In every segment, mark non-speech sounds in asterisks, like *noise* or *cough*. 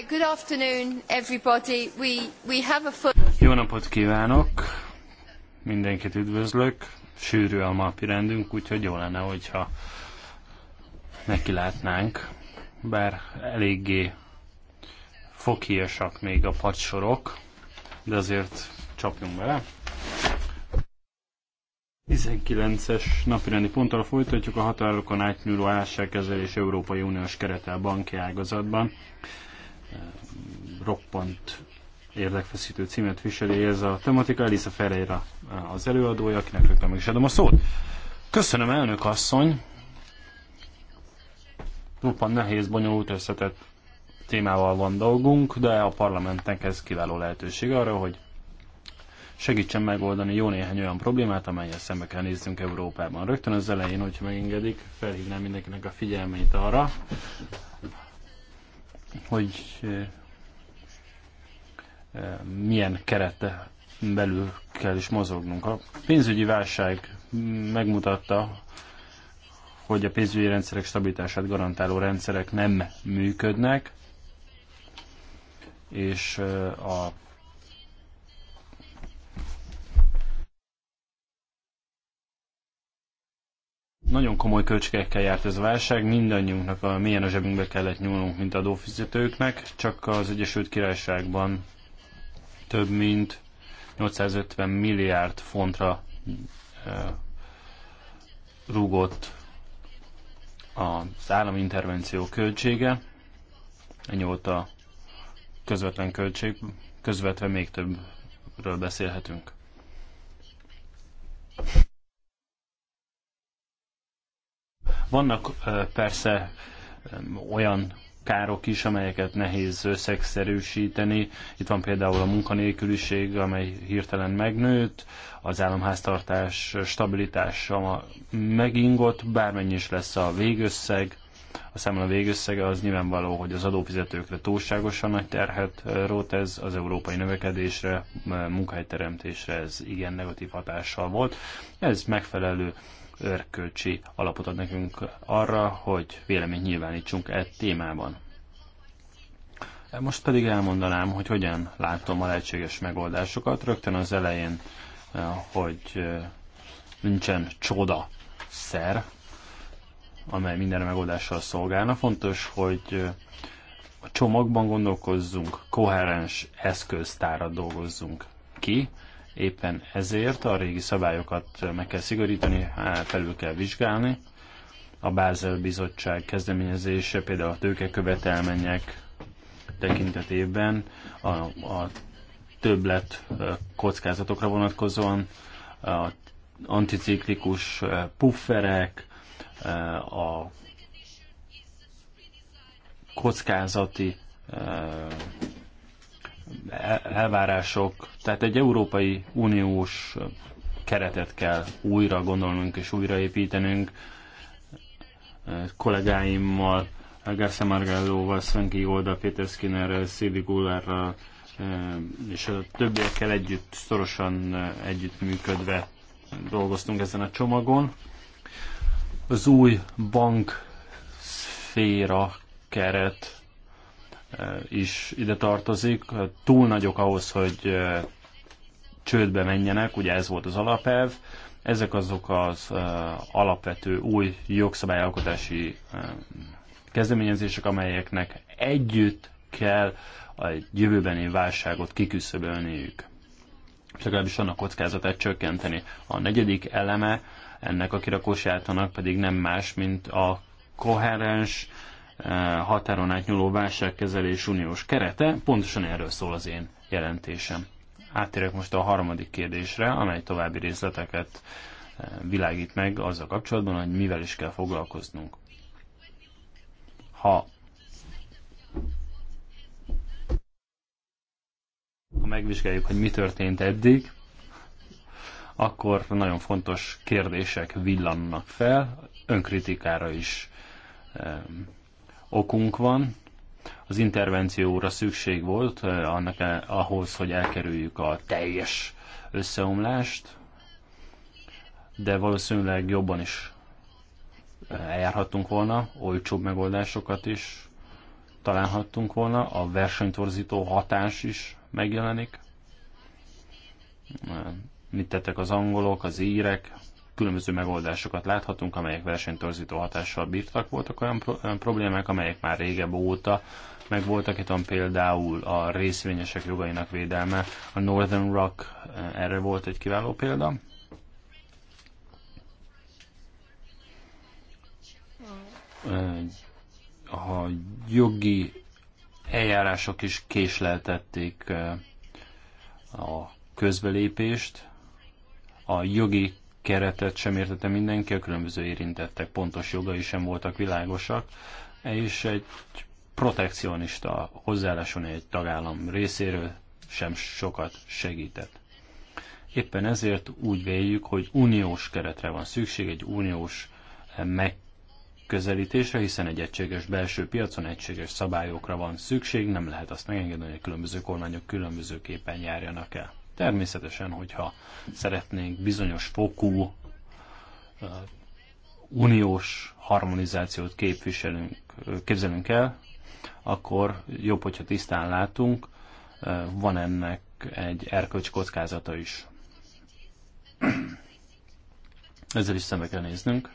Right, good afternoon everybody. We, we have a full... Jó napot kívánok! Mindenkit üdvözlök. Sűrű a napi rendünk, úgyhogy jó lenne, hogyha neki látnánk. Bár eléggé fokhíjasak még a padsorok, de azért csapjunk bele. 19-es napirendi ponttal folytatjuk a határokon átnyúló válságkezelés Európai Uniós a banki ágazatban roppant érdekfeszítő címet viseli ez a tematika. Elisa Ferreira eh, az előadója, akinek rögtön meg is adom a szót. Köszönöm, elnök asszony! Roppant nehéz, bonyolult, összetett témával van dolgunk, de a parlamentnek ez kiváló lehetőség arra, hogy segítsen megoldani jó néhány olyan problémát, amelyet szembe kell néznünk Európában. Rögtön az elején, hogyha megengedik, felhívnám mindenkinek a figyelmét arra, hogy eh, eh, milyen kerete belül kell is mozognunk. A pénzügyi válság megmutatta, hogy a pénzügyi rendszerek stabilitását garantáló rendszerek nem működnek, és eh, a nagyon komoly költségekkel járt ez a válság, mindannyiunknak a milyen a zsebünkbe kellett nyúlnunk, mint adófizetőknek, csak az Egyesült Királyságban több mint 850 milliárd fontra e, rúgott az állami intervenció költsége, ennyi volt a közvetlen költség, közvetve még többről beszélhetünk. Vannak persze olyan károk is, amelyeket nehéz összegszerűsíteni. Itt van például a munkanélküliség, amely hirtelen megnőtt, az államháztartás stabilitása megingott, bármennyi is lesz a végösszeg, a számla végösszege az nyilvánvaló, hogy az adófizetőkre túlságosan nagy terhet rót ez, az európai növekedésre, munkahelyteremtésre ez igen negatív hatással volt. Ez megfelelő örkölcsi alapot ad nekünk arra, hogy véleményt nyilvánítsunk e témában. Most pedig elmondanám, hogy hogyan látom a lehetséges megoldásokat. Rögtön az elején, eh, hogy eh, nincsen csoda szer, amely minden megoldással szolgálna. Fontos, hogy eh, a csomagban gondolkozzunk, koherens eszköztárat dolgozzunk ki, Éppen ezért a régi szabályokat meg kell szigorítani, felül kell vizsgálni. A Bázel Bizottság kezdeményezése például a tőkekövetelmények tekintetében a, a többlet kockázatokra vonatkozóan, a anticiklikus pufferek, a kockázati elvárások, tehát egy Európai Uniós keretet kell újra gondolnunk és újraépítenünk. Kollégáimmal, Gersze Margellóval, Szenki Golda, Péter Skinnerrel, Szédi Gullárral eh, és a többiekkel együtt, szorosan eh, együttműködve dolgoztunk ezen a csomagon. Az új bank szféra keret E, is ide tartozik. E, túl nagyok ahhoz, hogy e, csődbe menjenek, ugye ez volt az alapelv. Ezek azok az alapvető új jogszabályalkotási kezdeményezések, amelyeknek együtt kell a jövőbeni válságot kiküszöbölniük és legalábbis annak kockázatát csökkenteni. A negyedik eleme ennek a kirakósjátanak pedig nem más, mint a koherens határon átnyúló válságkezelés uniós kerete, pontosan erről szól az én jelentésem. Áttérek most a harmadik kérdésre, amely további részleteket eh, világít meg azzal kapcsolatban, hogy mivel is kell foglalkoznunk. Ha ha megvizsgáljuk, hogy mi történt eddig, akkor nagyon fontos kérdések villannak fel, önkritikára is eh, okunk van, az intervencióra szükség volt eh, annak el, ahhoz, hogy elkerüljük a teljes összeomlást, de valószínűleg jobban is eh, eljárhattunk volna, olcsóbb megoldásokat is találhattunk volna, a versenytorzító hatás is megjelenik. Eh, mit tettek az angolok, az írek, különböző megoldásokat láthatunk, amelyek versenytorzító hatással bírtak. Voltak olyan, pro- olyan problémák, amelyek már régebb óta meg voltak itt van például a részvényesek jogainak védelme, a Northern Rock eh, erre volt egy kiváló példa. Eh, a jogi eljárások is késleltették eh, a közbelépést, a jogi keretet sem értette mindenki, a különböző érintettek pontos jogai sem voltak világosak, és egy protekcionista hozzáálláson egy tagállam részéről sem sokat segített. Éppen ezért úgy véljük, hogy uniós keretre van szükség, egy uniós közelítésre, hiszen egy egységes belső piacon egységes szabályokra van szükség, nem lehet azt megengedni, hogy a különböző kormányok különbözőképpen járjanak el. Természetesen, hogyha szeretnénk bizonyos fokú uh, uniós harmonizációt képviselünk, képzelünk el, akkor jobb, hogyha tisztán látunk, uh, van ennek egy erkölcs kockázata is. Ezzel is szembe kell néznünk.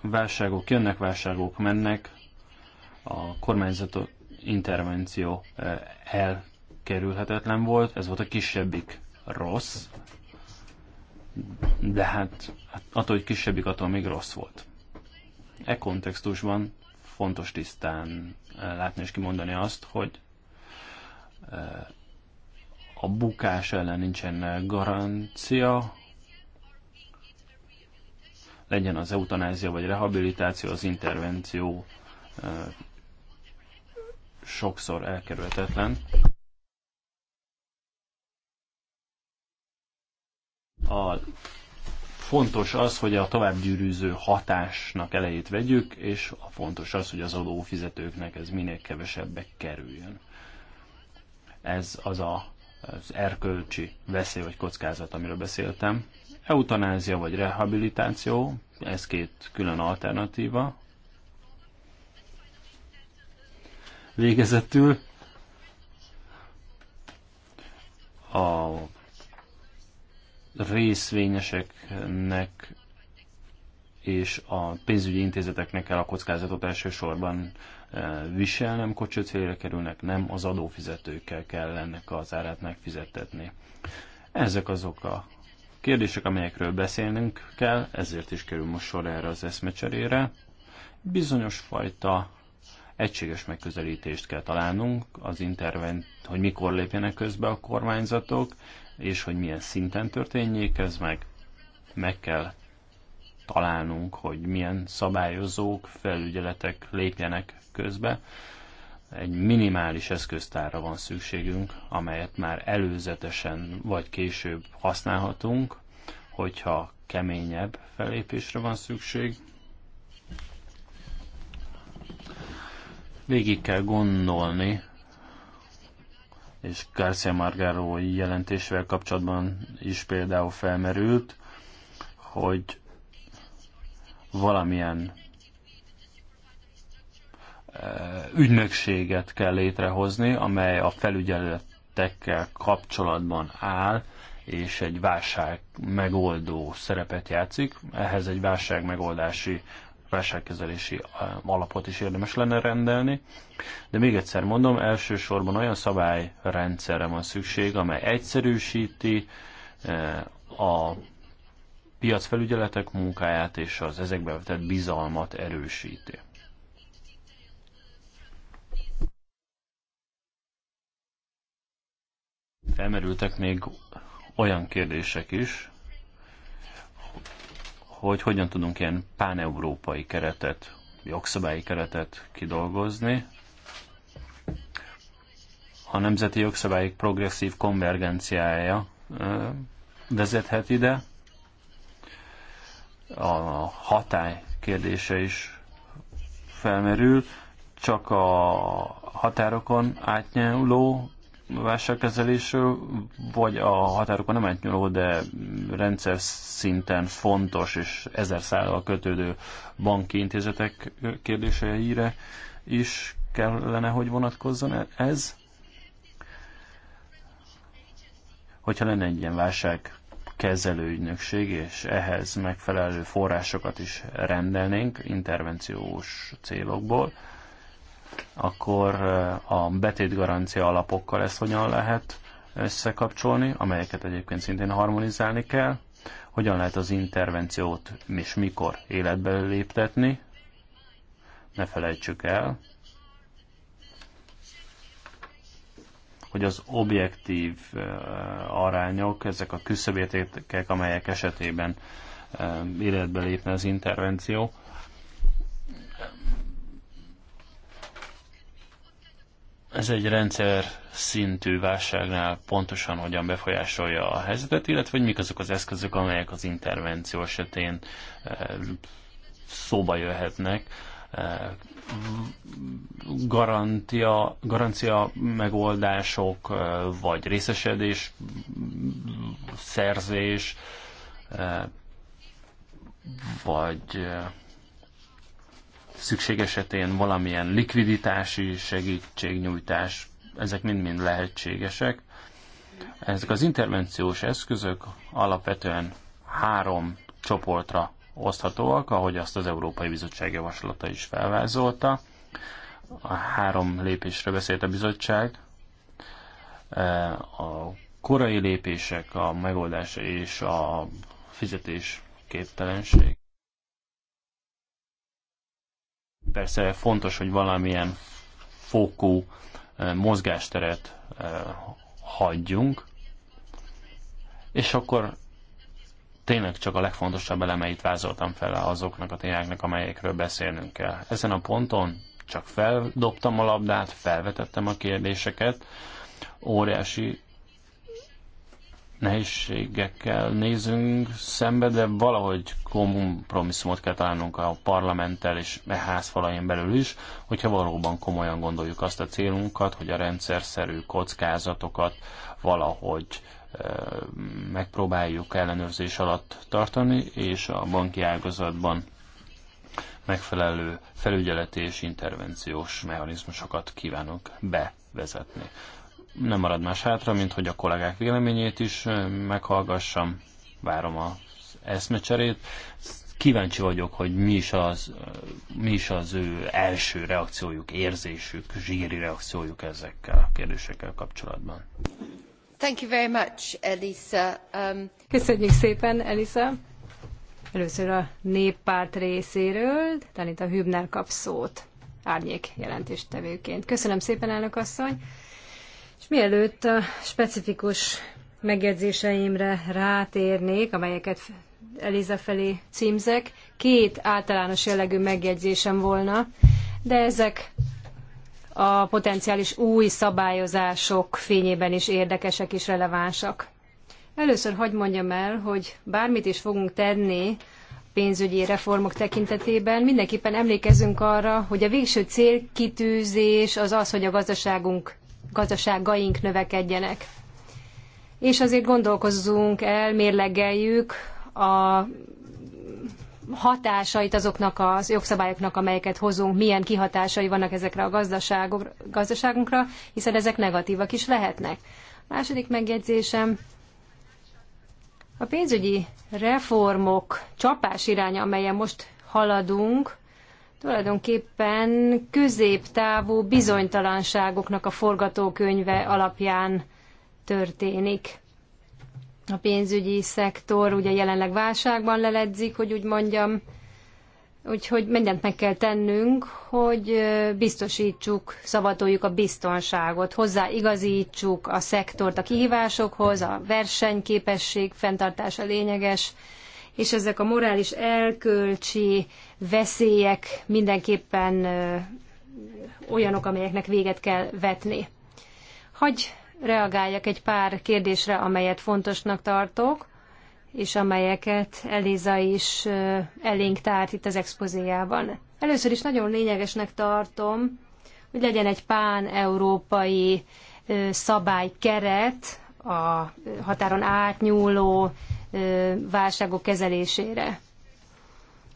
Válságok jönnek, válságok mennek, a kormányzatok intervenció elkerülhetetlen volt, ez volt a kisebbik rossz, de hát, hát attól, hogy kisebbik, attól még rossz volt. E kontextusban fontos tisztán látni és kimondani azt, hogy a bukás ellen nincsen garancia, legyen az eutanázia vagy rehabilitáció, az intervenció sokszor elkerülhetetlen. A fontos az, hogy a továbbgyűrűző hatásnak elejét vegyük, és a fontos az, hogy az adófizetőknek ez minél kevesebbe kerüljön. Ez az a, az erkölcsi veszély vagy kockázat, amiről beszéltem. Eutanázia vagy rehabilitáció, ez két külön alternatíva, Végezetül a részvényeseknek és a pénzügyi intézeteknek kell a kockázatot elsősorban eh, viselnem, kocső félre kerülnek, nem az adófizetőkkel kell ennek az árát megfizetetni. Ezek azok a kérdések, amelyekről beszélnünk kell, ezért is kerül most sor erre az eszmecserére. Bizonyos fajta Egységes megközelítést kell találnunk az intervent, hogy mikor lépjenek közbe a kormányzatok, és hogy milyen szinten történjék ez meg. Meg kell találnunk, hogy milyen szabályozók, felügyeletek lépjenek közbe. Egy minimális eszköztárra van szükségünk, amelyet már előzetesen vagy később használhatunk, hogyha keményebb felépésre van szükség, Végig kell gondolni, és Garcia Margaro jelentésvel kapcsolatban is például felmerült, hogy valamilyen eh, ügynökséget kell létrehozni, amely a felügyeletekkel kapcsolatban áll, és egy válság megoldó szerepet játszik. Ehhez egy válság megoldási válságkezelési alapot is érdemes lenne rendelni. De még egyszer mondom, elsősorban olyan szabályrendszerre van szükség, amely egyszerűsíti a piacfelügyeletek munkáját és az ezekbe vetett bizalmat erősíti. Felmerültek még olyan kérdések is, hogy hogyan tudunk ilyen páneurópai keretet, jogszabályi keretet kidolgozni. A nemzeti jogszabályok progresszív konvergenciája vezethet ide. A hatály kérdése is felmerül, csak a határokon átnyúló válságkezelésről, vagy a határokon nem átnyúló, de rendszer szinten fontos és ezer szállal kötődő banki intézetek kérdéseire is kellene, hogy vonatkozzon ez? Hogyha lenne egy ilyen válság kezelő ügynökség, és ehhez megfelelő forrásokat is rendelnénk intervenciós célokból, akkor eh, a betét garancia alapokkal ezt hogyan lehet összekapcsolni, amelyeket egyébként szintén harmonizálni kell, hogyan lehet az intervenciót és mikor életbe léptetni, ne felejtsük el, hogy az objektív eh, arányok, ezek a küszöbértékek, amelyek esetében eh, életbe lépne az intervenció, ez egy rendszer szintű válságnál pontosan hogyan befolyásolja a helyzetet, illetve hogy mik azok az eszközök, amelyek az intervenció esetén eh, szóba jöhetnek. Eh, garantia, garancia megoldások, eh, vagy részesedés, szerzés, vagy szükség esetén valamilyen likviditási segítségnyújtás, ezek mind-mind lehetségesek. Ezek az intervenciós eszközök alapvetően három csoportra oszthatóak, ahogy azt az Európai Bizottság javaslata is felvázolta. A három lépésre beszélt a bizottság, e, a korai lépések, a megoldás és a fizetés képtelenség. Persze fontos, hogy valamilyen fókú eh, mozgásteret eh, hagyjunk, és akkor tényleg csak a legfontosabb elemeit vázoltam fel azoknak a tényeknek, amelyekről beszélnünk kell. Ezen a ponton csak feldobtam a labdát, felvetettem a kérdéseket, óriási nehézségekkel nézünk szembe, de valahogy kompromisszumot kell találnunk a parlamenttel és a e házfalain belül is, hogyha valóban komolyan gondoljuk azt a célunkat, hogy a rendszerszerű kockázatokat valahogy e, megpróbáljuk ellenőrzés alatt tartani, és a banki ágazatban megfelelő felügyeleti és intervenciós mechanizmusokat kívánunk bevezetni nem marad más hátra, mint hogy a kollégák véleményét is meghallgassam. Várom az eszmecserét. Kíváncsi vagyok, hogy mi is, az, mi is az ő első reakciójuk, érzésük, zsíri reakciójuk ezekkel a kérdésekkel kapcsolatban. Thank you very much, Elisa. Um... Köszönjük szépen, Elisa. Először a néppárt részéről, a Hübner kap szót árnyék jelentéstevőként. Köszönöm szépen, elnök asszony. És mielőtt a specifikus megjegyzéseimre rátérnék, amelyeket Eliza felé címzek, két általános jellegű megjegyzésem volna, de ezek a potenciális új szabályozások fényében is érdekesek és relevánsak. Először hagyd mondjam el, hogy bármit is fogunk tenni pénzügyi reformok tekintetében, mindenképpen emlékezünk arra, hogy a végső célkitűzés az az, hogy a gazdaságunk gazdaságaink növekedjenek. És azért gondolkozzunk el, mérlegeljük a hatásait azoknak az jogszabályoknak, amelyeket hozunk, milyen kihatásai vannak ezekre a gazdaságunkra, hiszen ezek negatívak is lehetnek. A második megjegyzésem, a pénzügyi reformok csapás iránya, amelyen most haladunk, tulajdonképpen középtávú bizonytalanságoknak a forgatókönyve alapján történik. A pénzügyi szektor ugye jelenleg válságban leledzik, hogy úgy mondjam, úgyhogy mindent meg kell tennünk, hogy biztosítsuk, szavatoljuk a biztonságot, hozzáigazítsuk a szektort a kihívásokhoz, a versenyképesség fenntartása lényeges, és ezek a morális elkölcsi veszélyek mindenképpen olyanok, amelyeknek véget kell vetni. Hagy reagáljak egy pár kérdésre, amelyet fontosnak tartok, és amelyeket Eliza is elénk tárt itt az expozéjában. Először is nagyon lényegesnek tartom, hogy legyen egy pán-európai szabálykeret a határon átnyúló válságok kezelésére.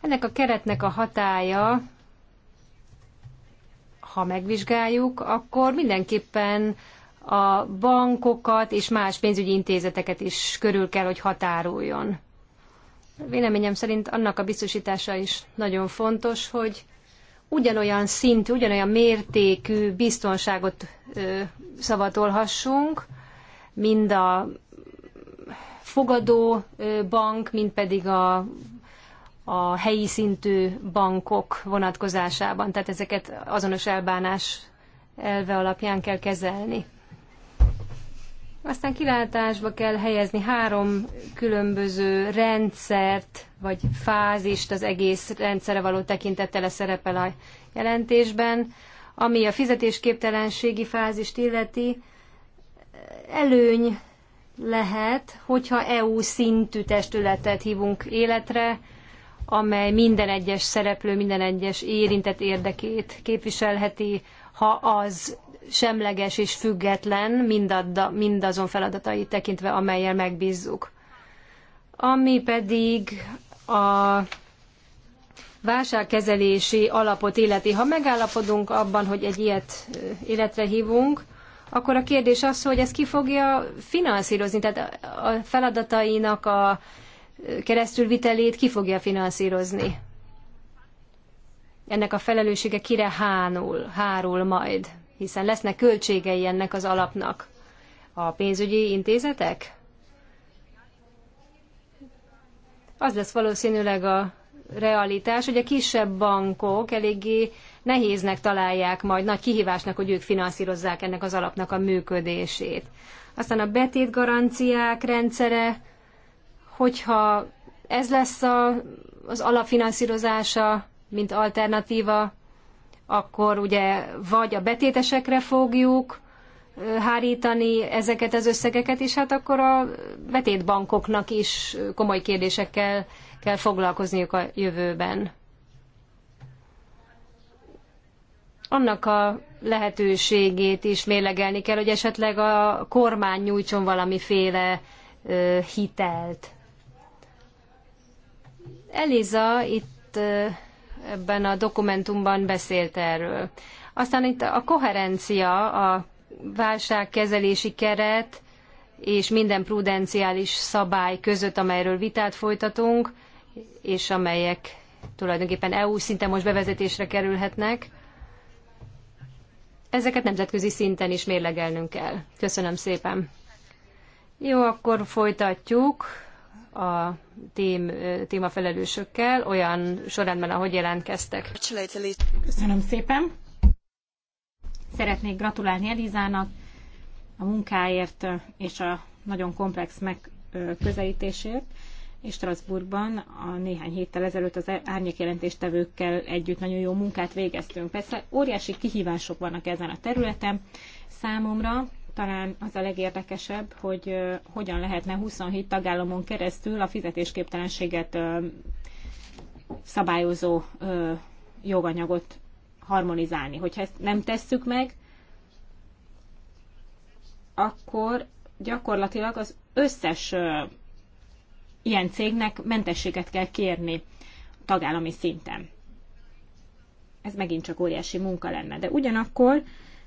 Ennek a keretnek a hatája, ha megvizsgáljuk, akkor mindenképpen a bankokat és más pénzügyi intézeteket is körül kell, hogy határoljon. Véleményem szerint annak a biztosítása is nagyon fontos, hogy ugyanolyan szintű, ugyanolyan mértékű biztonságot ö, szavatolhassunk, mind a fogadó bank, mind pedig a a helyi szintű bankok vonatkozásában, tehát ezeket azonos elbánás elve alapján kell kezelni. Aztán kilátásba kell helyezni három különböző rendszert, vagy fázist az egész rendszere való tekintettel szerepel a jelentésben. Ami a fizetésképtelenségi fázist illeti, előny lehet, hogyha EU szintű testületet hívunk életre, amely minden egyes szereplő, minden egyes érintett érdekét képviselheti, ha az semleges és független mindadda, mindazon feladatait tekintve, amelyel megbízzuk. Ami pedig a válságkezelési alapot illeti. Ha megállapodunk abban, hogy egy ilyet életre hívunk, akkor a kérdés az, hogy ezt ki fogja finanszírozni, tehát a feladatainak a keresztülvitelét ki fogja finanszírozni? Ennek a felelőssége kire hánul, hárul majd? Hiszen lesznek költségei ennek az alapnak. A pénzügyi intézetek? Az lesz valószínűleg a realitás, hogy a kisebb bankok eléggé nehéznek találják majd, nagy kihívásnak, hogy ők finanszírozzák ennek az alapnak a működését. Aztán a betétgaranciák rendszere, hogyha ez lesz a, az alapfinanszírozása, mint alternatíva, akkor ugye vagy a betétesekre fogjuk hárítani ezeket az összegeket, és hát akkor a betétbankoknak is komoly kérdésekkel kell foglalkozniuk a jövőben. Annak a lehetőségét is mérlegelni kell, hogy esetleg a kormány nyújtson valamiféle hitelt Eliza itt ebben a dokumentumban beszélt erről. Aztán itt a koherencia, a válságkezelési keret és minden prudenciális szabály között, amelyről vitát folytatunk, és amelyek tulajdonképpen EU szinten most bevezetésre kerülhetnek. Ezeket nemzetközi szinten is mérlegelnünk kell. Köszönöm szépen. Jó, akkor folytatjuk a tém, témafelelősökkel, olyan sorrendben, ahogy jelentkeztek. Köszönöm szépen! Szeretnék gratulálni Elizának a munkáért és a nagyon komplex megközelítésért, és Strasbourgban a néhány héttel ezelőtt az árnyékjelentéstevőkkel együtt nagyon jó munkát végeztünk. Persze óriási kihívások vannak ezen a területen számomra, talán az a legérdekesebb, hogy hogyan lehetne 27 tagállamon keresztül a fizetésképtelenséget szabályozó joganyagot harmonizálni. Hogyha ezt nem tesszük meg, akkor gyakorlatilag az összes ilyen cégnek mentességet kell kérni tagállami szinten. Ez megint csak óriási munka lenne. De ugyanakkor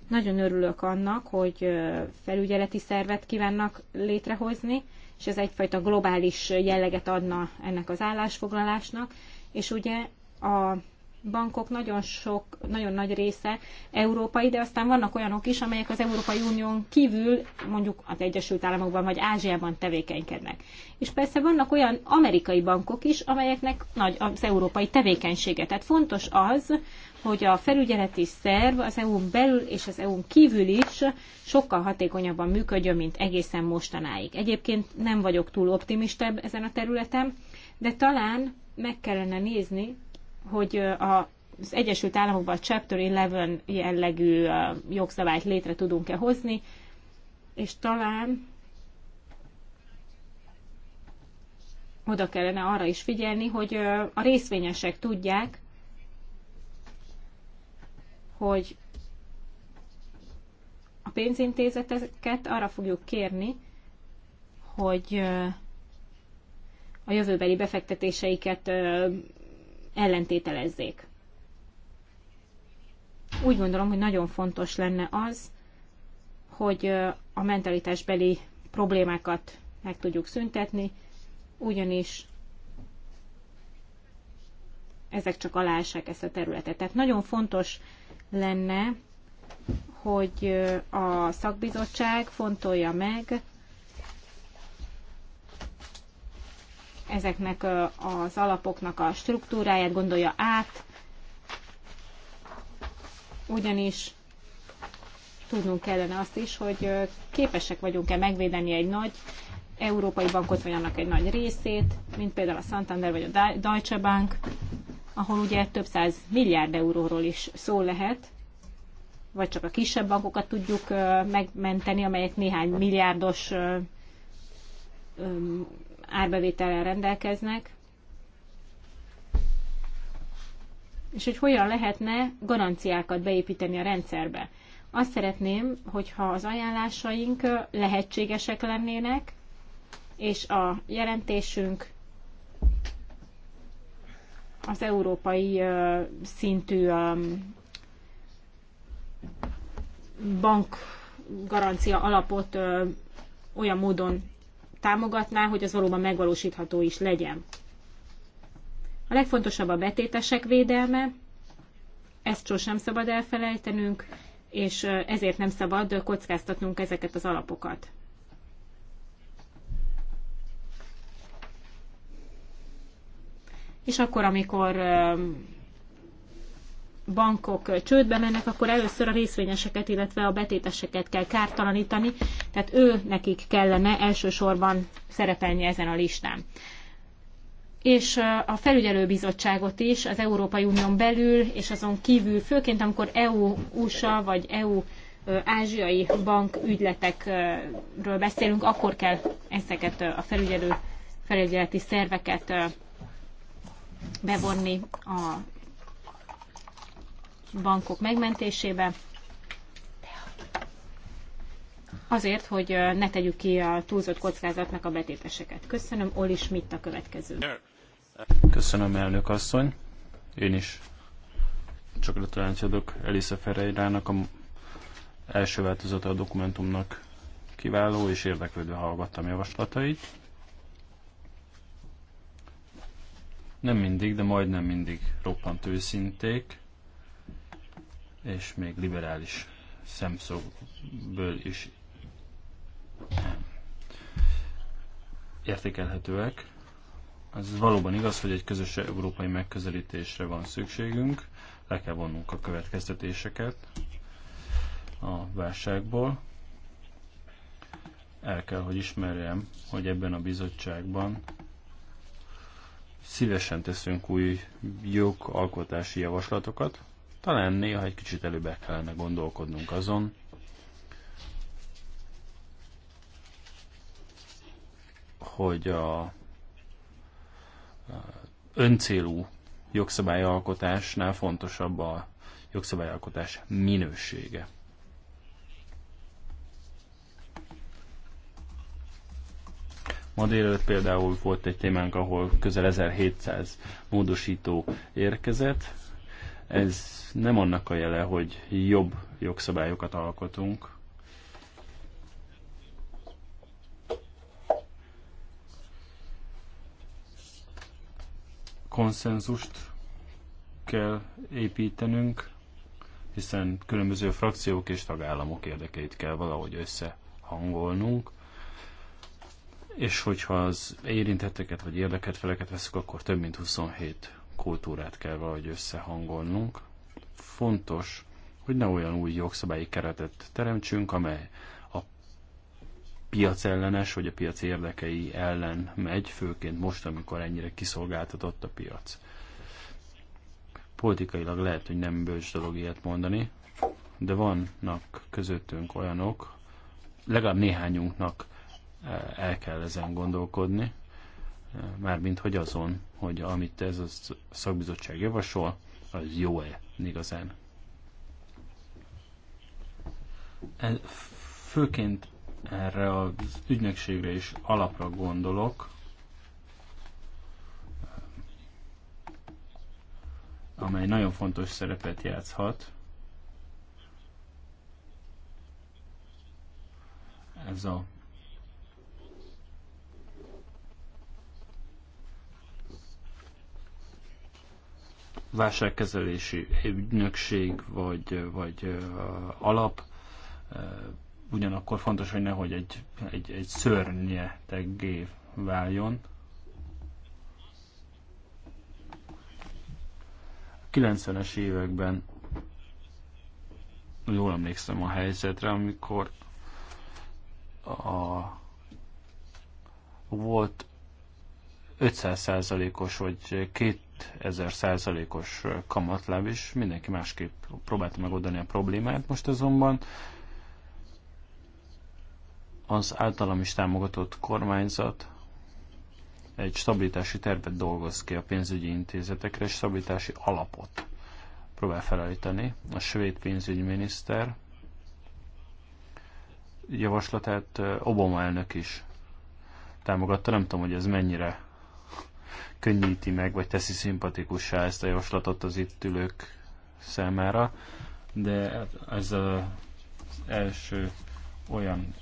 nagyon örülök annak, hogy felügyeleti szervet kívánnak létrehozni, és ez egyfajta globális jelleget adna ennek az állásfoglalásnak, és ugye a bankok nagyon sok, nagyon nagy része európai, de aztán vannak olyanok is, amelyek az Európai Unión kívül, mondjuk az Egyesült Államokban vagy Ázsiában tevékenykednek. És persze vannak olyan amerikai bankok is, amelyeknek nagy az európai tevékenysége. Tehát fontos az, hogy a felügyeleti szerv az EU-n belül és az EU-n kívül is sokkal hatékonyabban működjön, mint egészen mostanáig. Egyébként nem vagyok túl optimistebb ezen a területen, de talán meg kellene nézni, hogy a az Egyesült Államokban a Chapter 11 jellegű jogszabályt létre tudunk-e hozni, és talán oda kellene arra is figyelni, hogy a részvényesek tudják, hogy a pénzintézeteket arra fogjuk kérni, hogy a jövőbeli befektetéseiket ellentételezzék. Úgy gondolom, hogy nagyon fontos lenne az, hogy a mentalitásbeli problémákat meg tudjuk szüntetni, ugyanis ezek csak aláássák ezt a területet. Tehát nagyon fontos lenne, hogy a szakbizottság fontolja meg ezeknek az alapoknak a struktúráját, gondolja át, ugyanis tudnunk kellene azt is, hogy képesek vagyunk-e megvédeni egy nagy európai bankot, vagy annak egy nagy részét, mint például a Santander vagy a Deutsche Bank ahol ugye több száz milliárd euróról is szó lehet, vagy csak a kisebb bankokat tudjuk megmenteni, amelyek néhány milliárdos árbevétellel rendelkeznek. És hogy hogyan lehetne garanciákat beépíteni a rendszerbe. Azt szeretném, hogyha az ajánlásaink lehetségesek lennének, és a jelentésünk az európai szintű bank garancia alapot olyan módon támogatná, hogy az valóban megvalósítható is legyen. A legfontosabb a betétesek védelme, ezt sosem szabad elfelejtenünk, és ezért nem szabad kockáztatnunk ezeket az alapokat. és akkor, amikor bankok csődbe mennek, akkor először a részvényeseket, illetve a betéteseket kell kártalanítani, tehát ő nekik kellene elsősorban szerepelni ezen a listán. És a felügyelőbizottságot is az Európai Unión belül és azon kívül, főként amikor EU-USA vagy EU ázsiai bank ügyletekről beszélünk, akkor kell ezeket a felügyelő felügyeleti szerveket bevonni a bankok megmentésébe, azért, hogy ne tegyük ki a túlzott kockázatnak a betéteseket. Köszönöm, Oli Schmidt a következő. Köszönöm, elnök asszony. Én is csak gratulációt adok Elisa Ferreirának, a első változata a dokumentumnak kiváló, és érdeklődve hallgattam javaslatait. nem mindig, de majdnem mindig roppant őszinték, és még liberális szemszögből is értékelhetőek. Ez valóban igaz, hogy egy közös európai megközelítésre van szükségünk, le kell vonnunk a következtetéseket a válságból. El kell, hogy ismerjem, hogy ebben a bizottságban Szívesen teszünk új jogalkotási javaslatokat, talán néha egy kicsit előbb kellene gondolkodnunk azon, hogy a öncélú jogszabályalkotásnál fontosabb a jogszabályalkotás minősége. Ma délelőtt például volt egy témánk, ahol közel 1700 módosító érkezett. Ez nem annak a jele, hogy jobb jogszabályokat alkotunk, konszenzust kell építenünk, hiszen különböző frakciók és tagállamok érdekeit kell valahogy összehangolnunk és hogyha az érintetteket vagy érdeket feleket veszük, akkor több mint 27 kultúrát kell valahogy összehangolnunk. Fontos, hogy ne olyan új jogszabályi keretet teremtsünk, amely a piac ellenes, vagy a piac érdekei ellen megy, főként most, amikor ennyire kiszolgáltatott a piac. Politikailag lehet, hogy nem bölcs dolog ilyet mondani, de vannak közöttünk olyanok, legalább néhányunknak el kell ezen gondolkodni, mármint hogy azon, hogy amit ez a szakbizottság javasol, az jó-e igazán. E, főként erre az ügynökségre is alapra gondolok, amely nagyon fontos szerepet játszhat. Ez a válságkezelési ügynökség vagy, vagy alap, ugyanakkor fontos, hogy nehogy egy, egy, egy teggé váljon. 90-es években jól emlékszem a helyzetre, amikor a, volt 500%-os vagy két ezer százalékos kamatláb, és mindenki másképp próbálta megoldani a problémát. Most azonban az általam is támogatott kormányzat egy stabilitási tervet dolgoz ki a pénzügyi intézetekre, és stabilitási alapot próbál felállítani. A svéd pénzügyminiszter javaslatát Obama elnök is támogatta. Nem tudom, hogy ez mennyire könnyíti meg, vagy teszi szimpatikussá ezt a javaslatot az itt ülők számára, de hát ez az első olyan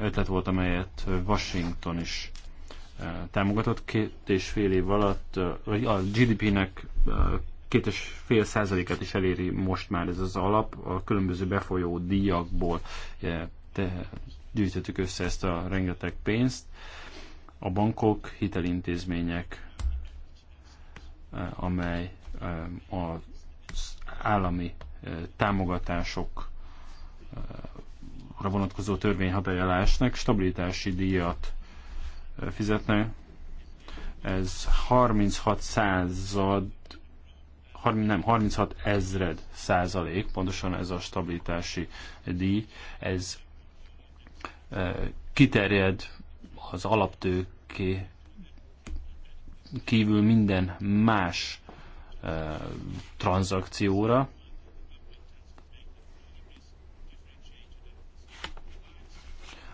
ötlet volt, amelyet Washington is eh, támogatott két és fél év alatt, eh, a GDP-nek eh, két és fél százalékát is eléri most már ez az alap, a különböző befolyó díjakból gyűjtöttük össze ezt a rengeteg pénzt a bankok, hitelintézmények, eh, amely eh, az állami eh, támogatásokra vonatkozó törvény hatályalásnak stabilitási díjat fizetne. Ez 36 század, 30, nem, 36 ezred százalék, pontosan ez a stabilitási díj, ez kiterjed az alaptőké kívül minden más e, tranzakcióra.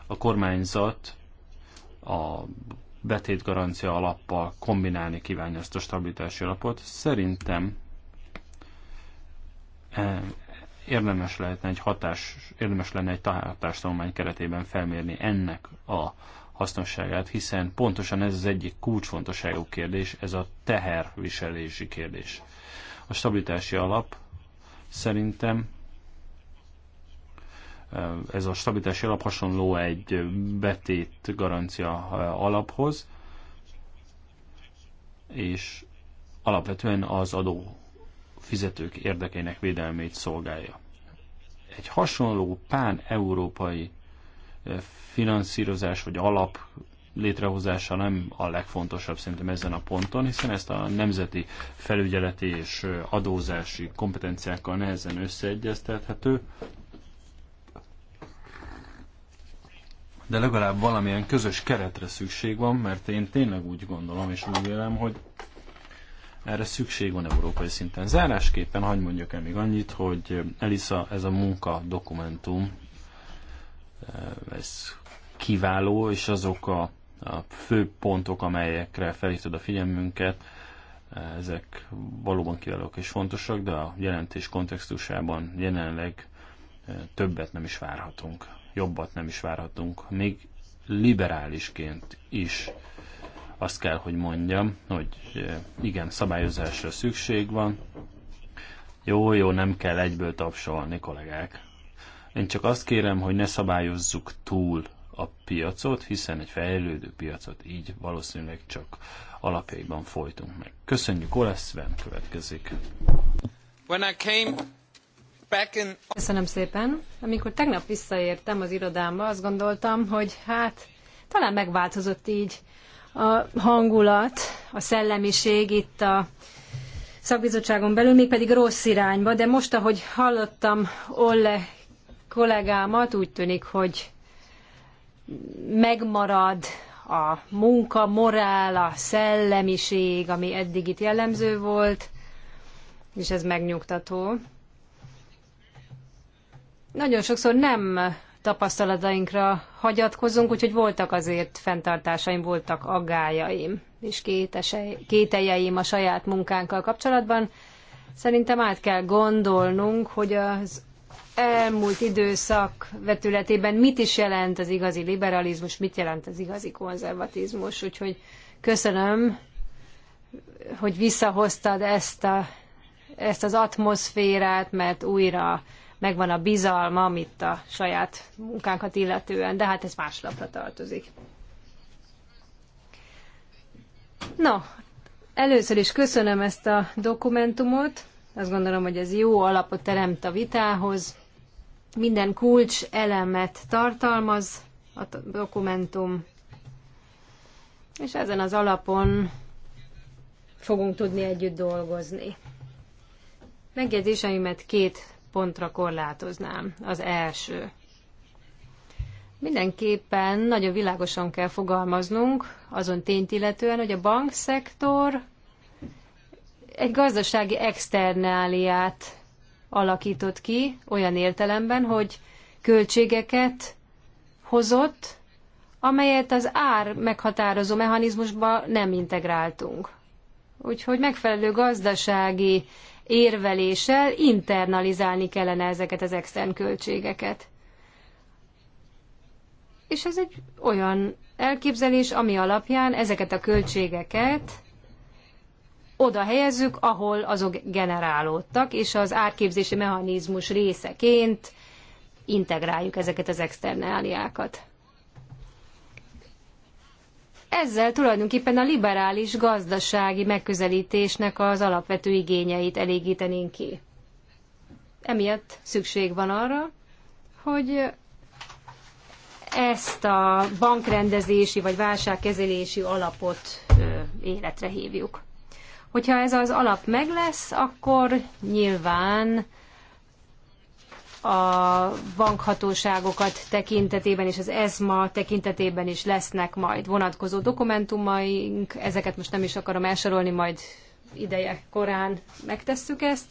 A kormányzat a betétgarancia alappal kombinálni kívánja ezt a stabilitási alapot. Szerintem e, érdemes lehetne egy hatás, érdemes lenne egy hatástanulmány keretében felmérni ennek a hasznosságát, hiszen pontosan ez az egyik kulcsfontosságú kérdés, ez a teherviselési kérdés. A stabilitási alap szerintem eh, ez a stabilitási alap hasonló egy betét garancia eh, alaphoz, és alapvetően az adó fizetők érdekeinek védelmét szolgálja. Egy hasonló pán-európai finanszírozás vagy alap létrehozása nem a legfontosabb szerintem ezen a ponton, hiszen ezt a nemzeti felügyeleti és adózási kompetenciákkal nehezen összeegyeztethető. De legalább valamilyen közös keretre szükség van, mert én tényleg úgy gondolom és úgy vélem, hogy erre szükség van európai szinten. Zárásképpen hagyd mondjak el még annyit, hogy Elisa, ez a munka dokumentum ez kiváló, és azok a, a fő pontok, amelyekre felhívtad a figyelmünket, ezek valóban kiválók és fontosak, de a jelentés kontextusában jelenleg többet nem is várhatunk, jobbat nem is várhatunk. Még liberálisként is azt kell, hogy mondjam, hogy igen, szabályozásra szükség van. Jó, jó, nem kell egyből tapsolni, kollégák. Én csak azt kérem, hogy ne szabályozzuk túl a piacot, hiszen egy fejlődő piacot így valószínűleg csak alapjaiban folytunk meg. Köszönjük, Olasz Sven következik. When I came back in... Köszönöm szépen. Amikor tegnap visszaértem az irodámba, azt gondoltam, hogy hát talán megváltozott így a hangulat, a szellemiség itt a szakbizottságon belül, mégpedig rossz irányba, de most, ahogy hallottam Olle kollégámat, úgy tűnik, hogy megmarad a munka, morál, a szellemiség, ami eddig itt jellemző volt, és ez megnyugtató. Nagyon sokszor nem tapasztalatainkra hagyatkozunk, úgyhogy voltak azért fenntartásaim, voltak aggájaim és kételjeim a saját munkánkkal kapcsolatban. Szerintem át kell gondolnunk, hogy az elmúlt időszak vetületében mit is jelent az igazi liberalizmus, mit jelent az igazi konzervatizmus. Úgyhogy köszönöm, hogy visszahoztad ezt, a, ezt az atmoszférát, mert újra megvan a bizalmam itt a saját munkánkat illetően, de hát ez más lapra tartozik. No, először is köszönöm ezt a dokumentumot. Azt gondolom, hogy ez jó alapot teremt a vitához. Minden kulcs elemet tartalmaz a dokumentum, és ezen az alapon fogunk tudni együtt dolgozni. Megjegyzéseimet két pontra korlátoznám. Az első. Mindenképpen nagyon világosan kell fogalmaznunk azon tényt illetően, hogy a bankszektor egy gazdasági externáliát alakított ki, olyan értelemben, hogy költségeket hozott, amelyet az ár meghatározó mechanizmusba nem integráltunk. Úgyhogy megfelelő gazdasági érveléssel internalizálni kellene ezeket az extern költségeket. És ez egy olyan elképzelés, ami alapján ezeket a költségeket oda helyezzük, ahol azok generálódtak, és az árképzési mechanizmus részeként integráljuk ezeket az externáliákat. Ezzel tulajdonképpen a liberális gazdasági megközelítésnek az alapvető igényeit elégítenénk ki. Emiatt szükség van arra, hogy ezt a bankrendezési vagy válságkezelési alapot életre hívjuk. Hogyha ez az alap meg lesz, akkor nyilván a bankhatóságokat tekintetében és az ESMA tekintetében is lesznek majd vonatkozó dokumentumaink. Ezeket most nem is akarom elsorolni, majd ideje korán megtesszük ezt.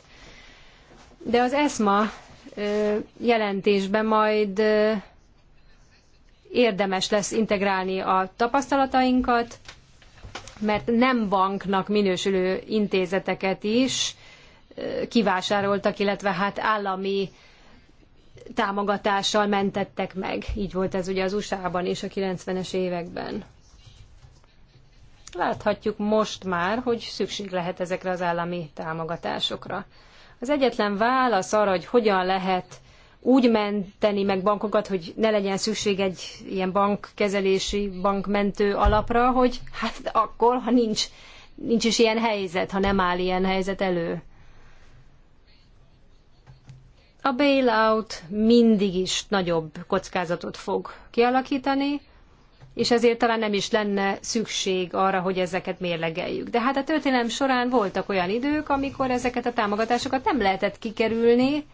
De az ESMA jelentésben majd érdemes lesz integrálni a tapasztalatainkat, mert nem banknak minősülő intézeteket is kivásároltak, illetve hát állami támogatással mentettek meg. Így volt ez ugye az USA-ban és a 90-es években. Láthatjuk most már, hogy szükség lehet ezekre az állami támogatásokra. Az egyetlen válasz arra, hogy hogyan lehet úgy menteni meg bankokat, hogy ne legyen szükség egy ilyen bankkezelési, bankmentő alapra, hogy hát akkor, ha nincs, nincs is ilyen helyzet, ha nem áll ilyen helyzet elő. A bailout mindig is nagyobb kockázatot fog kialakítani, és ezért talán nem is lenne szükség arra, hogy ezeket mérlegeljük. De hát a történelem során voltak olyan idők, amikor ezeket a támogatásokat nem lehetett kikerülni,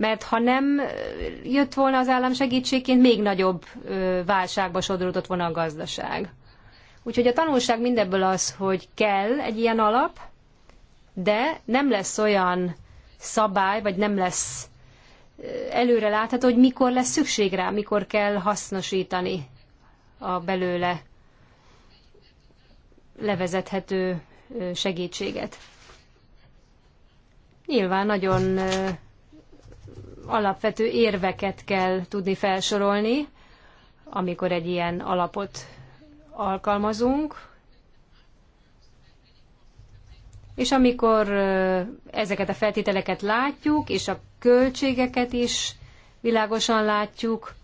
mert ha nem jött volna az állam segítségként, még nagyobb válságba sodródott volna a gazdaság. Úgyhogy a tanulság mindebből az, hogy kell egy ilyen alap, de nem lesz olyan szabály, vagy nem lesz előre látható, hogy mikor lesz szükség rá, mikor kell hasznosítani a belőle levezethető segítséget. Nyilván nagyon alapvető érveket kell tudni felsorolni, amikor egy ilyen alapot alkalmazunk, és amikor ezeket a feltételeket látjuk, és a költségeket is világosan látjuk,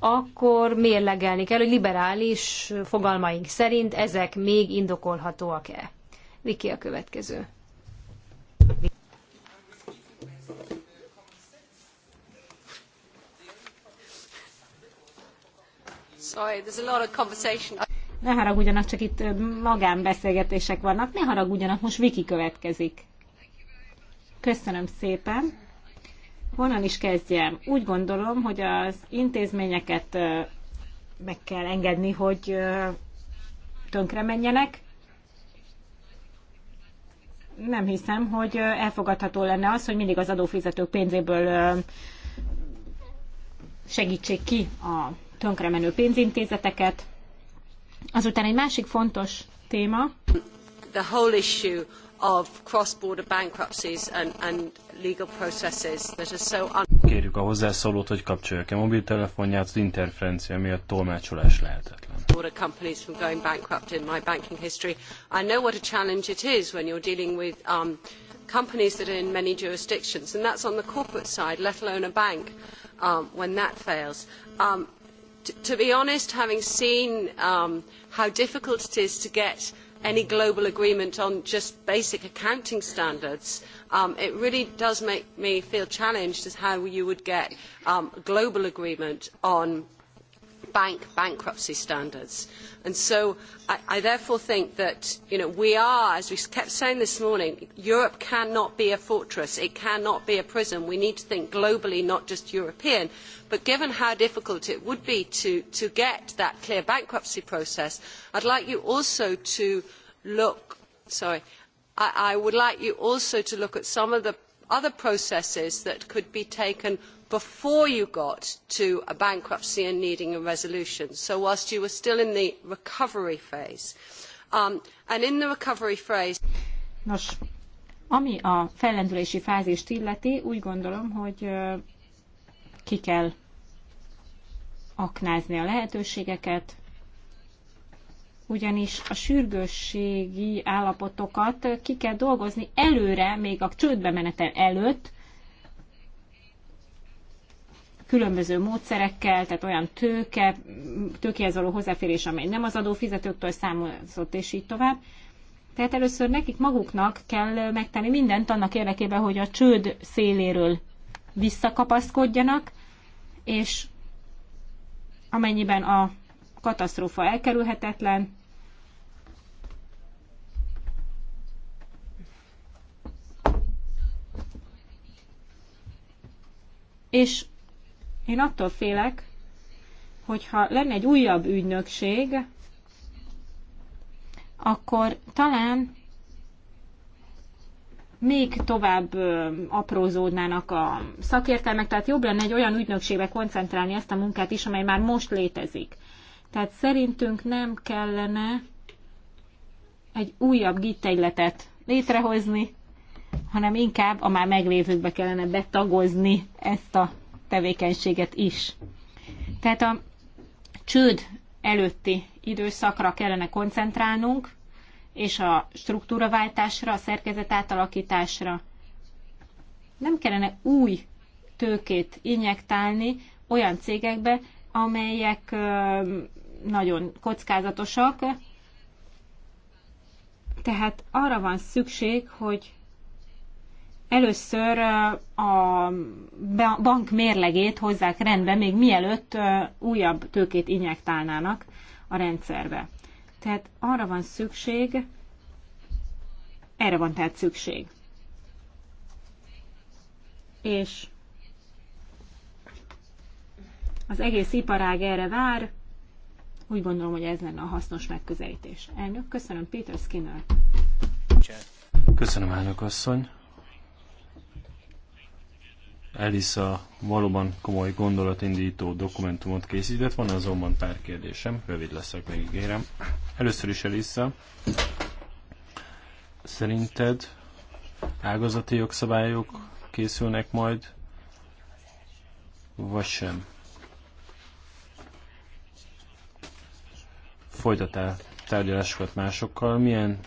akkor mérlegelni kell, hogy liberális fogalmaink szerint ezek még indokolhatóak-e. Viki a következő. Ne haragudjanak, csak itt magánbeszélgetések vannak. Ne haragudjanak, most Viki következik. Köszönöm szépen. Honnan is kezdjem? Úgy gondolom, hogy az intézményeket meg kell engedni, hogy tönkre menjenek. Nem hiszem, hogy elfogadható lenne az, hogy mindig az adófizetők pénzéből segítsék ki a tönkremenő pénzintézeteket. Azután egy másik fontos téma. The whole issue of cross-border bankruptcies and, and legal processes that are so un- Kérjük a hozzászólót, hogy kapcsolja a mobiltelefonját, az interferencia miatt tolmácsolás lehetetlen. Border companies from going bankrupt in my banking history. I know what a challenge it is when you're dealing with um, companies that are in many jurisdictions, and that's on the corporate side, let alone a bank, um, when that fails. Um, to be honest, having seen um, how difficult it is to get any global agreement on just basic accounting standards, um, it really does make me feel challenged as how you would get um, global agreement on bank bankruptcy standards. And so I, I therefore think that you know, we are, as we kept saying this morning, Europe cannot be a fortress. It cannot be a prison. We need to think globally, not just European. But given how difficult it would be to, to get that clear bankruptcy process, I'd like you also to look, sorry, I, I would like you also to look at some of the other processes that could be taken before you got to a bankruptcy and needing a resolution, so whilst you were still in the recovery phase. Um, and in the recovery phase... Nos, ami a fellendülési fázist illeti, úgy gondolom, hogy ki kell aknázni a lehetőségeket, ugyanis a sürgősségi állapotokat ki kell dolgozni előre, még a csődbe menetel előtt, különböző módszerekkel, tehát olyan tőke, tőkéhez való hozzáférés, amely nem az adófizetőktől származott, és így tovább. Tehát először nekik maguknak kell megtenni mindent annak érdekében, hogy a csőd széléről visszakapaszkodjanak, és amennyiben a katasztrófa elkerülhetetlen, és én attól félek, hogyha lenne egy újabb ügynökség, akkor talán még tovább aprózódnának a szakértelmek, tehát jobb lenne egy olyan ügynökségbe koncentrálni ezt a munkát is, amely már most létezik. Tehát szerintünk nem kellene egy újabb gittegyletet létrehozni, hanem inkább a már meglévőkbe kellene betagozni ezt a tevékenységet is. Tehát a csőd előtti időszakra kellene koncentrálnunk, és a struktúraváltásra, a szerkezet átalakításra. Nem kellene új tőkét injektálni olyan cégekbe, amelyek nagyon kockázatosak, tehát arra van szükség, hogy először a bank mérlegét hozzák rendbe, még mielőtt újabb tőkét injektálnának a rendszerbe. Tehát arra van szükség, erre van tehát szükség. És az egész iparág erre vár, úgy gondolom, hogy ez lenne a hasznos megközelítés. Elnök, köszönöm, Peter Skinner. Köszönöm, elnök asszony. Elisa valóban komoly gondolatindító dokumentumot készített, van azonban pár kérdésem, rövid leszek, megígérem. Először is Elisa, szerinted ágazati jogszabályok készülnek majd, vagy sem? Folytatál tárgyalásokat másokkal, milyen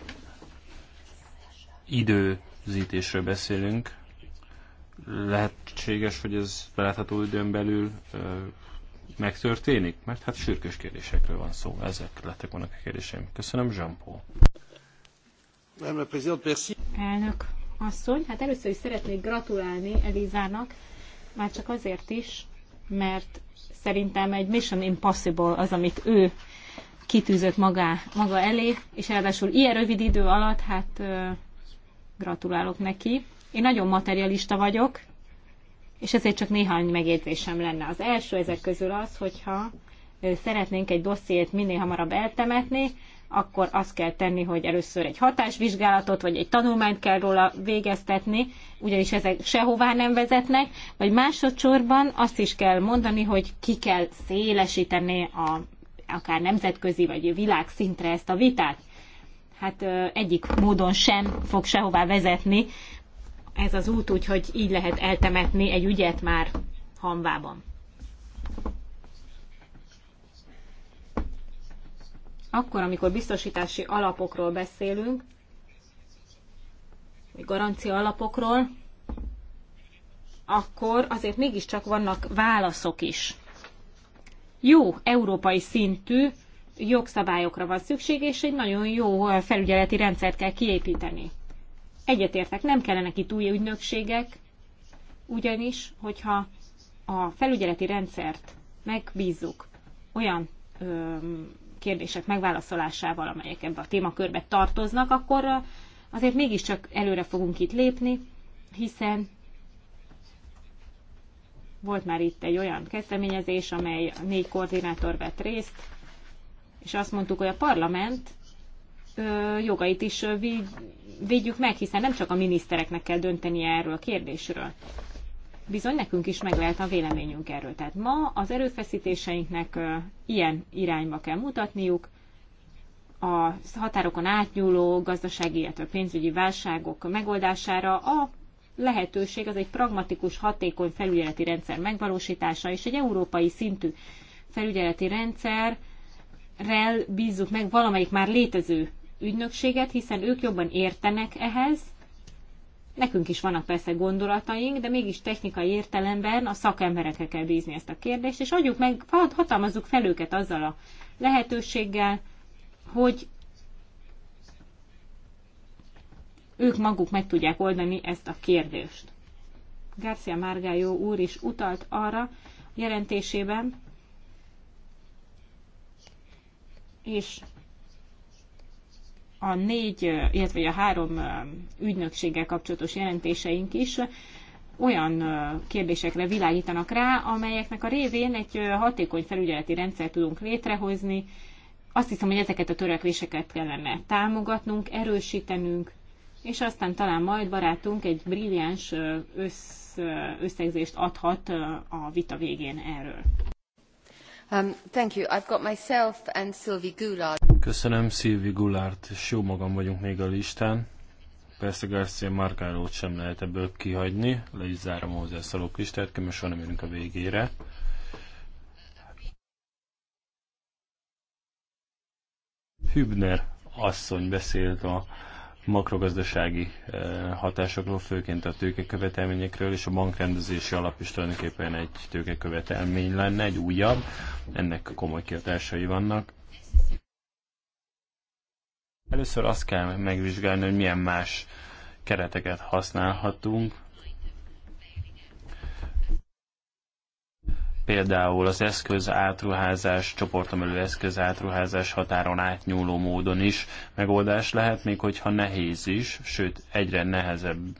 időzítésről beszélünk, lehet lehetséges, hogy ez belátható időn belül megtörténik? Mert hát sürgős kérdésekről van szó. Ezek lettek volna a kérdéseim. Köszönöm, Jean-Paul. Elnök asszony, hát először is szeretnék gratulálni Elizának, már csak azért is, mert szerintem egy Mission Impossible az, amit ő kitűzött magá, maga elé, és ráadásul ilyen rövid idő alatt, hát gratulálok neki. Én nagyon materialista vagyok, és ezért csak néhány megjegyzésem lenne. Az első ezek közül az, hogyha szeretnénk egy dossziét minél hamarabb eltemetni, akkor azt kell tenni, hogy először egy hatásvizsgálatot, vagy egy tanulmányt kell róla végeztetni, ugyanis ezek sehová nem vezetnek, vagy másodszorban azt is kell mondani, hogy ki kell szélesíteni a, akár nemzetközi, vagy világszintre ezt a vitát. Hát egyik módon sem fog sehová vezetni ez az út, úgyhogy így lehet eltemetni egy ügyet már hamvában. Akkor, amikor biztosítási alapokról beszélünk, vagy garancia alapokról, akkor azért mégiscsak vannak válaszok is. Jó európai szintű jogszabályokra van szükség, és egy nagyon jó felügyeleti rendszert kell kiépíteni. Egyetértek, nem kellene itt új ügynökségek, ugyanis, hogyha a felügyeleti rendszert megbízzuk olyan ö, kérdések megválaszolásával, amelyek ebbe a témakörbe tartoznak, akkor azért mégiscsak előre fogunk itt lépni, hiszen volt már itt egy olyan kezdeményezés, amely négy koordinátor vett részt, és azt mondtuk, hogy a parlament jogait is védjük meg, hiszen nem csak a minisztereknek kell dönteni erről a kérdésről. Bizony nekünk is meg lehet a véleményünk erről. Tehát ma az erőfeszítéseinknek ilyen irányba kell mutatniuk, a határokon átnyúló gazdasági, illetve pénzügyi válságok megoldására a lehetőség az egy pragmatikus, hatékony felügyeleti rendszer megvalósítása és egy európai szintű felügyeleti rendszerrel bízzuk meg valamelyik már létező ügynökséget, hiszen ők jobban értenek ehhez. Nekünk is vannak persze gondolataink, de mégis technikai értelemben a szakemberekre kell bízni ezt a kérdést, és adjuk meg, hatalmazzuk fel őket azzal a lehetőséggel, hogy ők maguk meg tudják oldani ezt a kérdést. Garcia Márgájó úr is utalt arra jelentésében, és a négy, illetve a három ügynökséggel kapcsolatos jelentéseink is olyan kérdésekre világítanak rá, amelyeknek a révén egy hatékony felügyeleti rendszert tudunk létrehozni. Azt hiszem, hogy ezeket a törekvéseket kellene támogatnunk, erősítenünk, és aztán talán majd barátunk egy brilliáns össz, összegzést adhat a vita végén erről. Um, thank you. I've got myself and Sylvie Goulard. Köszönöm, Szilvi Gullárt, és jó magam vagyunk még a listán. Persze Garcia Markárót sem lehet ebből kihagyni, le is zárom a hozzászólók listát, mert soha nem érünk a végére. Hübner asszony beszélt a makrogazdasági eh, hatásokról, főként a tőkekövetelményekről, és a bankrendezési alap is tulajdonképpen egy tőkekövetelmény lenne, egy újabb. Ennek komoly kiadásai vannak. Először azt kell megvizsgálni, hogy milyen más kereteket használhatunk. Például az eszköz átruházás, csoportom elő eszköz átruházás határon átnyúló módon is megoldás lehet, még hogyha nehéz is, sőt egyre nehezebb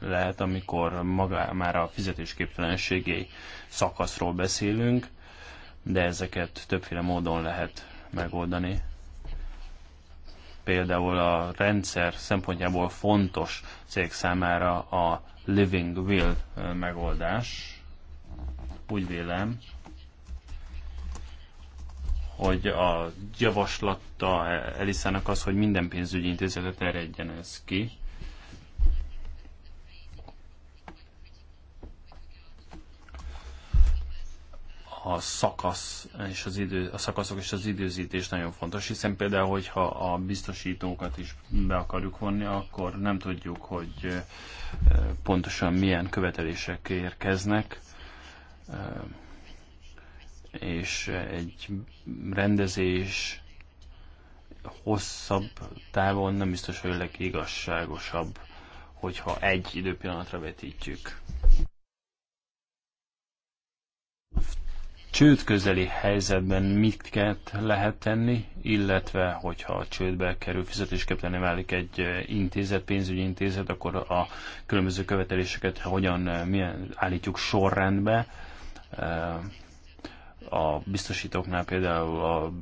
lehet, amikor maga már a fizetésképtelenségi szakaszról beszélünk, de ezeket többféle módon lehet megoldani például a rendszer szempontjából fontos cég számára a Living Will megoldás. Úgy vélem, hogy a javaslatta Elisának az, hogy minden pénzügyi intézetet eredjen ez ki, a szakasz és az idő, a szakaszok és az időzítés nagyon fontos, hiszen például, hogyha a biztosítókat is be akarjuk vonni, akkor nem tudjuk, hogy pontosan milyen követelések érkeznek, és egy rendezés hosszabb távon nem biztos, hogy legigazságosabb, hogyha egy időpillanatra vetítjük csőd közeli helyzetben mit lehet tenni, illetve hogyha a csődbe kerül fizetésképtelni válik egy intézet, pénzügyi intézet, akkor a különböző követeléseket hogyan milyen, állítjuk sorrendbe. A biztosítóknál például a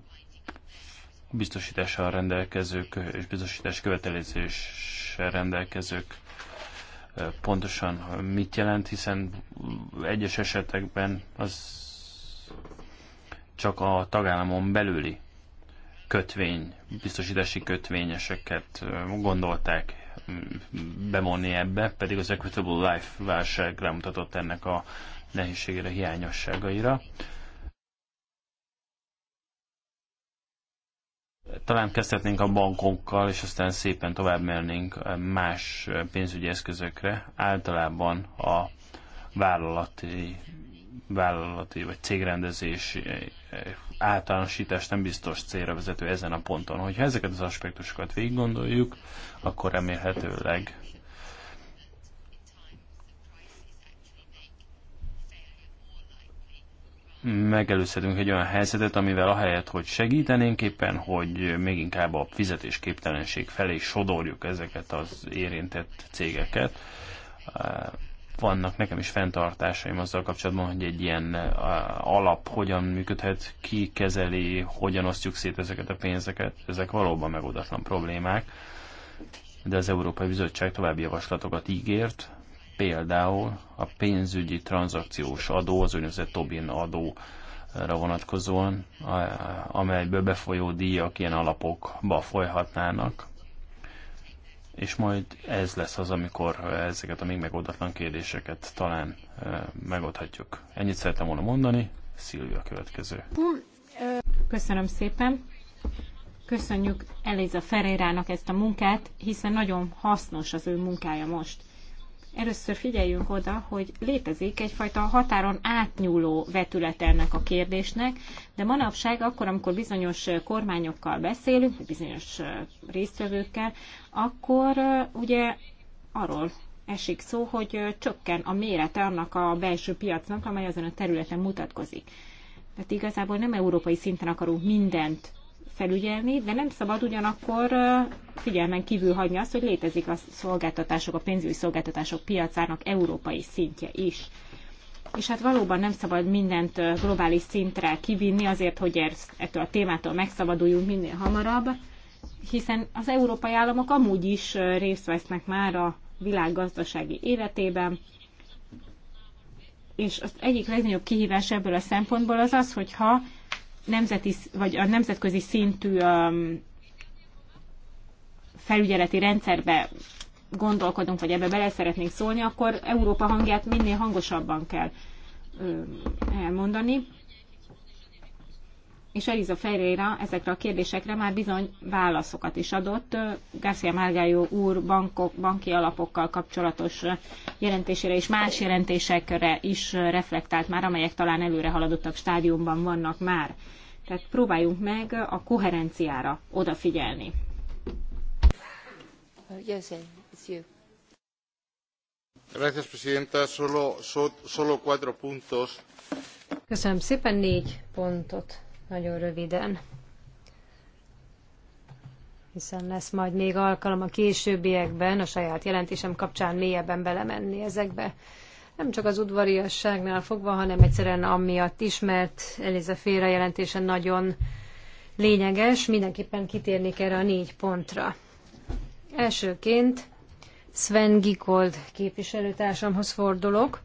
biztosítással rendelkezők és biztosítás követeléssel rendelkezők eh, pontosan mit jelent, hiszen egyes esetekben az csak a tagállamon belüli kötvény, biztosítási kötvényeseket gondolták bevonni ebbe, pedig az Equitable Life válság rámutatott ennek a nehézségére, hiányosságaira. Talán kezdhetnénk a bankokkal, és aztán szépen tovább mennénk más pénzügyi eszközökre. Általában a vállalati vállalati vagy cégrendezés eh, általánosítás nem biztos célra vezető ezen a ponton. Hogyha ezeket az aspektusokat végiggondoljuk, akkor remélhetőleg megelőzhetünk egy olyan helyzetet, amivel ahelyett, hogy segítenénk éppen, hogy még inkább a fizetésképtelenség felé sodorjuk ezeket az érintett cégeket. Eh, vannak nekem is fenntartásaim azzal kapcsolatban, hogy egy ilyen alap hogyan működhet, ki kezeli, hogyan osztjuk szét ezeket a pénzeket. Ezek valóban megoldatlan problémák, de az Európai Bizottság további javaslatokat ígért, például a pénzügyi tranzakciós adó, az úgynevezett Tobin adó, vonatkozóan, amelyből befolyó díjak ilyen alapokba folyhatnának és majd ez lesz az, amikor ezeket a még megoldatlan kérdéseket talán megoldhatjuk. Ennyit szeretem volna mondani, Szilvia következő. Köszönöm szépen. Köszönjük Eliza Ferreirának ezt a munkát, hiszen nagyon hasznos az ő munkája most. Először figyeljünk oda, hogy létezik egyfajta határon átnyúló vetület ennek a kérdésnek, de manapság akkor, amikor bizonyos kormányokkal beszélünk, bizonyos résztvevőkkel, akkor ugye arról esik szó, hogy csökken a mérete annak a belső piacnak, amely azon a területen mutatkozik. Tehát igazából nem európai szinten akarunk mindent felügyelni, de nem szabad ugyanakkor figyelmen kívül hagyni azt, hogy létezik a szolgáltatások, a pénzügyi szolgáltatások piacának európai szintje is. És hát valóban nem szabad mindent globális szintre kivinni azért, hogy ettől a témától megszabaduljunk minél hamarabb, hiszen az európai államok amúgy is részt vesznek már a világ gazdasági életében, és az egyik legnagyobb kihívás ebből a szempontból az az, hogyha nemzeti, vagy a nemzetközi szintű um, felügyeleti rendszerbe gondolkodunk, vagy ebbe bele szeretnénk szólni, akkor Európa hangját minél hangosabban kell um, elmondani és Eliza Ferreira ezekre a kérdésekre már bizony válaszokat is adott. Garcia Márgájó úr bankok, banki alapokkal kapcsolatos jelentésére és más jelentésekre is reflektált már, amelyek talán előre haladottak stádiumban vannak már. Tehát próbáljunk meg a koherenciára odafigyelni. Yes, it's you. Gracias, Presidenta. Solo, solo cuatro puntos. Köszönöm szépen, négy pontot nagyon röviden, hiszen lesz majd még alkalom a későbbiekben, a saját jelentésem kapcsán mélyebben belemenni ezekbe. Nem csak az udvariasságnál fogva, hanem egyszerűen amiatt is, mert Eliza Féra jelentése nagyon lényeges, mindenképpen kitérnék erre a négy pontra. Elsőként Sven Gikold képviselőtársamhoz fordulok,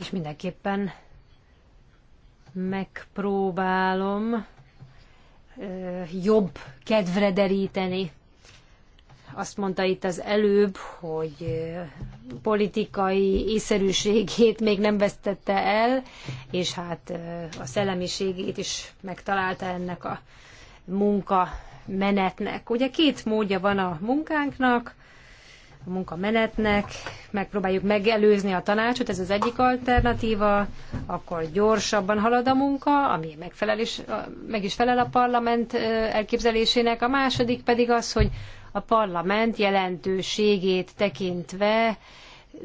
és mindenképpen megpróbálom jobb kedvre deríteni. Azt mondta itt az előbb, hogy politikai észszerűségét még nem vesztette el, és hát a szellemiségét is megtalálta ennek a munka menetnek. Ugye két módja van a munkánknak, a munkamenetnek, megpróbáljuk megelőzni a tanácsot, ez az egyik alternatíva, akkor gyorsabban halad a munka, ami megfelel is, meg is felel a parlament elképzelésének, a második pedig az, hogy a parlament jelentőségét tekintve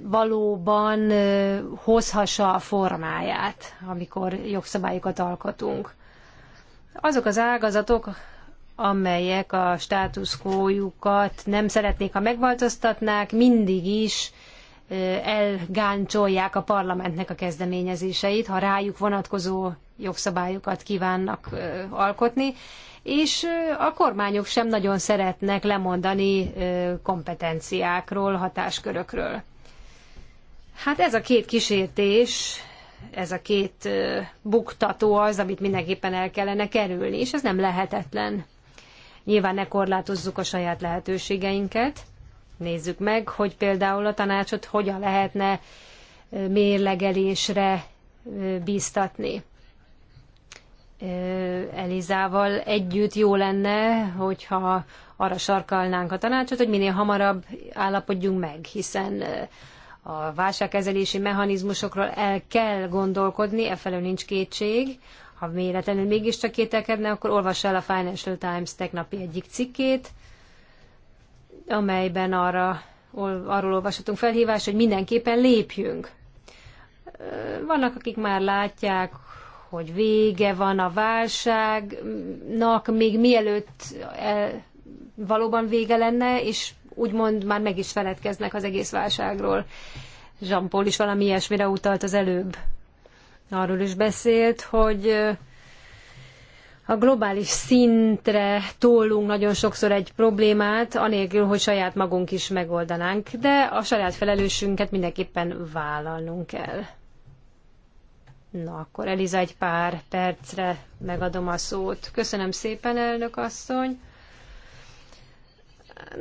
valóban hozhassa a formáját, amikor jogszabályokat alkotunk. Azok az ágazatok, amelyek a státuszkójukat nem szeretnék, ha megváltoztatnák, mindig is elgáncsolják a parlamentnek a kezdeményezéseit, ha rájuk vonatkozó jogszabályokat kívánnak alkotni, és a kormányok sem nagyon szeretnek lemondani kompetenciákról, hatáskörökről. Hát ez a két kísértés, ez a két buktató az, amit mindenképpen el kellene kerülni, és ez nem lehetetlen. Nyilván ne korlátozzuk a saját lehetőségeinket. Nézzük meg, hogy például a tanácsot hogyan lehetne mérlegelésre bíztatni. Elizával együtt jó lenne, hogyha arra sarkalnánk a tanácsot, hogy minél hamarabb állapodjunk meg, hiszen a válságkezelési mechanizmusokról el kell gondolkodni, efelől nincs kétség. Ha véletlenül mégiscsak kételkedne, akkor olvassa el a Financial Times tegnapi egyik cikkét, amelyben arra, arról olvashatunk felhívást, hogy mindenképpen lépjünk. Vannak, akik már látják, hogy vége van a válságnak, még mielőtt e, valóban vége lenne, és úgymond már meg is feledkeznek az egész válságról. Jean-Paul is valami ilyesmire utalt az előbb arról is beszélt, hogy a globális szintre tólunk nagyon sokszor egy problémát, anélkül, hogy saját magunk is megoldanánk, de a saját felelősünket mindenképpen vállalnunk kell. Na, akkor Eliza egy pár percre megadom a szót. Köszönöm szépen, elnök asszony.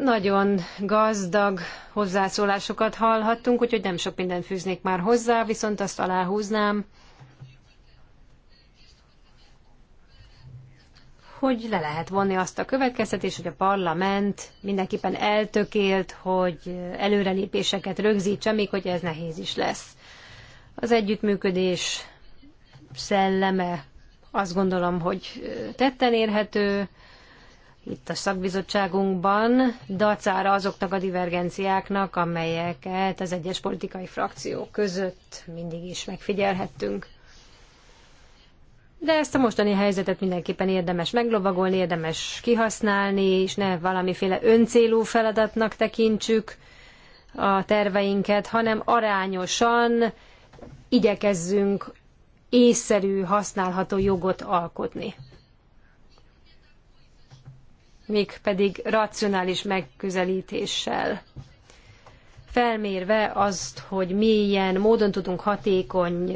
Nagyon gazdag hozzászólásokat hallhattunk, úgyhogy nem sok mindent fűznék már hozzá, viszont azt aláhúznám, hogy le lehet vonni azt a következtetés, hogy a parlament mindenképpen eltökélt, hogy előrelépéseket rögzítse, még hogy ez nehéz is lesz. Az együttműködés szelleme azt gondolom, hogy tetten érhető itt a szakbizottságunkban, dacára azoknak a divergenciáknak, amelyeket az egyes politikai frakciók között mindig is megfigyelhettünk de ezt a mostani helyzetet mindenképpen érdemes meglovagolni, érdemes kihasználni, és ne valamiféle öncélú feladatnak tekintsük a terveinket, hanem arányosan igyekezzünk észszerű, használható jogot alkotni. Mégpedig racionális megközelítéssel felmérve azt, hogy milyen módon tudunk hatékony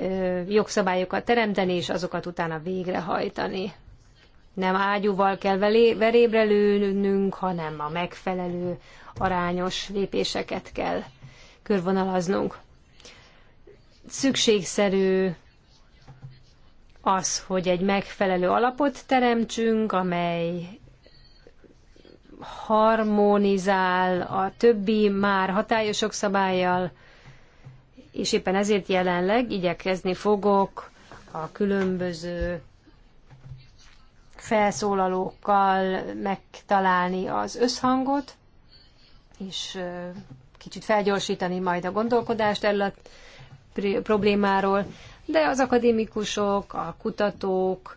jogszabályokat teremteni, és azokat utána végrehajtani. Nem ágyúval kell verébre lőnünk, hanem a megfelelő arányos lépéseket kell körvonalaznunk. Szükségszerű az, hogy egy megfelelő alapot teremtsünk, amely harmonizál a többi már hatályosok szabályjal, és éppen ezért jelenleg igyekezni fogok a különböző felszólalókkal megtalálni az összhangot, és kicsit felgyorsítani majd a gondolkodást erről a problémáról, de az akadémikusok, a kutatók,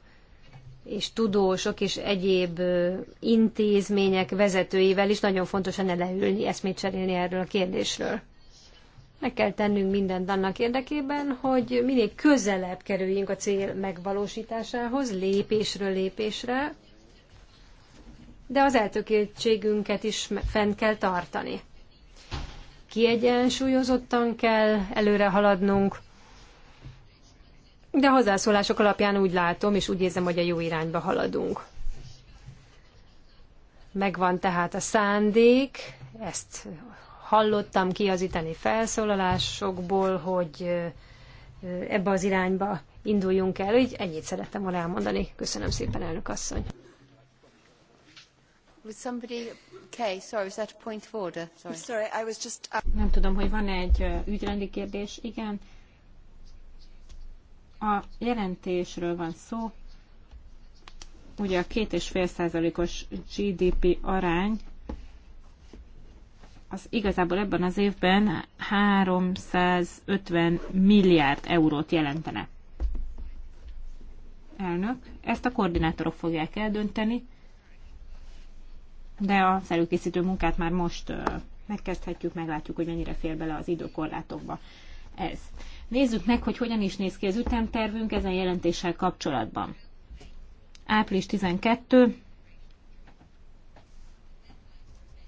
és tudósok és egyéb intézmények vezetőivel is nagyon fontos ne leülni, eszmét cserélni erről a kérdésről. Meg kell tennünk mindent annak érdekében, hogy minél közelebb kerüljünk a cél megvalósításához, lépésről lépésre, de az eltökéltségünket is fenn kell tartani. Kiegyensúlyozottan kell előre haladnunk, de a hozzászólások alapján úgy látom, és úgy érzem, hogy a jó irányba haladunk. Megvan tehát a szándék, ezt hallottam ki az itteni felszólalásokból, hogy ebbe az irányba induljunk el. Így ennyit szerettem volna elmondani. Köszönöm szépen, elnök asszony. Nem tudom, hogy van egy ügyrendi kérdés. Igen, a jelentésről van szó, ugye a két és fél százalékos GDP arány az igazából ebben az évben 350 milliárd eurót jelentene. Elnök, ezt a koordinátorok fogják eldönteni, de a előkészítő munkát már most megkezdhetjük, meglátjuk, hogy mennyire fér bele az időkorlátokba ez. Nézzük meg, hogy hogyan is néz ki az ütemtervünk ezen jelentéssel kapcsolatban. Április 12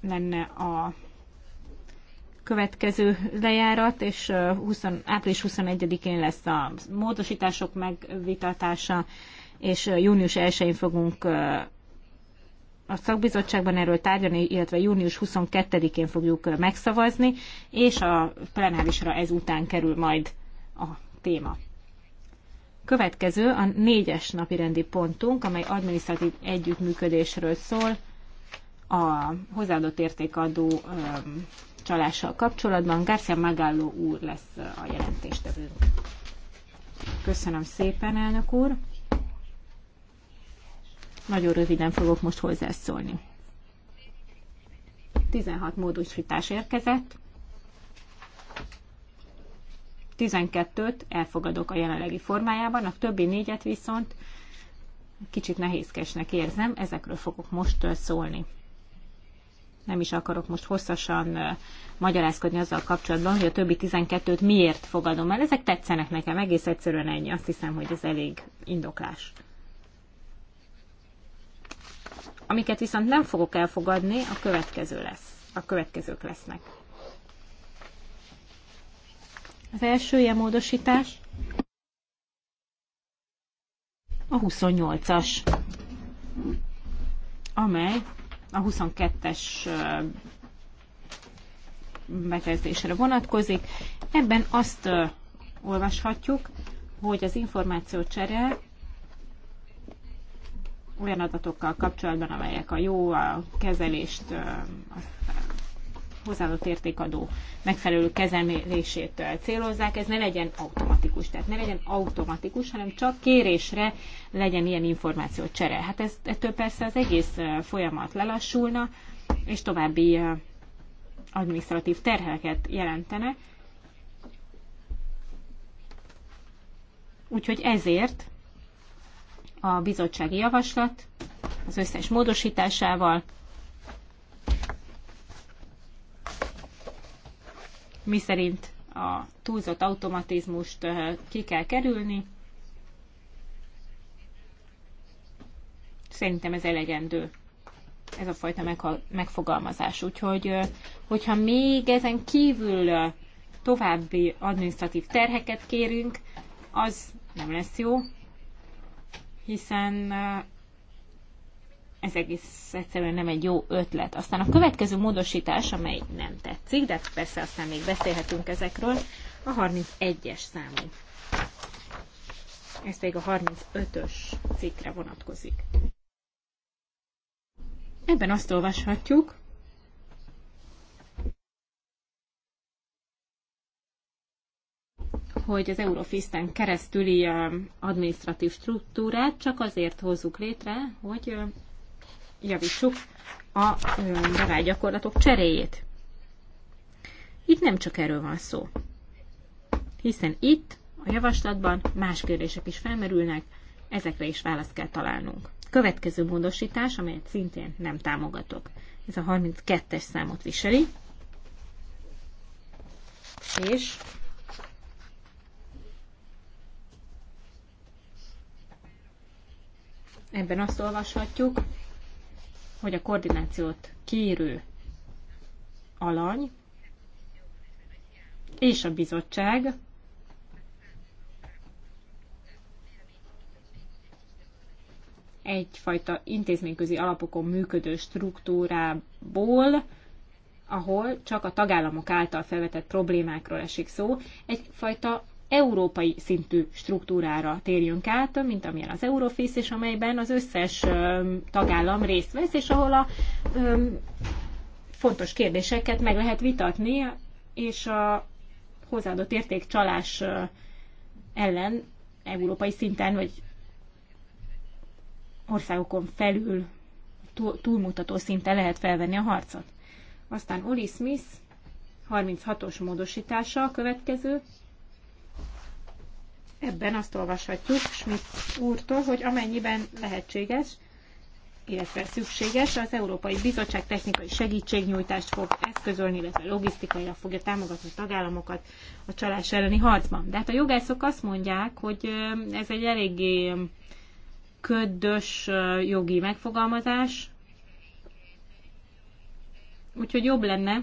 lenne a következő lejárat, és 20, április 21-én lesz a módosítások megvitatása, és június 1-én fogunk a szakbizottságban erről tárgyalni, illetve június 22-én fogjuk megszavazni, és a plenárisra ezután kerül majd a téma. Következő a négyes napi rendi pontunk, amely adminisztratív együttműködésről szól a hozzáadott értékadó csalással kapcsolatban. Garcia Magalló úr lesz a jelentéstevőnk. Köszönöm szépen, elnök úr. Nagyon röviden fogok most hozzászólni. 16 módosítás érkezett, 12-t elfogadok a jelenlegi formájában, a többi négyet viszont kicsit nehézkesnek érzem, ezekről fogok most szólni. Nem is akarok most hosszasan magyarázkodni azzal kapcsolatban, hogy a többi 12-t miért fogadom el. Ezek tetszenek nekem, egész egyszerűen ennyi. Azt hiszem, hogy ez elég indoklás. Amiket viszont nem fogok elfogadni, a következő lesz. A következők lesznek. Az első ilyen módosítás a 28-as, amely a 22-es bekezdésre vonatkozik. Ebben azt olvashatjuk, hogy az csere olyan adatokkal kapcsolatban, amelyek a jó a kezelést, a hozzáadott értékadó megfelelő kezelését célozzák, ez ne legyen automatikus. Tehát ne legyen automatikus, hanem csak kérésre legyen ilyen információ csere. Hát ez, ettől persze az egész folyamat lelassulna, és további administratív terheket jelentene. Úgyhogy ezért a bizottsági javaslat az összes módosításával szerint a túlzott automatizmust ki kell kerülni. Szerintem ez elegendő, ez a fajta megfogalmazás. Úgyhogy, hogyha még ezen kívül további administratív terheket kérünk, az nem lesz jó, hiszen ez egész egyszerűen nem egy jó ötlet. Aztán a következő módosítás, amely nem tetszik, de persze aztán még beszélhetünk ezekről, a 31-es számú. Ez pedig a 35-ös cikkre vonatkozik. Ebben azt olvashatjuk, hogy az Eurofisten keresztüli administratív struktúrát csak azért hozzuk létre, hogy javítsuk a bevágyakorlatok cseréjét. Itt nem csak erről van szó, hiszen itt a javaslatban más kérdések is felmerülnek, ezekre is választ kell találnunk. Következő módosítás, amelyet szintén nem támogatok. Ez a 32-es számot viseli. És ebben azt olvashatjuk, hogy a koordinációt kérő alany és a bizottság egyfajta intézményközi alapokon működő struktúrából, ahol csak a tagállamok által felvetett problémákról esik szó, egyfajta európai szintű struktúrára térjünk át, mint amilyen az Eurofis, és amelyben az összes tagállam részt vesz, és ahol a fontos kérdéseket meg lehet vitatni, és a hozzáadott érték csalás ellen európai szinten, vagy országokon felül túlmutató szinten lehet felvenni a harcot. Aztán Oli Smith 36-os módosítása a következő, Ebben azt olvashatjuk Schmidt úrtól, hogy amennyiben lehetséges, illetve szükséges, az Európai Bizottság technikai segítségnyújtást fog eszközölni, illetve logisztikailag fogja támogatni a tagállamokat a csalás elleni harcban. De hát a jogászok azt mondják, hogy ez egy eléggé ködös jogi megfogalmazás, úgyhogy jobb lenne,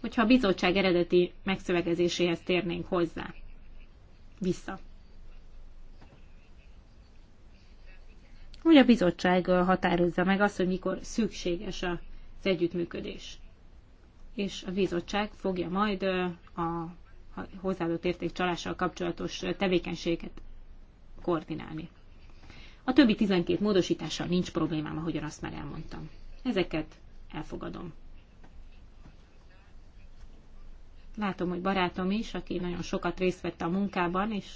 hogyha a bizottság eredeti megszövegezéséhez térnénk hozzá vissza. Hogy a bizottság határozza meg azt, hogy mikor szükséges az együttműködés. És a bizottság fogja majd a hozzáadott érték csalással kapcsolatos tevékenységet koordinálni. A többi 12 módosítással nincs problémám, ahogyan azt már elmondtam. Ezeket elfogadom. Látom, hogy barátom is, aki nagyon sokat részt vett a munkában, és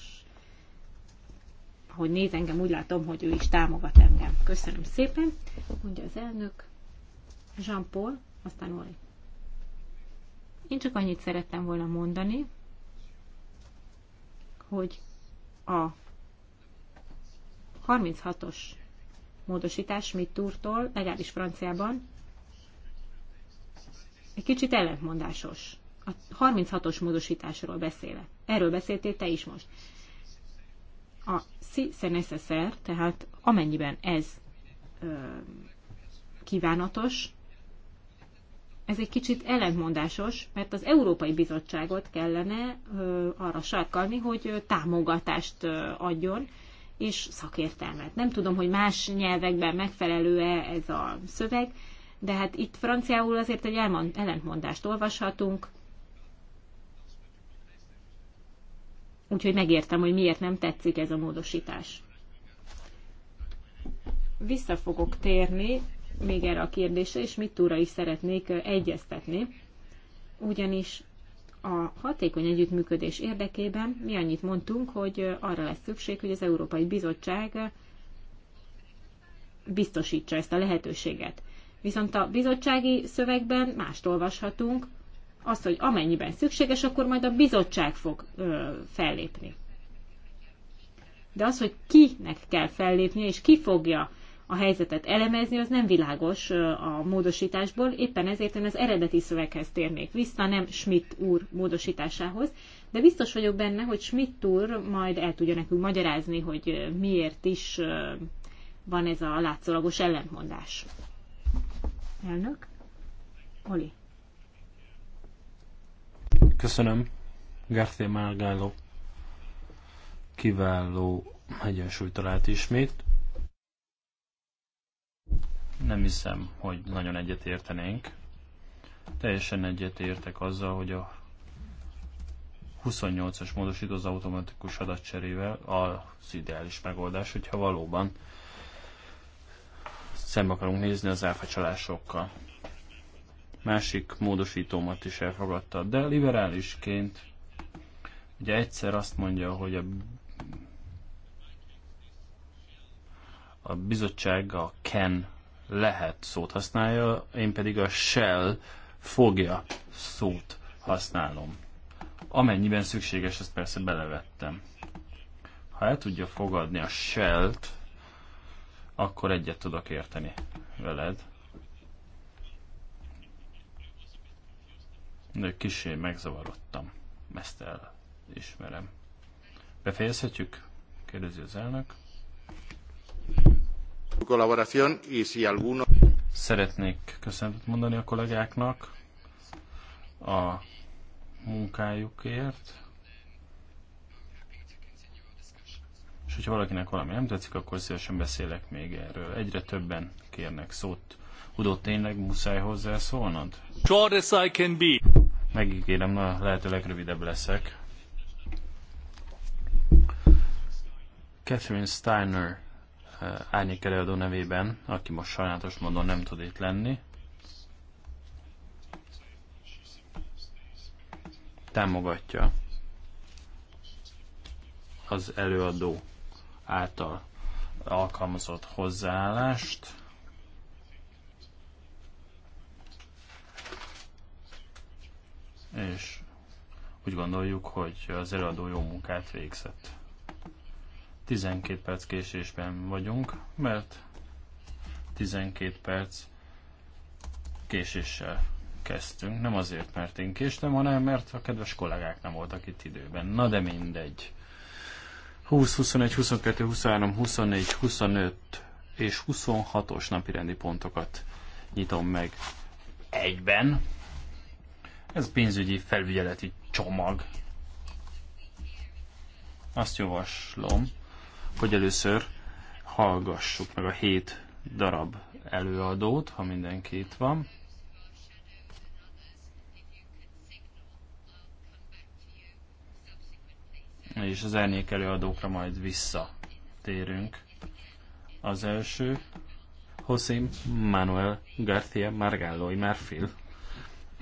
ahogy néz engem, úgy látom, hogy ő is támogat engem. Köszönöm szépen, mondja az elnök. Jean-Paul, aztán Oli. Én csak annyit szerettem volna mondani, hogy a 36-os módosítás Mittúrtól, legalábbis franciában, egy kicsit ellentmondásos a 36-os módosításról beszélek. Erről beszéltél te is most. A CNSSR, tehát amennyiben ez ö, kívánatos, ez egy kicsit ellentmondásos, mert az Európai Bizottságot kellene ö, arra sarkalni, hogy ö, támogatást ö, adjon, és szakértelmet. Nem tudom, hogy más nyelvekben megfelelő-e ez a szöveg, de hát itt franciául azért egy ellentmondást olvashatunk, Úgyhogy megértem, hogy miért nem tetszik ez a módosítás. Vissza fogok térni még erre a kérdésre, és mit túra is szeretnék egyeztetni, ugyanis a hatékony együttműködés érdekében mi annyit mondtunk, hogy arra lesz szükség, hogy az Európai Bizottság biztosítsa ezt a lehetőséget. Viszont a bizottsági szövegben mást olvashatunk, azt, hogy amennyiben szükséges, akkor majd a bizottság fog ö, fellépni. De az, hogy kinek kell fellépnie, és ki fogja a helyzetet elemezni, az nem világos a módosításból, éppen ezért én az eredeti szöveghez térnék vissza, nem Schmidt úr módosításához, de biztos vagyok benne, hogy Schmidt úr majd el tudja nekünk magyarázni, hogy miért is van ez a látszólagos ellentmondás. Elnök? Oli. Köszönöm, García Margallo. Kiváló egyensúlyt talált ismét. Nem hiszem, hogy nagyon egyet értenénk. Teljesen egyet értek azzal, hogy a 28-as módosító az automatikus adatcserével az ideális megoldás, hogyha valóban szembe akarunk nézni az áfacsalásokkal. csalásokkal másik módosítómat is elfogadta. De liberálisként ugye egyszer azt mondja, hogy a, a bizottság a can lehet szót használja, én pedig a shell fogja szót használom. Amennyiben szükséges, ezt persze belevettem. Ha el tudja fogadni a shell akkor egyet tudok érteni veled. de kicsi megzavarodtam. Ezt el ismerem. Befejezhetjük? Kérdezi az elnök. Szeretnék köszönetet mondani a kollégáknak a munkájukért. És hogyha valakinek valami nem tetszik, akkor szívesen beszélek még erről. Egyre többen kérnek szót Udo, tényleg muszáj hozzászólnod? Short as I can be. Megígérem, na, lehető legrövidebb leszek. Catherine Steiner eh, árnyék előadó nevében, aki most sajnálatos módon nem tud itt lenni. Támogatja az előadó által alkalmazott hozzáállást. és úgy gondoljuk, hogy az előadó jó munkát végzett. 12 perc késésben vagyunk, mert 12 perc késéssel kezdtünk. Nem azért, mert én késtem, hanem mert a kedves kollégák nem voltak itt időben. Na de mindegy. 20, 21, 22, 23, 24, 25 és 26-os napirendi pontokat nyitom meg egyben. Ez pénzügyi felügyeleti csomag. Azt javaslom, hogy először hallgassuk meg a hét darab előadót, ha mindenki itt van. És az elnék előadókra majd visszatérünk. Az első José Manuel García Margallo y Marfil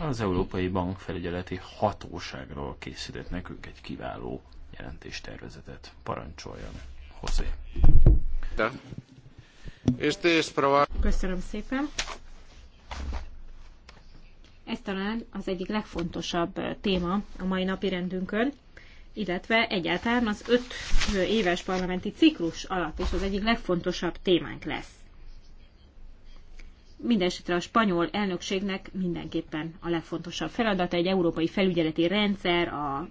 az Európai bank felügyeleti Hatóságról készített nekünk egy kiváló jelentéstervezetet. Parancsoljon, Hozé. Köszönöm szépen. Ez talán az egyik legfontosabb téma a mai napi rendünkön, illetve egyáltalán az öt éves parlamenti ciklus alatt is az egyik legfontosabb témánk lesz. Mindenesetre a spanyol elnökségnek mindenképpen a legfontosabb feladata egy európai felügyeleti rendszer, a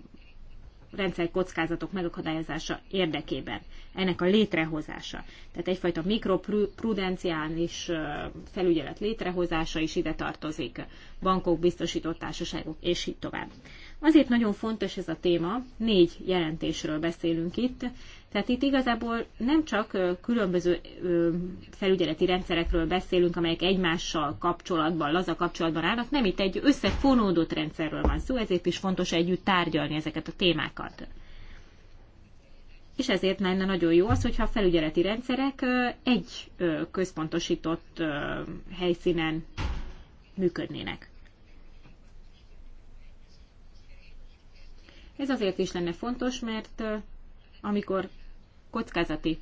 rendszer kockázatok megakadályozása érdekében, ennek a létrehozása. Tehát egyfajta mikroprudenciális felügyelet létrehozása is ide tartozik, bankok, biztosított társaságok, és így tovább. Azért nagyon fontos ez a téma, négy jelentésről beszélünk itt, tehát itt igazából nem csak különböző felügyeleti rendszerekről beszélünk, amelyek egymással kapcsolatban, laza kapcsolatban állnak, nem itt egy összefonódott rendszerről van szó, ezért is fontos együtt tárgyalni ezeket a témákat. És ezért lenne nagyon jó az, hogyha a felügyeleti rendszerek egy központosított helyszínen működnének. Ez azért is lenne fontos, mert amikor kockázati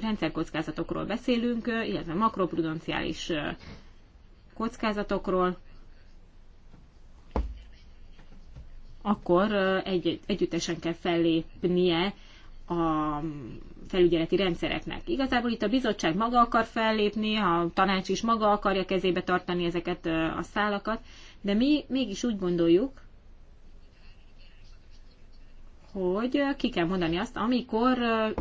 rendszerkockázatokról beszélünk, illetve makroprudenciális kockázatokról, akkor egy, együttesen kell fellépnie a felügyeleti rendszereknek. Igazából itt a bizottság maga akar fellépni, a tanács is maga akarja kezébe tartani ezeket a szálakat, de mi mégis úgy gondoljuk, hogy ki kell mondani azt, amikor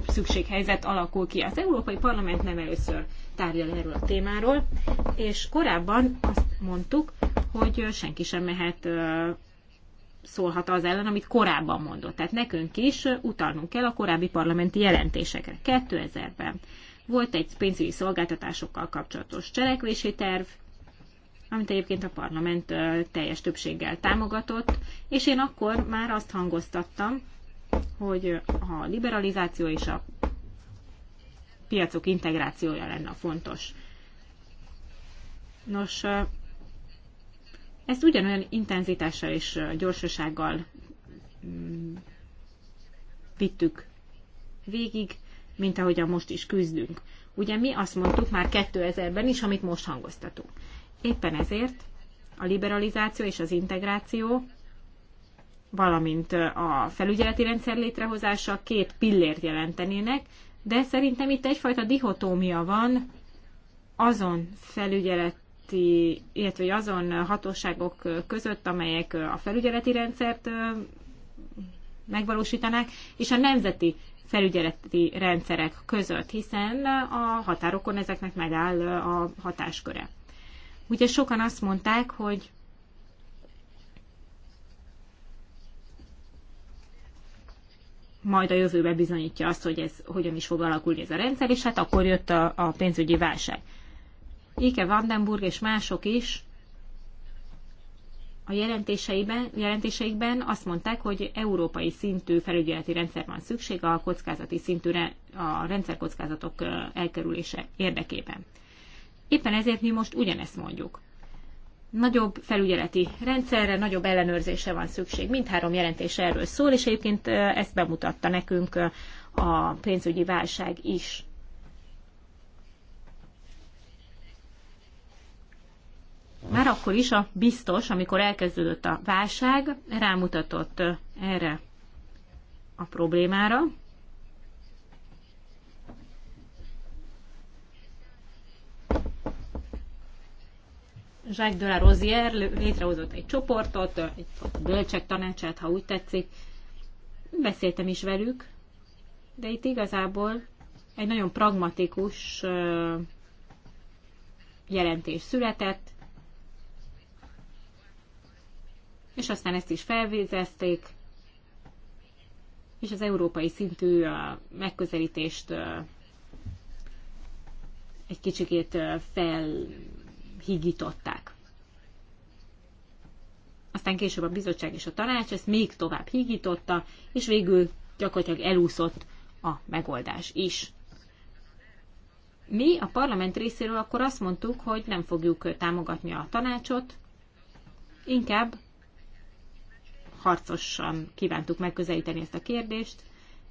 szükséghelyzet alakul ki. Az Európai Parlament nem először tárgyal erről a témáról, és korábban azt mondtuk, hogy senki sem mehet szólhat az ellen, amit korábban mondott. Tehát nekünk is utalnunk kell a korábbi parlamenti jelentésekre. 2000-ben volt egy pénzügyi szolgáltatásokkal kapcsolatos cselekvési terv, amit egyébként a parlament teljes többséggel támogatott, és én akkor már azt hangoztattam, hogy a liberalizáció és a piacok integrációja lenne a fontos. Nos, ezt ugyanolyan intenzitással és gyorsasággal mm, vittük végig, mint ahogyan most is küzdünk. Ugye mi azt mondtuk már 2000-ben is, amit most hangoztatunk. Éppen ezért a liberalizáció és az integráció valamint a felügyeleti rendszer létrehozása két pillért jelentenének, de szerintem itt egyfajta dihotómia van azon felügyeleti, illetve azon hatóságok között, amelyek a felügyeleti rendszert megvalósítanák, és a nemzeti felügyeleti rendszerek között, hiszen a határokon ezeknek megáll a hatásköre. Ugye sokan azt mondták, hogy majd a jövőbe bizonyítja azt, hogy ez hogyan is fog alakulni ez a rendszer, és hát akkor jött a, a pénzügyi válság. Ike Vandenburg és mások is a jelentéseiben, jelentéseikben azt mondták, hogy európai szintű felügyeleti rendszer van szükség a kockázati szintűre, a rendszerkockázatok elkerülése érdekében. Éppen ezért mi most ugyanezt mondjuk nagyobb felügyeleti rendszerre, nagyobb ellenőrzésre van szükség. Mindhárom jelentés erről szól, és egyébként ezt bemutatta nekünk a pénzügyi válság is. Már akkor is a biztos, amikor elkezdődött a válság, rámutatott erre a problémára, Jacques de la Rosière létrehozott egy csoportot, egy bölcsek tanácsát, ha úgy tetszik. Beszéltem is velük, de itt igazából egy nagyon pragmatikus jelentés született, és aztán ezt is felvézezték, és az európai szintű megközelítést egy kicsikét fel hígították. Aztán később a bizottság és a tanács ezt még tovább hígította, és végül gyakorlatilag elúszott a megoldás is. Mi a parlament részéről akkor azt mondtuk, hogy nem fogjuk támogatni a tanácsot, inkább harcosan kívántuk megközelíteni ezt a kérdést,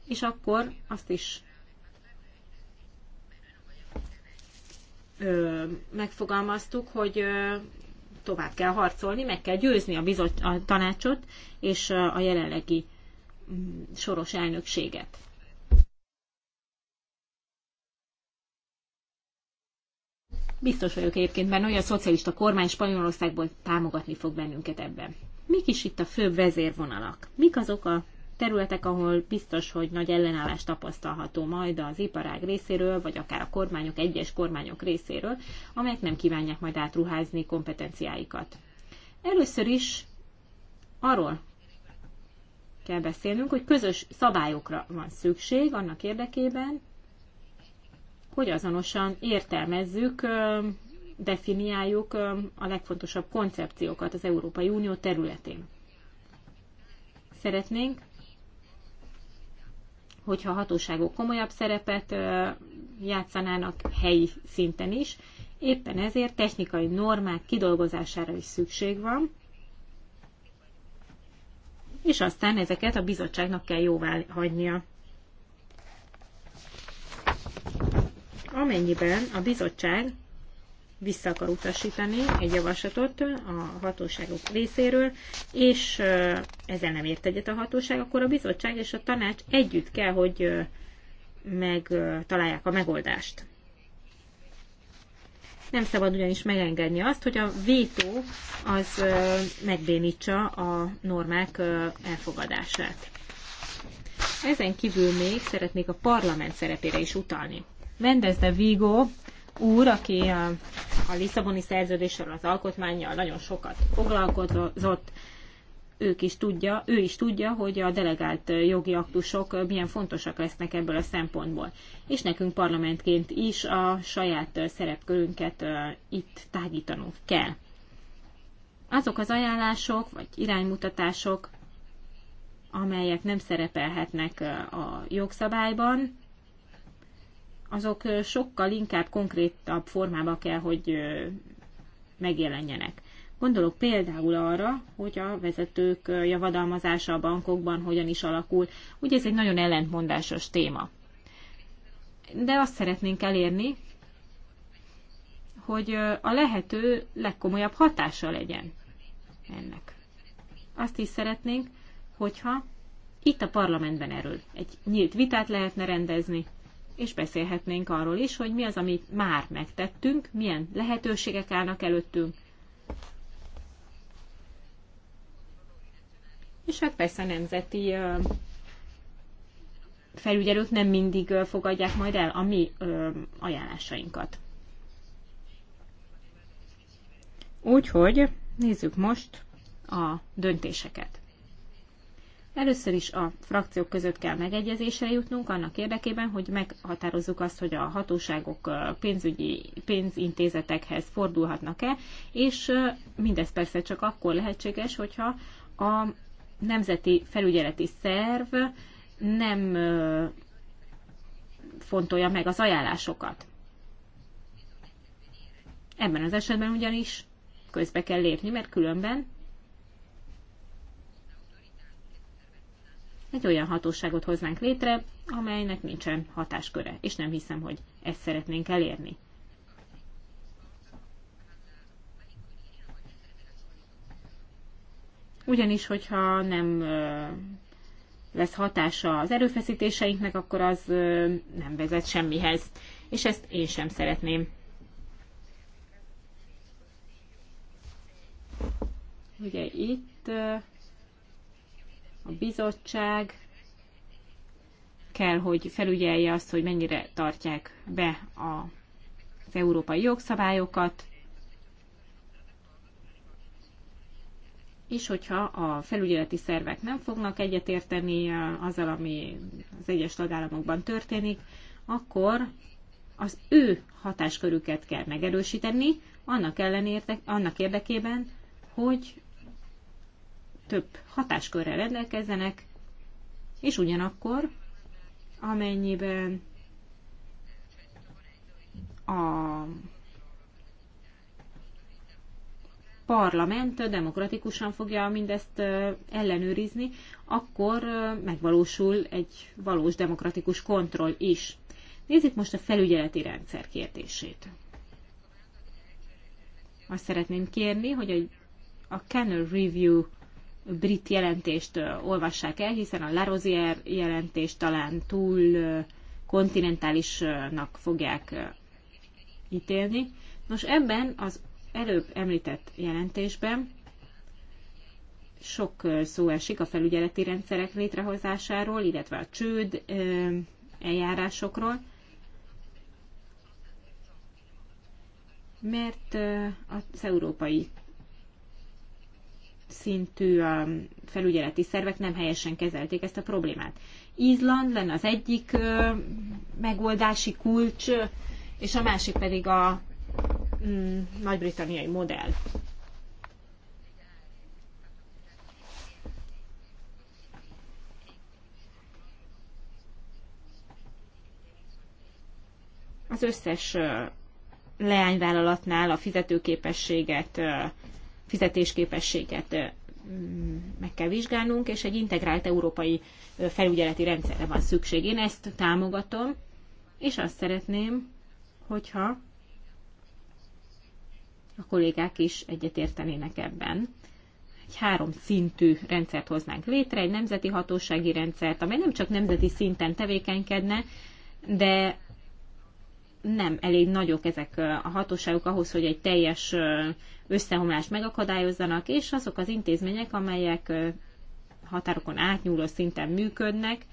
és akkor azt is megfogalmaztuk, hogy tovább kell harcolni, meg kell győzni a, bizot, a tanácsot és a jelenlegi mm, soros elnökséget. Biztos vagyok egyébként mert olyan a szocialista kormány Spanyolországból támogatni fog bennünket ebben. Mik is itt a főbb vezérvonalak? Mik azok a területek, ahol biztos, hogy nagy ellenállás tapasztalható majd az iparág részéről, vagy akár a kormányok, egyes kormányok részéről, amelyek nem kívánják majd átruházni kompetenciáikat. Először is arról kell beszélnünk, hogy közös szabályokra van szükség annak érdekében, hogy azonosan értelmezzük, definiáljuk a legfontosabb koncepciókat az Európai Unió területén. Szeretnénk hogyha a hatóságok komolyabb szerepet játszanának helyi szinten is. Éppen ezért technikai normák kidolgozására is szükség van, és aztán ezeket a bizottságnak kell jóvá hagynia. Amennyiben a bizottság vissza akar utasítani egy javaslatot a hatóságok részéről, és ezzel nem ért egyet a hatóság, akkor a bizottság és a tanács együtt kell, hogy megtalálják a megoldást. Nem szabad ugyanis megengedni azt, hogy a vétó az megbénítsa a normák elfogadását. Ezen kívül még szeretnék a parlament szerepére is utalni. Mendez de Vigo úr, aki a Lisszaboni szerződésről az alkotmányjal nagyon sokat foglalkozott, ők is tudja, ő is tudja, hogy a delegált jogi aktusok milyen fontosak lesznek ebből a szempontból. És nekünk parlamentként is a saját szerepkörünket itt tágítanunk kell. Azok az ajánlások vagy iránymutatások, amelyek nem szerepelhetnek a jogszabályban, azok sokkal inkább konkrétabb formába kell, hogy megjelenjenek. Gondolok például arra, hogy a vezetők javadalmazása a bankokban hogyan is alakul. Ugye ez egy nagyon ellentmondásos téma. De azt szeretnénk elérni, hogy a lehető legkomolyabb hatása legyen ennek. Azt is szeretnénk, hogyha itt a parlamentben erről egy nyílt vitát lehetne rendezni, és beszélhetnénk arról is, hogy mi az, amit már megtettünk, milyen lehetőségek állnak előttünk. És hát persze a nemzeti felügyelők nem mindig fogadják majd el a mi ajánlásainkat. Úgyhogy nézzük most a döntéseket. Először is a frakciók között kell megegyezésre jutnunk annak érdekében, hogy meghatározzuk azt, hogy a hatóságok pénzügyi pénzintézetekhez fordulhatnak-e, és mindez persze csak akkor lehetséges, hogyha a nemzeti felügyeleti szerv nem fontolja meg az ajánlásokat. Ebben az esetben ugyanis közbe kell lépni, mert különben egy olyan hatóságot hoznánk létre, amelynek nincsen hatásköre, és nem hiszem, hogy ezt szeretnénk elérni. Ugyanis, hogyha nem lesz hatása az erőfeszítéseinknek, akkor az nem vezet semmihez. És ezt én sem szeretném. Ugye itt a bizottság kell, hogy felügyelje azt, hogy mennyire tartják be a az európai jogszabályokat, és hogyha a felügyeleti szervek nem fognak egyetérteni azzal, ami az egyes tagállamokban történik, akkor az ő hatáskörüket kell megerősíteni, annak, ellenérde, annak érdekében, hogy több hatáskörrel rendelkezzenek, és ugyanakkor, amennyiben a parlament demokratikusan fogja mindezt ellenőrizni, akkor megvalósul egy valós demokratikus kontroll is. Nézzük most a felügyeleti rendszer kérdését. Azt szeretném kérni, hogy a Kennel Review brit jelentést olvassák el, hiszen a Larosier jelentést talán túl kontinentálisnak fogják ítélni. Nos, ebben az előbb említett jelentésben sok szó esik a felügyeleti rendszerek létrehozásáról, illetve a csőd eljárásokról, mert az európai szintű felügyeleti szervek nem helyesen kezelték ezt a problémát. Izland lenne az egyik megoldási kulcs, és a másik pedig a mm, nagy-britanniai modell. Az összes leányvállalatnál a fizetőképességet fizetésképességet mm, meg kell vizsgálnunk, és egy integrált európai felügyeleti rendszerre van szükség. Én ezt támogatom, és azt szeretném, hogyha a kollégák is egyetértenének ebben. Egy három szintű rendszert hoznánk létre, egy nemzeti hatósági rendszert, amely nem csak nemzeti szinten tevékenykedne, de nem elég nagyok ezek a hatóságok ahhoz, hogy egy teljes összeomlást megakadályozzanak, és azok az intézmények, amelyek határokon átnyúló szinten működnek.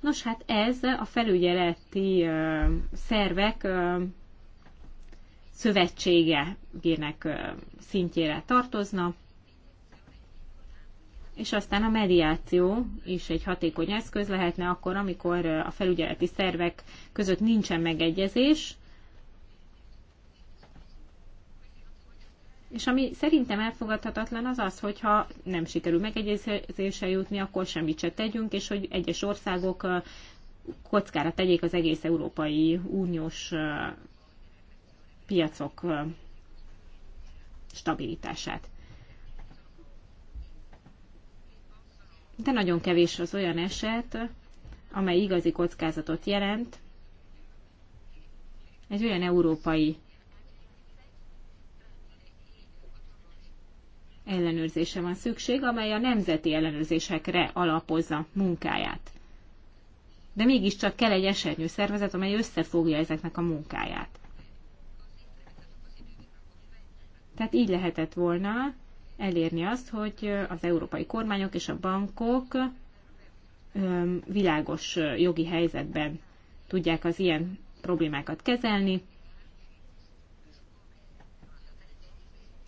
Nos, hát ez a felügyeleti szervek szövetségének szintjére tartozna és aztán a mediáció is egy hatékony eszköz lehetne akkor, amikor a felügyeleti szervek között nincsen megegyezés, És ami szerintem elfogadhatatlan az az, hogyha nem sikerül megegyezésre jutni, akkor semmit se tegyünk, és hogy egyes országok kockára tegyék az egész Európai Uniós piacok stabilitását. de nagyon kevés az olyan eset, amely igazi kockázatot jelent egy olyan európai ellenőrzése van szükség, amely a nemzeti ellenőrzésekre alapozza munkáját. De mégiscsak kell egy esernyő szervezet, amely összefogja ezeknek a munkáját. Tehát így lehetett volna elérni azt, hogy az európai kormányok és a bankok világos jogi helyzetben tudják az ilyen problémákat kezelni.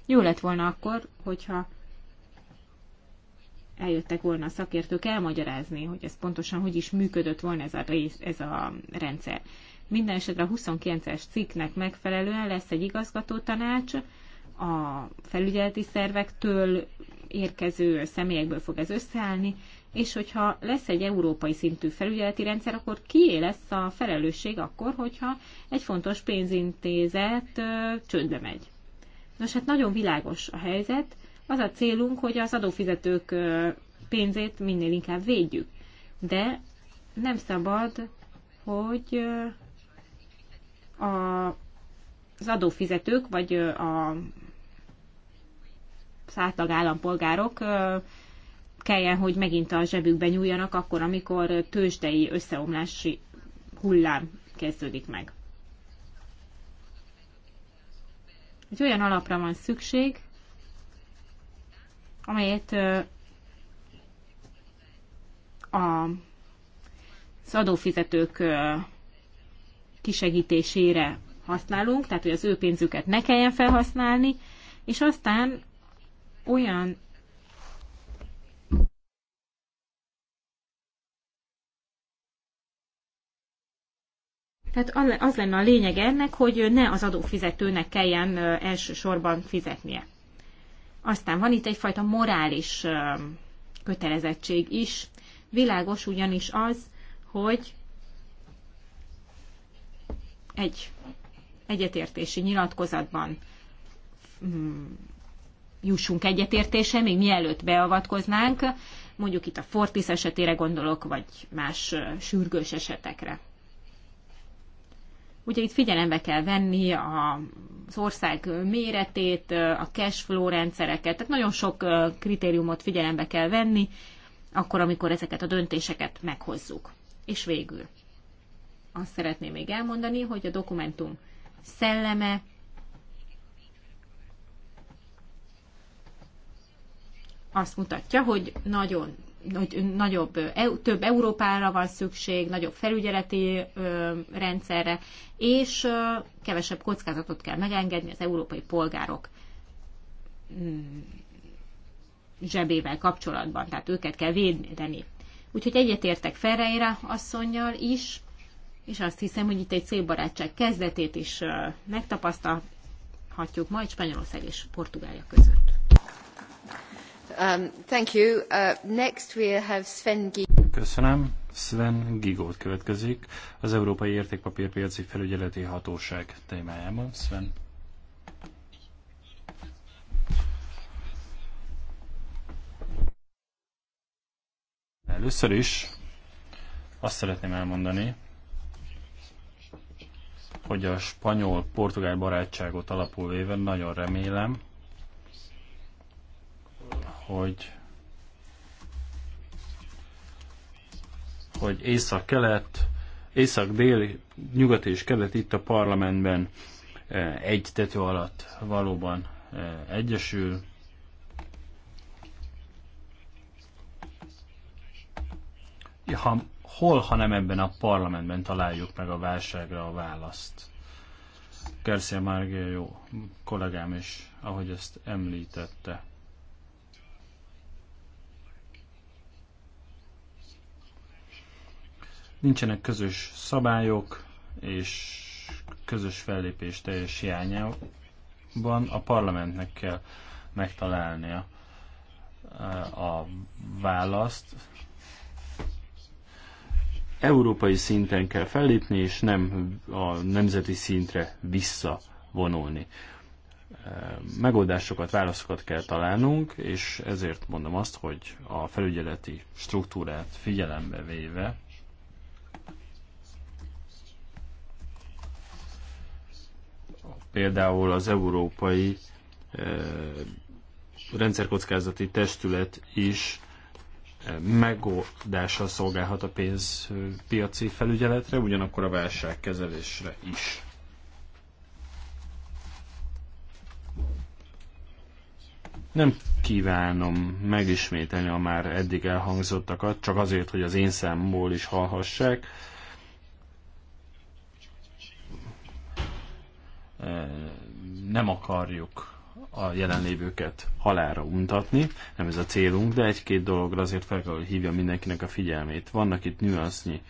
Jó lett volna akkor, hogyha eljöttek volna a szakértők elmagyarázni, hogy ez pontosan hogy is működött volna ez a, rész, ez a rendszer. Minden esetre a 29-es cikknek megfelelően lesz egy igazgató tanács, a felügyeleti szervektől érkező személyekből fog ez összeállni, és hogyha lesz egy európai szintű felügyeleti rendszer, akkor kié lesz a felelősség akkor, hogyha egy fontos pénzintézet ö, csődbe megy. Nos, hát nagyon világos a helyzet. Az a célunk, hogy az adófizetők ö, pénzét minél inkább védjük. De nem szabad, hogy ö, a, az adófizetők vagy ö, a átlag állampolgárok kelljen, hogy megint a zsebükbe nyúljanak akkor, amikor tőzsdei összeomlási hullám kezdődik meg. Egy olyan alapra van szükség, amelyet a, az adófizetők kisegítésére használunk, tehát hogy az ő pénzüket ne kelljen felhasználni, és aztán olyan Tehát az lenne a lényeg ennek, hogy ne az adófizetőnek kelljen elsősorban fizetnie. Aztán van itt egyfajta morális kötelezettség is. Világos ugyanis az, hogy egy egyetértési nyilatkozatban mm, jussunk egyetértése, még mielőtt beavatkoznánk, mondjuk itt a Fortis esetére gondolok, vagy más sürgős esetekre. Ugye itt figyelembe kell venni a, az ország méretét, a cash flow rendszereket, tehát nagyon sok kritériumot figyelembe kell venni, akkor, amikor ezeket a döntéseket meghozzuk. És végül azt szeretném még elmondani, hogy a dokumentum szelleme azt mutatja, hogy nagyon hogy nagyobb, e, több Európára van szükség, nagyobb felügyeleti rendszerre, és kevesebb kockázatot kell megengedni az európai polgárok mm, zsebével kapcsolatban, tehát őket kell védeni. Úgyhogy egyetértek Ferreira asszonynal is, és azt hiszem, hogy itt egy szép barátság kezdetét is megtapasztalhatjuk majd Spanyolország és Portugália között. Um, uh, Sven Köszönöm. Sven Gigold következik, az Európai Értékpapírpiaci Felügyeleti Hatóság témájában. Sven. Először is azt szeretném elmondani, hogy a spanyol-portugál barátságot alapul véve nagyon remélem, hogy hogy észak-kelet, észak-dél, nyugat és kelet itt a parlamentben eh, egy tető alatt valóban eh, egyesül. Ha, hol, ha nem ebben a parlamentben találjuk meg a válságra a választ. Garcia jó kollégám is, ahogy ezt említette. Nincsenek közös szabályok és közös fellépés teljes hiányában a parlamentnek kell megtalálnia eh, a választ. Európai szinten kell fellépni, és nem a nemzeti szintre visszavonulni. Eh, megoldásokat, válaszokat kell találnunk, és ezért mondom azt, hogy a felügyeleti struktúrát figyelembe véve Például az Európai Rendszerkockázati Testület is megoldással szolgálhat a pénzpiaci felügyeletre, ugyanakkor a válságkezelésre is. Nem kívánom megismételni a már eddig elhangzottakat, csak azért, hogy az én számból is hallhassák. Eh, nem akarjuk a jelenlévőket halára untatni, nem ez a célunk, de egy-két dologra azért fel kell, hogy hívja mindenkinek a figyelmét. Vannak itt nüansznyi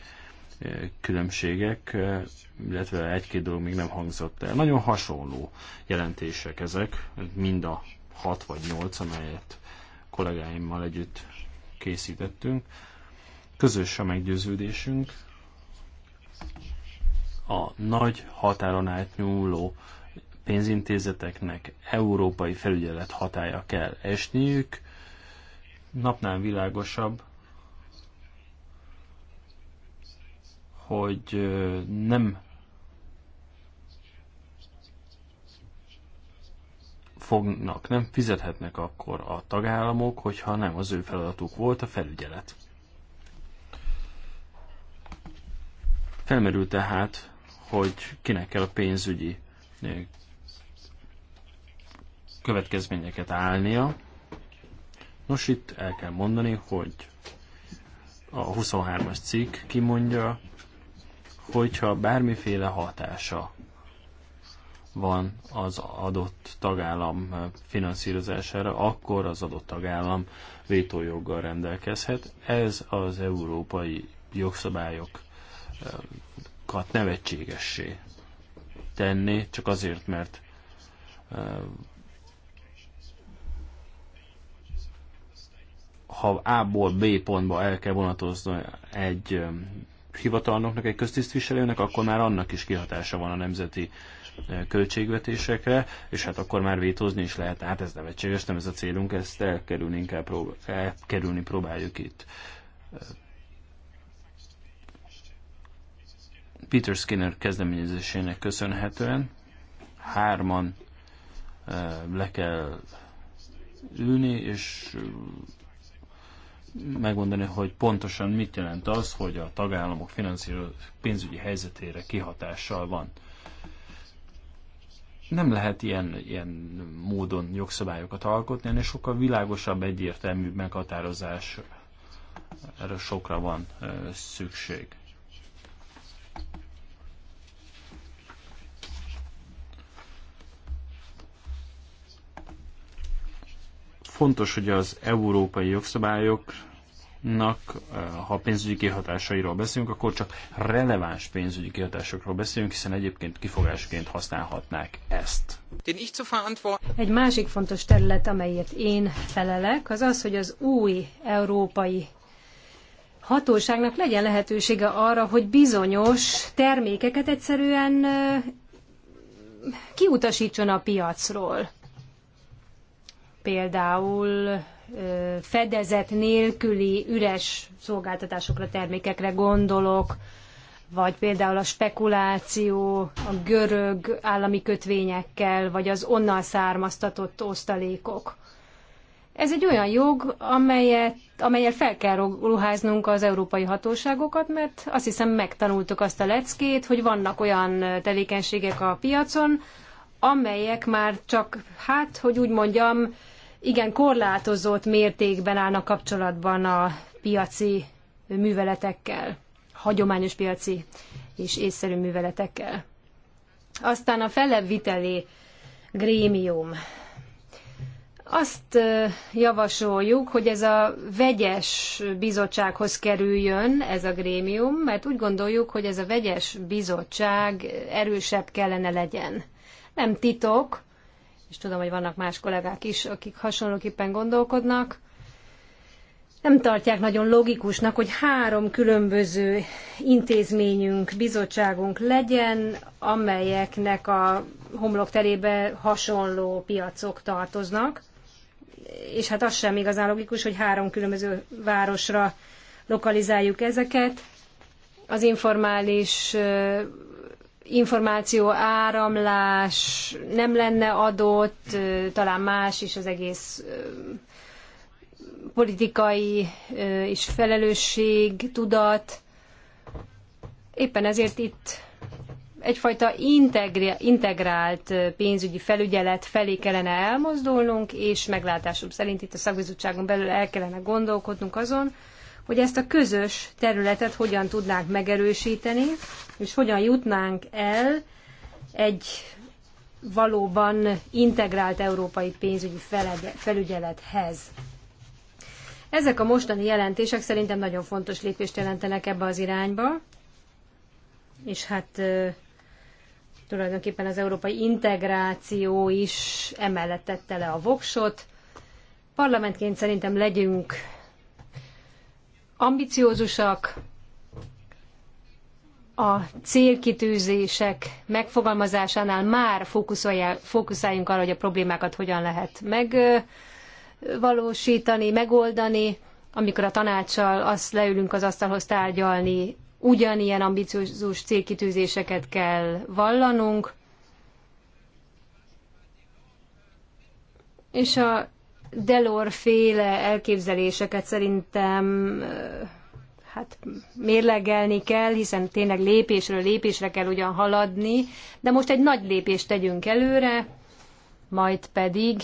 eh, különbségek, eh, illetve egy-két dolog még nem hangzott el. Nagyon hasonló jelentések ezek, mind a hat vagy nyolc, amelyet kollégáimmal együtt készítettünk. Közös a meggyőződésünk, a nagy határon átnyúló pénzintézeteknek európai felügyelet hatája kell esniük, napnál világosabb, hogy nem fognak, nem fizethetnek akkor a tagállamok, hogyha nem az ő feladatuk volt a felügyelet. Felmerül tehát hogy kinek kell a pénzügyi eh, következményeket állnia. Nos, itt el kell mondani, hogy a 23-as cikk kimondja, hogyha bármiféle hatása van az adott tagállam eh, finanszírozására, akkor az adott tagállam vétójoggal rendelkezhet. Ez az európai jogszabályok eh, tagokat nevetségessé tenni, csak azért, mert eh, ha A-ból B pontba el kell vonatozni egy eh, hivatalnoknak, egy köztisztviselőnek, akkor már annak is kihatása van a nemzeti eh, költségvetésekre, és hát akkor már vétózni is lehet. Hát ez nevetséges, nem ez a célunk, ezt elkerülni inkább prób- elkerülni próbáljuk itt. Peter Skinner kezdeményezésének köszönhetően hárman le kell ülni, és megmondani, hogy pontosan mit jelent az, hogy a tagállamok finanszíroz, pénzügyi helyzetére kihatással van. Nem lehet ilyen, ilyen módon jogszabályokat alkotni, ennél sokkal világosabb, egyértelmű meghatározás erre sokra van szükség. Fontos, hogy az európai jogszabályoknak, eh, ha pénzügyi kihatásairól beszélünk, akkor csak releváns pénzügyi kihatásokról beszélünk, hiszen egyébként kifogásként használhatnák ezt. Egy másik fontos terület, amelyet én felelek, az az, hogy az új európai hatóságnak legyen lehetősége arra, hogy bizonyos termékeket egyszerűen eh, kiutasítson a piacról például fedezet nélküli üres szolgáltatásokra, termékekre gondolok, vagy például a spekuláció a görög állami kötvényekkel, vagy az onnan származtatott osztalékok. Ez egy olyan jog, amelyet, amelyel fel kell ruháznunk az európai hatóságokat, mert azt hiszem megtanultuk azt a leckét, hogy vannak olyan tevékenységek a piacon, amelyek már csak, hát, hogy úgy mondjam, igen korlátozott mértékben állnak kapcsolatban a piaci műveletekkel, hagyományos piaci és észszerű műveletekkel. Aztán a felebbviteli grémium. Azt javasoljuk, hogy ez a vegyes bizottsághoz kerüljön ez a grémium, mert úgy gondoljuk, hogy ez a vegyes bizottság erősebb kellene legyen. Nem titok, és tudom, hogy vannak más kollégák is, akik hasonlóképpen gondolkodnak, nem tartják nagyon logikusnak, hogy három különböző intézményünk, bizottságunk legyen, amelyeknek a homlokterébe hasonló piacok tartoznak. És hát az sem igazán logikus, hogy három különböző városra lokalizáljuk ezeket. Az informális információ áramlás nem lenne adott, talán más is az egész politikai és felelősség, tudat. Éppen ezért itt egyfajta integrált pénzügyi felügyelet felé kellene elmozdulnunk, és meglátásom szerint itt a szakbizottságon belül el kellene gondolkodnunk azon, hogy ezt a közös területet hogyan tudnánk megerősíteni, és hogyan jutnánk el egy valóban integrált európai pénzügyi felügyelethez. Ezek a mostani jelentések szerintem nagyon fontos lépést jelentenek ebbe az irányba, és hát tulajdonképpen az európai integráció is emellett tette le a voksot. Parlamentként szerintem legyünk ambiciózusak, a célkitűzések megfogalmazásánál már fókuszáljunk arra, hogy a problémákat hogyan lehet megvalósítani, megoldani, amikor a tanácssal azt leülünk az asztalhoz tárgyalni, ugyanilyen ambiciózus célkitűzéseket kell vallanunk, és a Delor féle elképzeléseket szerintem hát mérlegelni kell, hiszen tényleg lépésről lépésre kell ugyan haladni, de most egy nagy lépést tegyünk előre, majd pedig,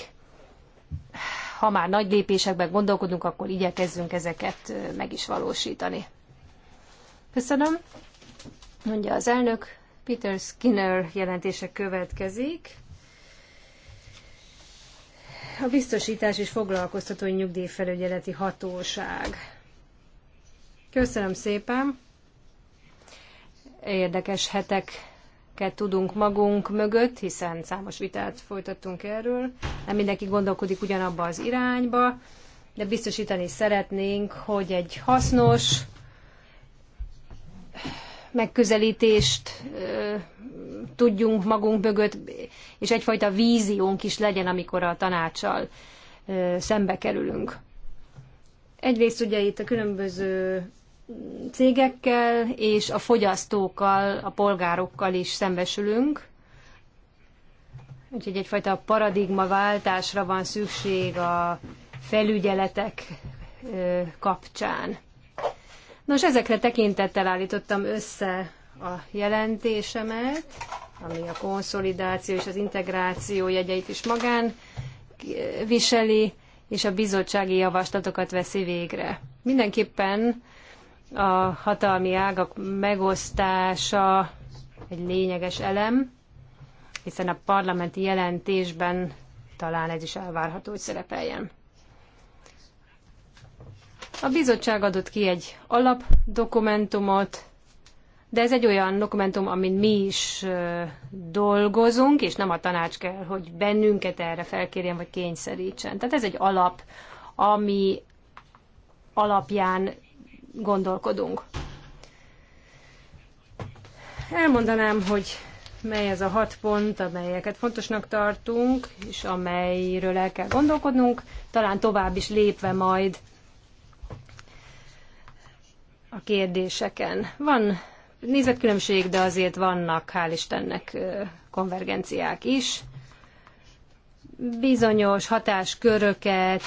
ha már nagy lépésekben gondolkodunk, akkor igyekezzünk ezeket meg is valósítani. Köszönöm, mondja az elnök. Peter Skinner jelentése következik a biztosítás és foglalkoztató nyugdíjfelügyeleti hatóság. Köszönöm szépen! Érdekes heteket tudunk magunk mögött, hiszen számos vitát folytattunk erről. Nem mindenki gondolkodik ugyanabba az irányba, de biztosítani szeretnénk, hogy egy hasznos, megközelítést tudjunk magunk mögött, és egyfajta víziónk is legyen, amikor a tanácsal szembe kerülünk. Egyrészt ugye itt a különböző cégekkel és a fogyasztókkal, a polgárokkal is szembesülünk, úgyhogy egyfajta paradigma váltásra van szükség a felügyeletek kapcsán. Nos, ezekre tekintettel állítottam össze a jelentésemet, ami a konszolidáció és az integráció jegyeit is magán viseli, és a bizottsági javaslatokat veszi végre. Mindenképpen a hatalmi ágak megosztása egy lényeges elem, hiszen a parlamenti jelentésben talán ez is elvárható, hogy szerepeljen. A bizottság adott ki egy alapdokumentumot, de ez egy olyan dokumentum, amin mi is dolgozunk, és nem a tanács kell, hogy bennünket erre felkérjen vagy kényszerítsen. Tehát ez egy alap, ami alapján gondolkodunk. Elmondanám, hogy mely ez a hat pont, amelyeket fontosnak tartunk, és amelyről el kell gondolkodnunk, talán tovább is lépve majd a kérdéseken. Van nézetkülönbség, de azért vannak, hál' Istennek, konvergenciák is. Bizonyos hatásköröket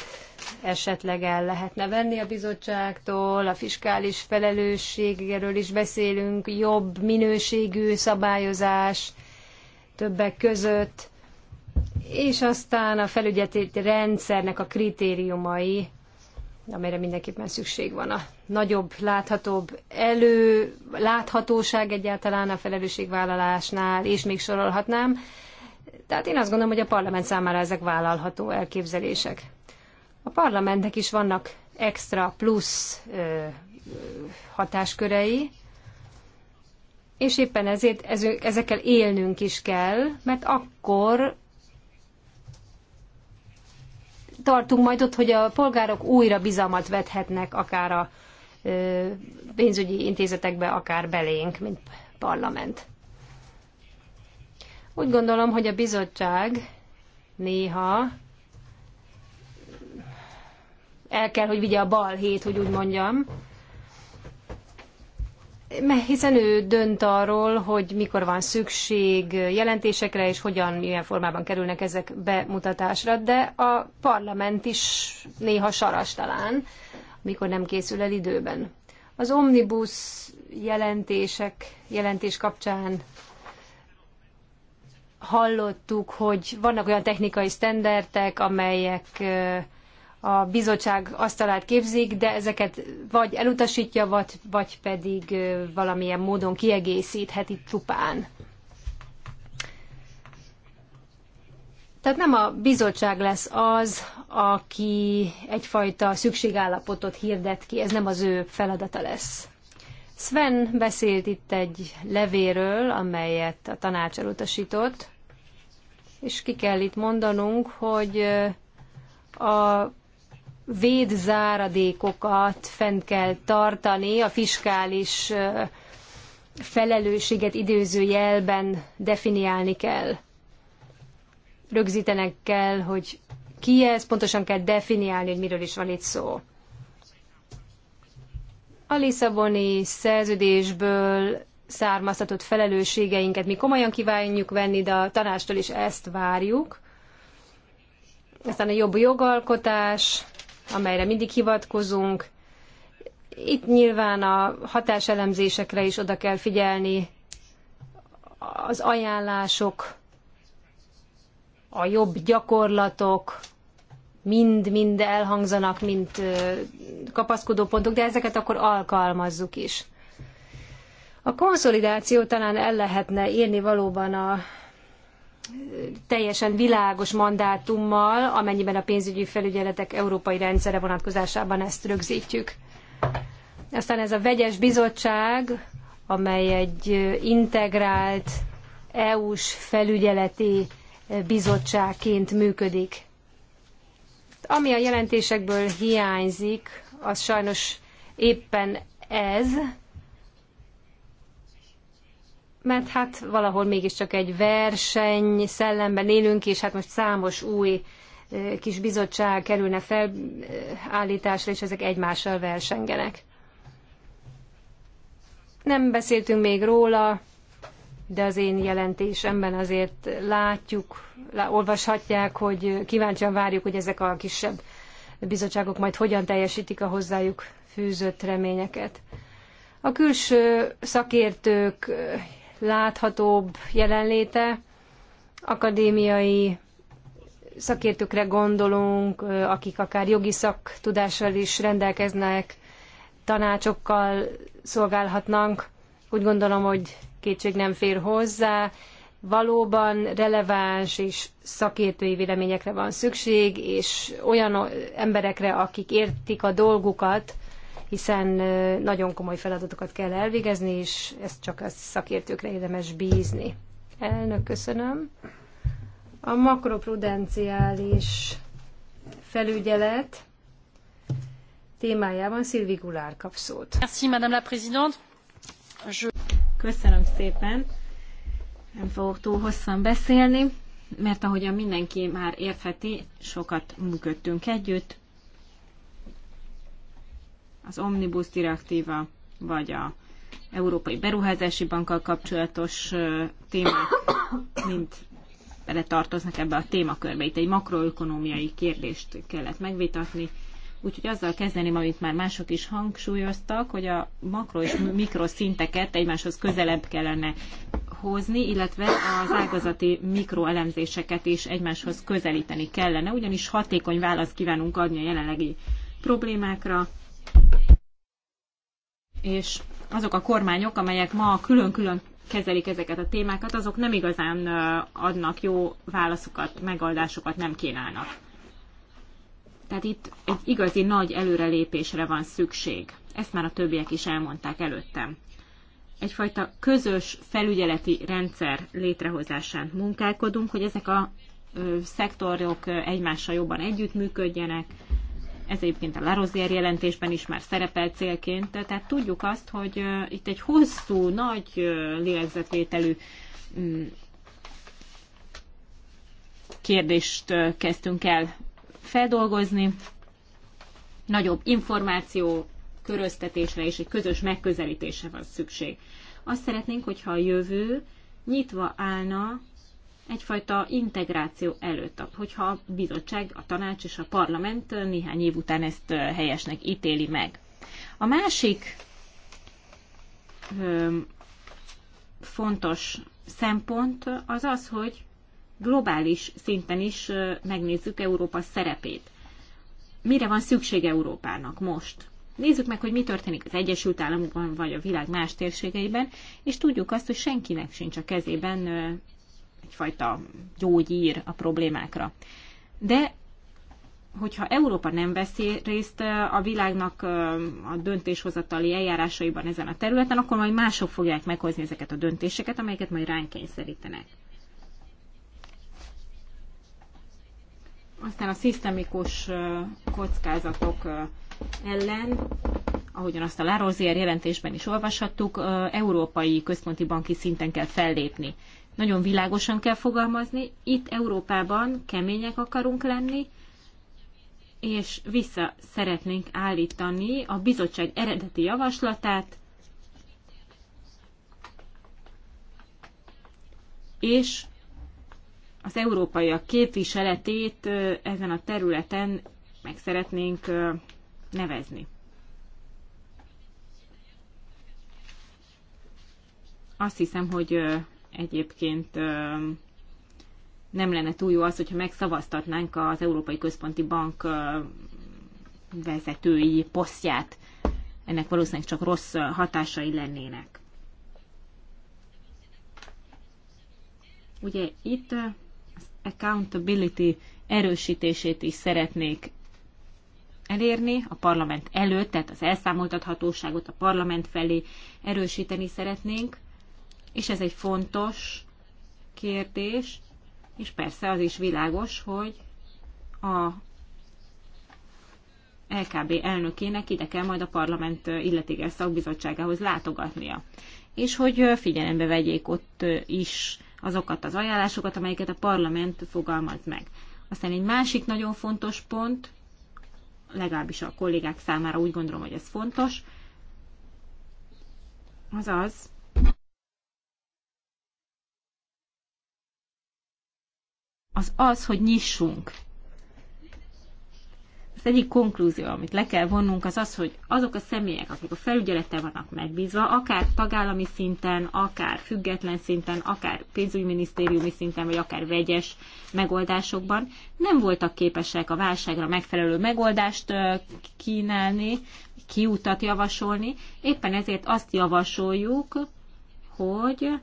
esetleg el lehetne venni a bizottságtól, a fiskális felelősségről is beszélünk, jobb minőségű szabályozás többek között, és aztán a felügyeleti rendszernek a kritériumai amelyre mindenképpen szükség van. A nagyobb, láthatóbb elő, láthatóság egyáltalán a felelősségvállalásnál, és még sorolhatnám. Tehát én azt gondolom, hogy a parlament számára ezek vállalható elképzelések. A parlamentnek is vannak extra plusz ö, hatáskörei, és éppen ezért ezekkel élnünk is kell, mert akkor tartunk majd ott, hogy a polgárok újra bizalmat vethetnek akár a pénzügyi intézetekbe, akár belénk, mint parlament. Úgy gondolom, hogy a bizottság néha el kell, hogy vigye a bal hét, hogy úgy mondjam, hiszen ő dönt arról, hogy mikor van szükség jelentésekre, és hogyan, milyen formában kerülnek ezek bemutatásra, de a parlament is néha saras talán, mikor nem készül el időben. Az omnibus jelentések, jelentés kapcsán hallottuk, hogy vannak olyan technikai sztenderdek, amelyek a bizottság asztalát képzik, de ezeket vagy elutasítja, vagy, vagy pedig valamilyen módon kiegészítheti csupán. Tehát nem a bizottság lesz az, aki egyfajta szükségállapotot hirdet ki, ez nem az ő feladata lesz. Sven beszélt itt egy levéről, amelyet a tanács elutasított, és ki kell itt mondanunk, hogy a védzáradékokat fent kell tartani, a fiskális felelősséget időző jelben definiálni kell. Rögzítenek kell, hogy ki ez, pontosan kell definiálni, hogy miről is van itt szó. A Lisszaboni szerződésből származtatott felelősségeinket mi komolyan kívánjuk venni, de a tanástól is ezt várjuk. Aztán a jobb jogalkotás, amelyre mindig hivatkozunk. Itt nyilván a hatáselemzésekre is oda kell figyelni, az ajánlások, a jobb gyakorlatok, mind-mind elhangzanak, mint kapaszkodó pontok, de ezeket akkor alkalmazzuk is. A konszolidáció talán el lehetne írni valóban a teljesen világos mandátummal, amennyiben a pénzügyi felügyeletek európai rendszere vonatkozásában ezt rögzítjük. Aztán ez a vegyes bizottság, amely egy integrált EU-s felügyeleti bizottságként működik. Ami a jelentésekből hiányzik, az sajnos éppen ez, mert hát valahol mégiscsak egy verseny szellemben élünk, és hát most számos új kis bizottság kerülne felállításra, és ezek egymással versengenek. Nem beszéltünk még róla, de az én jelentésemben azért látjuk, olvashatják, hogy kíváncsian várjuk, hogy ezek a kisebb bizottságok majd hogyan teljesítik a hozzájuk fűzött reményeket. A külső szakértők láthatóbb jelenléte. Akadémiai szakértőkre gondolunk, akik akár jogi szaktudással is rendelkeznek, tanácsokkal szolgálhatnak. Úgy gondolom, hogy kétség nem fér hozzá. Valóban releváns és szakértői véleményekre van szükség, és olyan emberekre, akik értik a dolgukat, hiszen nagyon komoly feladatokat kell elvégezni, és ezt csak a szakértőkre érdemes bízni. Elnök, köszönöm. A makroprudenciális felügyelet témájában Szilvi Gulár kap szót. Köszönöm szépen. Nem fogok túl hosszan beszélni, mert ahogyan mindenki már értheti, sokat működtünk együtt az Omnibus direktíva, vagy a Európai Beruházási Bankkal kapcsolatos témák bele beletartoznak ebbe a témakörbe. Itt egy makroökonomiai kérdést kellett megvitatni, úgyhogy azzal kezdeném, amit már mások is hangsúlyoztak, hogy a makro és mikroszinteket egymáshoz közelebb kellene hozni, illetve az ágazati mikroelemzéseket is egymáshoz közelíteni kellene, ugyanis hatékony választ kívánunk adni a jelenlegi problémákra, és azok a kormányok, amelyek ma külön-külön kezelik ezeket a témákat, azok nem igazán adnak jó válaszokat, megoldásokat nem kínálnak. Tehát itt egy igazi nagy előrelépésre van szükség. Ezt már a többiek is elmondták előttem. Egyfajta közös felügyeleti rendszer létrehozásán munkálkodunk, hogy ezek a szektorok egymással jobban együttműködjenek, ez egyébként a Larozier jelentésben is már szerepel célként, tehát tudjuk azt, hogy itt egy hosszú, nagy lélegzetvételű mm, kérdést kezdtünk el feldolgozni, nagyobb információ köröztetésre és egy közös megközelítésre van szükség. Azt szeretnénk, hogyha a jövő nyitva állna egyfajta integráció előtt, hogyha a bizottság, a tanács és a parlament néhány év után ezt helyesnek ítéli meg. A másik fontos szempont az az, hogy globális szinten is megnézzük Európa szerepét. Mire van szükség Európának most? Nézzük meg, hogy mi történik az Egyesült Államokban vagy a világ más térségeiben, és tudjuk azt, hogy senkinek sincs a kezében egyfajta gyógyír a problémákra. De hogyha Európa nem veszi részt eh, a világnak eh, a döntéshozatali eljárásaiban ezen a területen, akkor majd mások fogják meghozni ezeket a döntéseket, amelyeket majd ránk kényszerítenek. Aztán a szisztemikus eh, kockázatok ellen, ahogyan azt a Larosier jelentésben is olvashattuk, európai központi banki szinten kell fellépni nagyon világosan kell fogalmazni. Itt Európában kemények akarunk lenni, és vissza szeretnénk állítani a bizottság eredeti javaslatát, és az európaiak képviseletét ezen a területen meg szeretnénk nevezni. Azt hiszem, hogy egyébként nem lenne túl jó az, hogyha megszavaztatnánk az Európai Központi Bank vezetői posztját. Ennek valószínűleg csak rossz hatásai lennének. Ugye itt az accountability erősítését is szeretnék elérni a parlament előtt, tehát az elszámoltathatóságot a parlament felé erősíteni szeretnénk és ez egy fontos kérdés, és persze az is világos, hogy a LKB elnökének ide kell majd a parlament illetékes szakbizottságához látogatnia, és hogy figyelembe vegyék ott is azokat az ajánlásokat, amelyeket a parlament fogalmaz meg. Aztán egy másik nagyon fontos pont, legalábbis a kollégák számára úgy gondolom, hogy ez fontos, az az, az az, hogy nyissunk. Az egyik konklúzió, amit le kell vonnunk, az az, hogy azok a személyek, akik a felügyelettel vannak megbízva, akár tagállami szinten, akár független szinten, akár pénzügyminisztériumi szinten, vagy akár vegyes megoldásokban, nem voltak képesek a válságra megfelelő megoldást kínálni, kiutat javasolni. Éppen ezért azt javasoljuk, hogy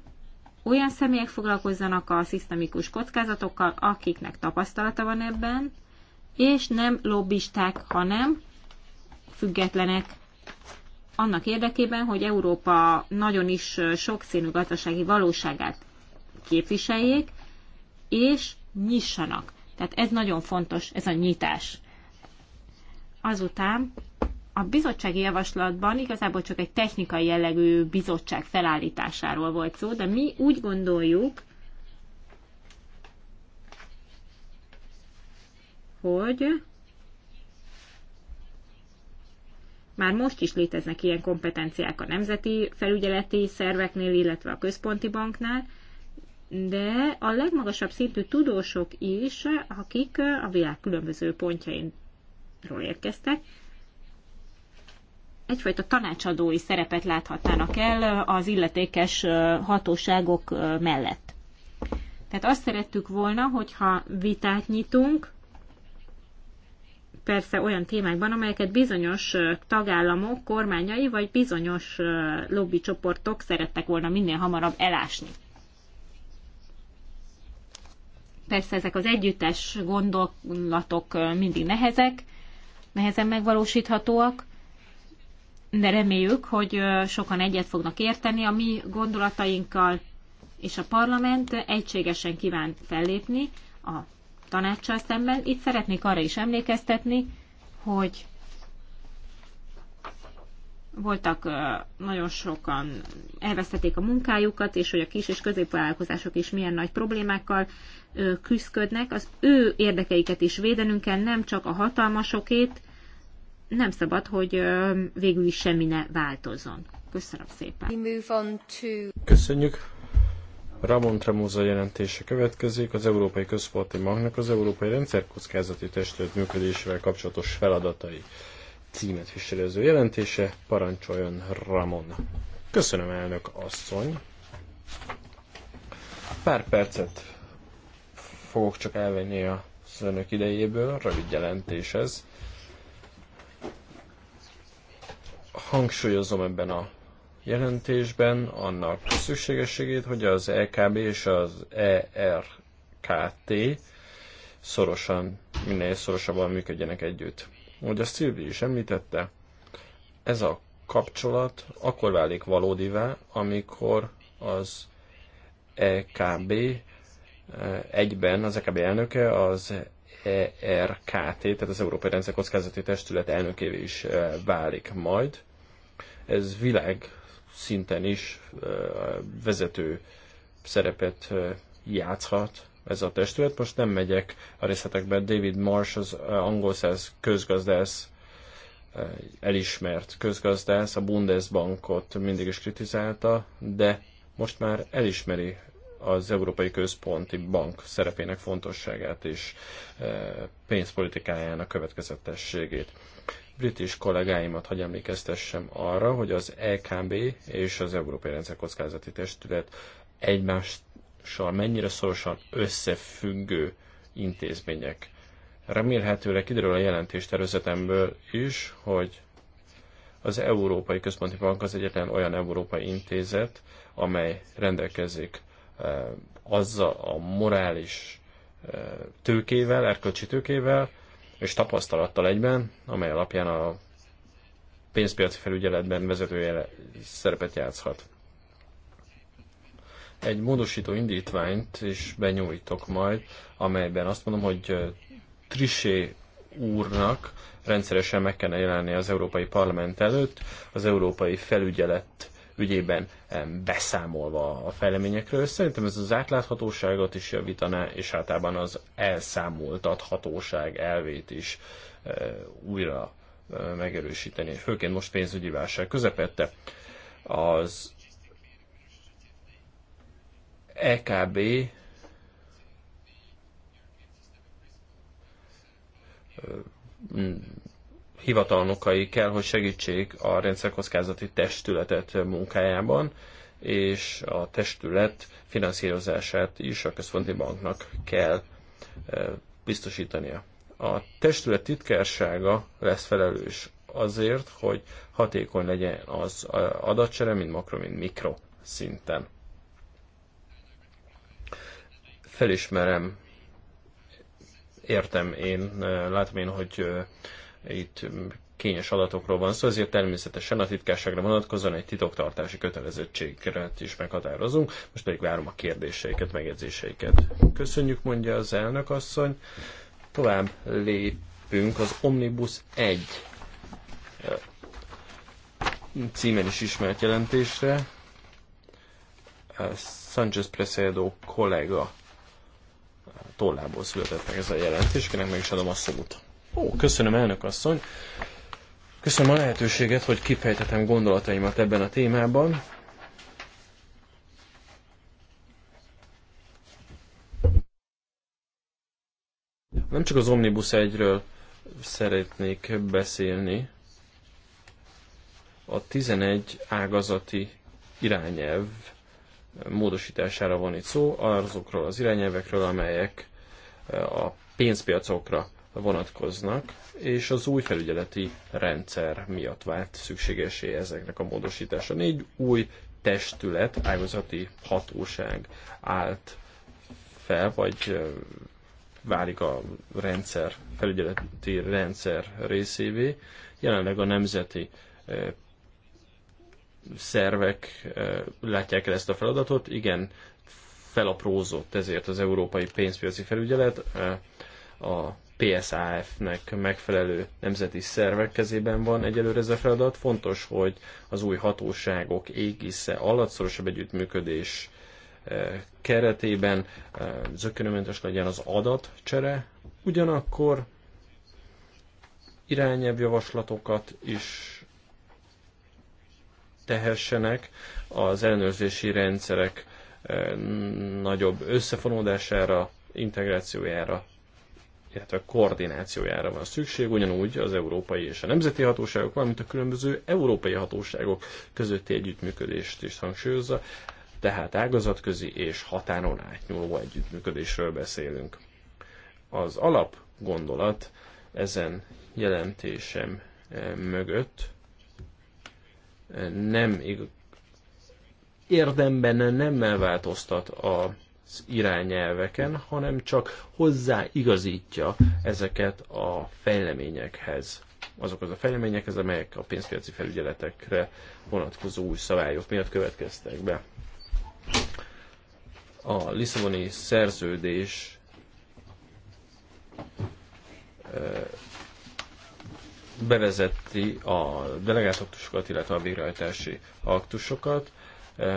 olyan személyek foglalkozzanak a szisztemikus kockázatokkal, akiknek tapasztalata van ebben, és nem lobbisták, hanem függetlenek annak érdekében, hogy Európa nagyon is sokszínű gazdasági valóságát képviseljék, és nyissanak. Tehát ez nagyon fontos, ez a nyitás. Azután a bizottsági javaslatban igazából csak egy technikai jellegű bizottság felállításáról volt szó, de mi úgy gondoljuk, hogy már most is léteznek ilyen kompetenciák a nemzeti felügyeleti szerveknél, illetve a központi banknál, de a legmagasabb szintű tudósok is, akik a világ különböző pontjainról érkeztek, egyfajta tanácsadói szerepet láthatnának el az illetékes hatóságok mellett. Tehát azt szerettük volna, hogyha vitát nyitunk, persze olyan témákban, amelyeket bizonyos tagállamok, kormányai vagy bizonyos lobbycsoportok szerettek volna minél hamarabb elásni. Persze ezek az együttes gondolatok mindig nehezek, nehezen megvalósíthatóak, de reméljük, hogy sokan egyet fognak érteni a mi gondolatainkkal, és a parlament egységesen kíván fellépni a tanácssal szemben. Itt szeretnék arra is emlékeztetni, hogy voltak nagyon sokan elvesztették a munkájukat, és hogy a kis és középvállalkozások is milyen nagy problémákkal küzdködnek. Az ő érdekeiket is védenünk kell, nem csak a hatalmasokét, nem szabad, hogy végül is semmi ne változzon. Köszönöm szépen. Köszönjük. Ramon Tremuza jelentése következik. Az Európai Központi Magnak az Európai Rendszerkockázati Testület működésével kapcsolatos feladatai címet viselőző jelentése. Parancsoljon Ramon. Köszönöm, elnök asszony. Pár percet fogok csak elvenni a önök idejéből. Rövid jelentés ez hangsúlyozom ebben a jelentésben annak szükségességét, hogy az EKB és az ERKT szorosan, minél szorosabban működjenek együtt. Ahogy a Szilvi is említette, ez a kapcsolat akkor válik valódivá, amikor az EKB eh, egyben az EKB elnöke az ERKT, tehát az Európai Rendszer Kockázati Testület elnökévé is eh, válik majd ez világ szinten is vezető szerepet játszhat ez a testület. Most nem megyek a részletekbe, David Marsh, az angol száz közgazdász, elismert közgazdász, a Bundesbankot mindig is kritizálta, de most már elismeri az Európai Központi Bank szerepének fontosságát és pénzpolitikájának következetességét. British kollégáimat hagy emlékeztessem arra, hogy az EKB és az Európai Rendszer Kockázati Testület egymással mennyire szorosan összefüggő intézmények. Remélhetőleg kiderül a jelentés tervezetemből is, hogy az Európai Központi Bank az egyetlen olyan európai intézet, amely rendelkezik e, azzal a morális e, tőkével, erkölcsi tőkével, és tapasztalattal egyben, amely alapján a pénzpiaci felügyeletben vezetője szerepet játszhat. Egy módosító indítványt is benyújtok majd, amelyben azt mondom, hogy Trisé úrnak rendszeresen meg kellene jelenni az Európai Parlament előtt, az Európai Felügyelet ügyében beszámolva a fejleményekről. Szerintem ez az átláthatóságot is javítaná, és általában az elszámoltathatóság elvét is e, újra e, megerősíteni, főként most pénzügyi válság közepette. Az EKB hivatalnokai kell, hogy segítsék a rendszerkockázati testületet munkájában, és a testület finanszírozását is a központi banknak kell eh, biztosítania. A testület titkársága lesz felelős azért, hogy hatékony legyen az eh, adatcsere, mind makro, mind mikro szinten. Felismerem, értem én, eh, látom én, hogy itt kényes adatokról van szó, ezért természetesen a titkásságra vonatkozóan egy titoktartási kötelezettséget is meghatározunk. Most pedig várom a kérdéseiket, megjegyzéseiket. Köszönjük, mondja az elnök asszony. Tovább lépünk az Omnibus 1 eh, címen is ismert jelentésre. Eh, Sanchez Presedo kollega eh, tollából született meg ez a jelentés, akinek meg is adom a szót. Ó, köszönöm elnök asszony. Köszönöm a lehetőséget, hogy kifejtetem gondolataimat ebben a témában. Nem csak az Omnibus 1-ről szeretnék beszélni, a 11 ágazati irányelv módosítására van itt szó, azokról az irányelvekről, amelyek a pénzpiacokra vonatkoznak, és az új felügyeleti rendszer miatt vált szükségesé ezeknek a módosítása. Négy új testület, ágazati hatóság állt fel, vagy válik a rendszer, felügyeleti rendszer részévé. Jelenleg a nemzeti szervek látják el ezt a feladatot. Igen, felaprózott ezért az európai pénzpiaci felügyelet. A PSAF-nek megfelelő nemzeti szervek kezében van egyelőre ez a feladat. Fontos, hogy az új hatóságok égisze alatt szorosabb együttműködés eh, keretében eh, zökkenőmentes legyen az adatcsere, ugyanakkor javaslatokat is tehessenek az ellenőrzési rendszerek eh, nagyobb összefonódására, integrációjára illetve koordinációjára van szükség, ugyanúgy az európai és a nemzeti hatóságok, valamint a különböző európai hatóságok közötti együttműködést is hangsúlyozza, tehát ágazatközi és határon átnyúló együttműködésről beszélünk. Az alap gondolat ezen jelentésem eh, mögött eh, nem érdemben nem változtat a irányelveken, hanem csak hozzáigazítja ezeket a fejleményekhez. Azokhoz a fejleményekhez, amelyek a pénzpiaci felügyeletekre vonatkozó új szabályok miatt következtek be. A Lisszaboni szerződés bevezeti a delegált aktusokat, illetve a végrehajtási aktusokat,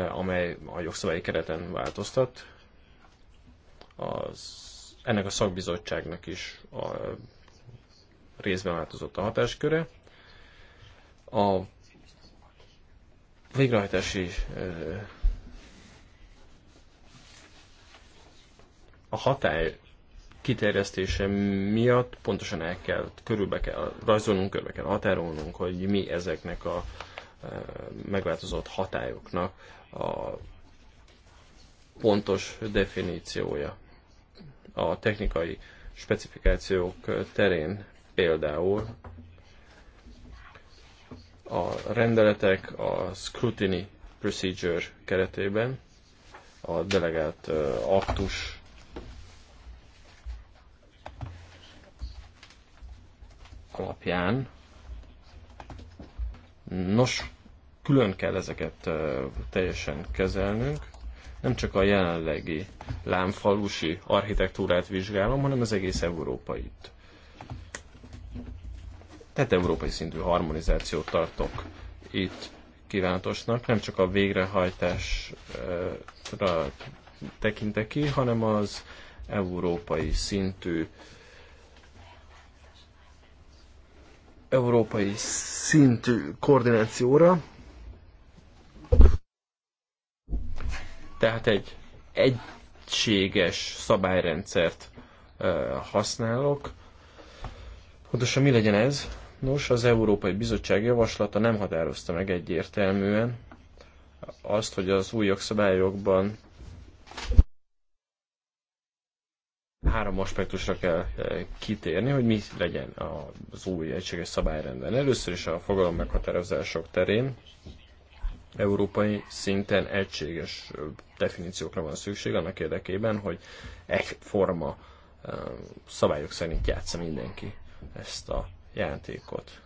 amely a jogszabályi kereten változtat az, ennek a szakbizottságnak is a, részben változott a hatásköre. A végrehajtási a hatály kiterjesztése miatt pontosan el kell, körülbe kell rajzolnunk, körbe kell határolnunk, hogy mi ezeknek a megváltozott hatályoknak a pontos definíciója a technikai specifikációk terén például a rendeletek, a scrutiny procedure keretében, a delegált aktus alapján. Nos, külön kell ezeket teljesen kezelnünk nem csak a jelenlegi lámfalusi architektúrát vizsgálom, hanem az egész európait. Tehát európai szintű harmonizációt tartok itt kívánatosnak, nem csak a végrehajtásra tekintek ki, hanem az európai szintű európai szintű koordinációra, Tehát egy egységes szabályrendszert használok. Pontosan mi legyen ez? Nos, az Európai Bizottság javaslata nem határozta meg egyértelműen azt, hogy az új jogszabályokban három aspektusra kell kitérni, hogy mi legyen az új egységes szabályrendben. Először is a fogalom meghatározások terén európai szinten egységes definíciókra van szükség annak érdekében, hogy egyforma szabályok szerint játsza mindenki ezt a játékot.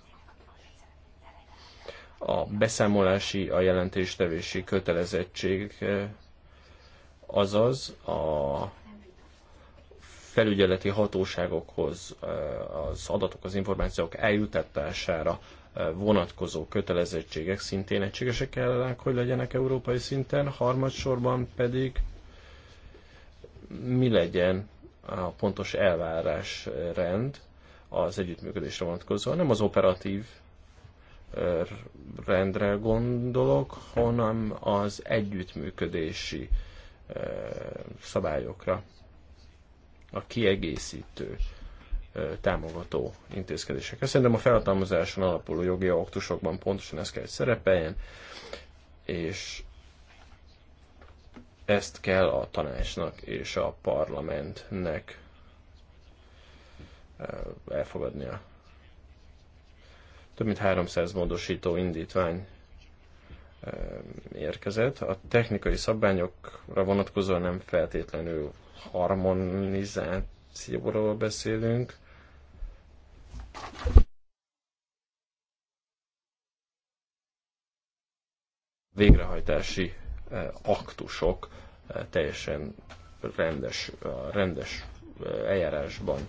A beszámolási, a jelentéstevési kötelezettség, azaz a felügyeleti hatóságokhoz az adatok, az információk eljuttatására vonatkozó kötelezettségek szintén egységesek kellene, hogy legyenek európai szinten, harmadsorban pedig mi legyen a pontos elvárásrend az együttműködésre vonatkozóan, nem az operatív rendre gondolok, hanem az együttműködési szabályokra, a kiegészítő támogató intézkedésekre. Szerintem a felhatalmazáson alapuló jogi aktusokban pontosan ez kell, hogy szerepeljen, és ezt kell a tanácsnak és a parlamentnek elfogadnia. Több mint 300 módosító indítvány érkezett. A technikai szabványokra vonatkozóan nem feltétlenül harmonizációról beszélünk, végrehajtási eh, aktusok eh, teljesen rendes, rendes eh, eljárásban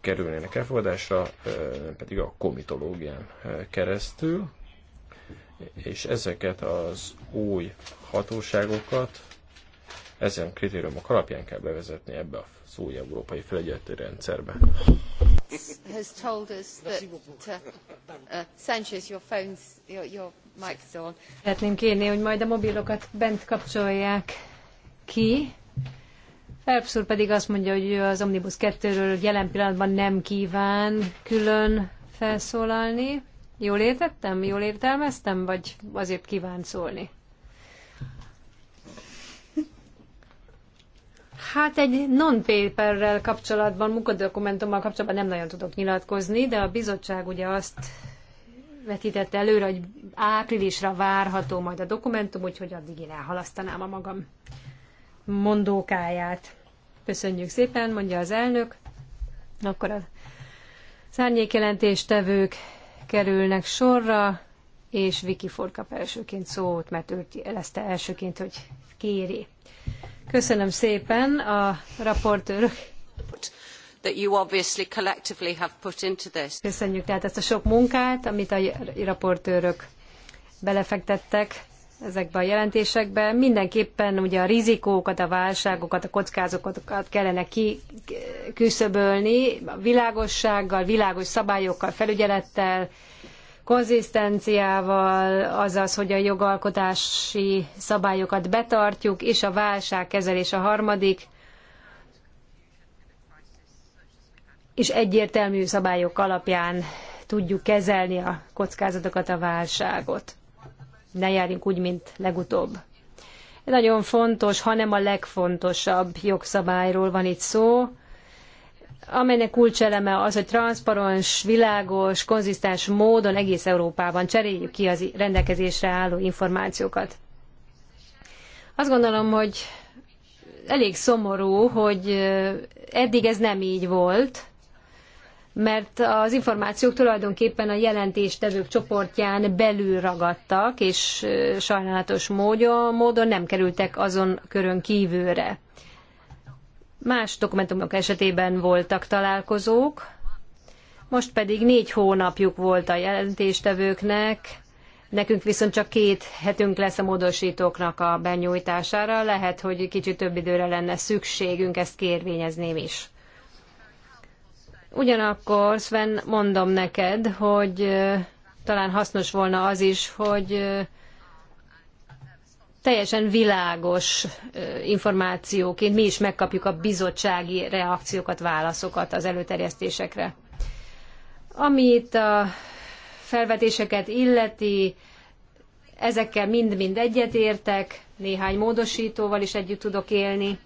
kerülnének elfogadásra, pedig a komitológián keresztül, és ezeket az új hatóságokat ezen kritériumok alapján kell bevezetni ebbe az új európai felügyeleti rendszerbe. *laughs* has told us that uh, uh, Sanchez, your phone's, your, your mic's on. Szeretném kérni, hogy majd a mobilokat bent kapcsolják ki. Phelps úr pedig azt mondja, hogy az Omnibus 2-ről jelen pillanatban nem kíván külön felszólalni. Jól értettem? Jól értelmeztem? Vagy azért kíván szólni? Hát egy non-paperrel kapcsolatban, munkadokumentummal kapcsolatban nem nagyon tudok nyilatkozni, de a bizottság ugye azt vetítette előre, hogy áprilisra várható majd a dokumentum, úgyhogy addig én elhalasztanám a magam mondókáját. Köszönjük szépen, mondja az elnök. Akkor a szárnyékjelentéstevők kerülnek sorra, és Viki Forkap elsőként szót, mert ő jelezte elsőként, hogy kéri. Köszönöm szépen a raportőrök. That you obviously collectively have put into this. Köszönjük tehát ezt a sok munkát, amit a raportőrök belefektettek ezekbe a jelentésekbe. Mindenképpen ugye a rizikókat, a válságokat, a kockázatokat kellene kiküszöbölni világossággal, világos szabályokkal, felügyelettel, konzisztenciával, azaz, hogy a jogalkotási szabályokat betartjuk, és a válságkezelés a harmadik, és egyértelmű szabályok alapján tudjuk kezelni a kockázatokat, a válságot. Ne járjunk úgy, mint legutóbb. Nagyon fontos, hanem a legfontosabb jogszabályról van itt szó, amelynek kulcseleme az, hogy transzparens, világos, konzisztens módon egész Európában cseréljük ki az rendelkezésre álló információkat. Azt gondolom, hogy elég szomorú, hogy eddig ez nem így volt, mert az információk tulajdonképpen a jelentéstevők csoportján belül ragadtak, és sajnálatos módon, módon nem kerültek azon körön kívülre. Más dokumentumok esetében voltak találkozók, most pedig négy hónapjuk volt a jelentéstevőknek, nekünk viszont csak két hetünk lesz a módosítóknak a benyújtására, lehet, hogy kicsit több időre lenne szükségünk, ezt kérvényezném is. Ugyanakkor, Sven, mondom neked, hogy talán hasznos volna az is, hogy teljesen világos információként mi is megkapjuk a bizottsági reakciókat, válaszokat az előterjesztésekre. Amit a felvetéseket illeti, ezekkel mind-mind egyetértek, néhány módosítóval is együtt tudok élni.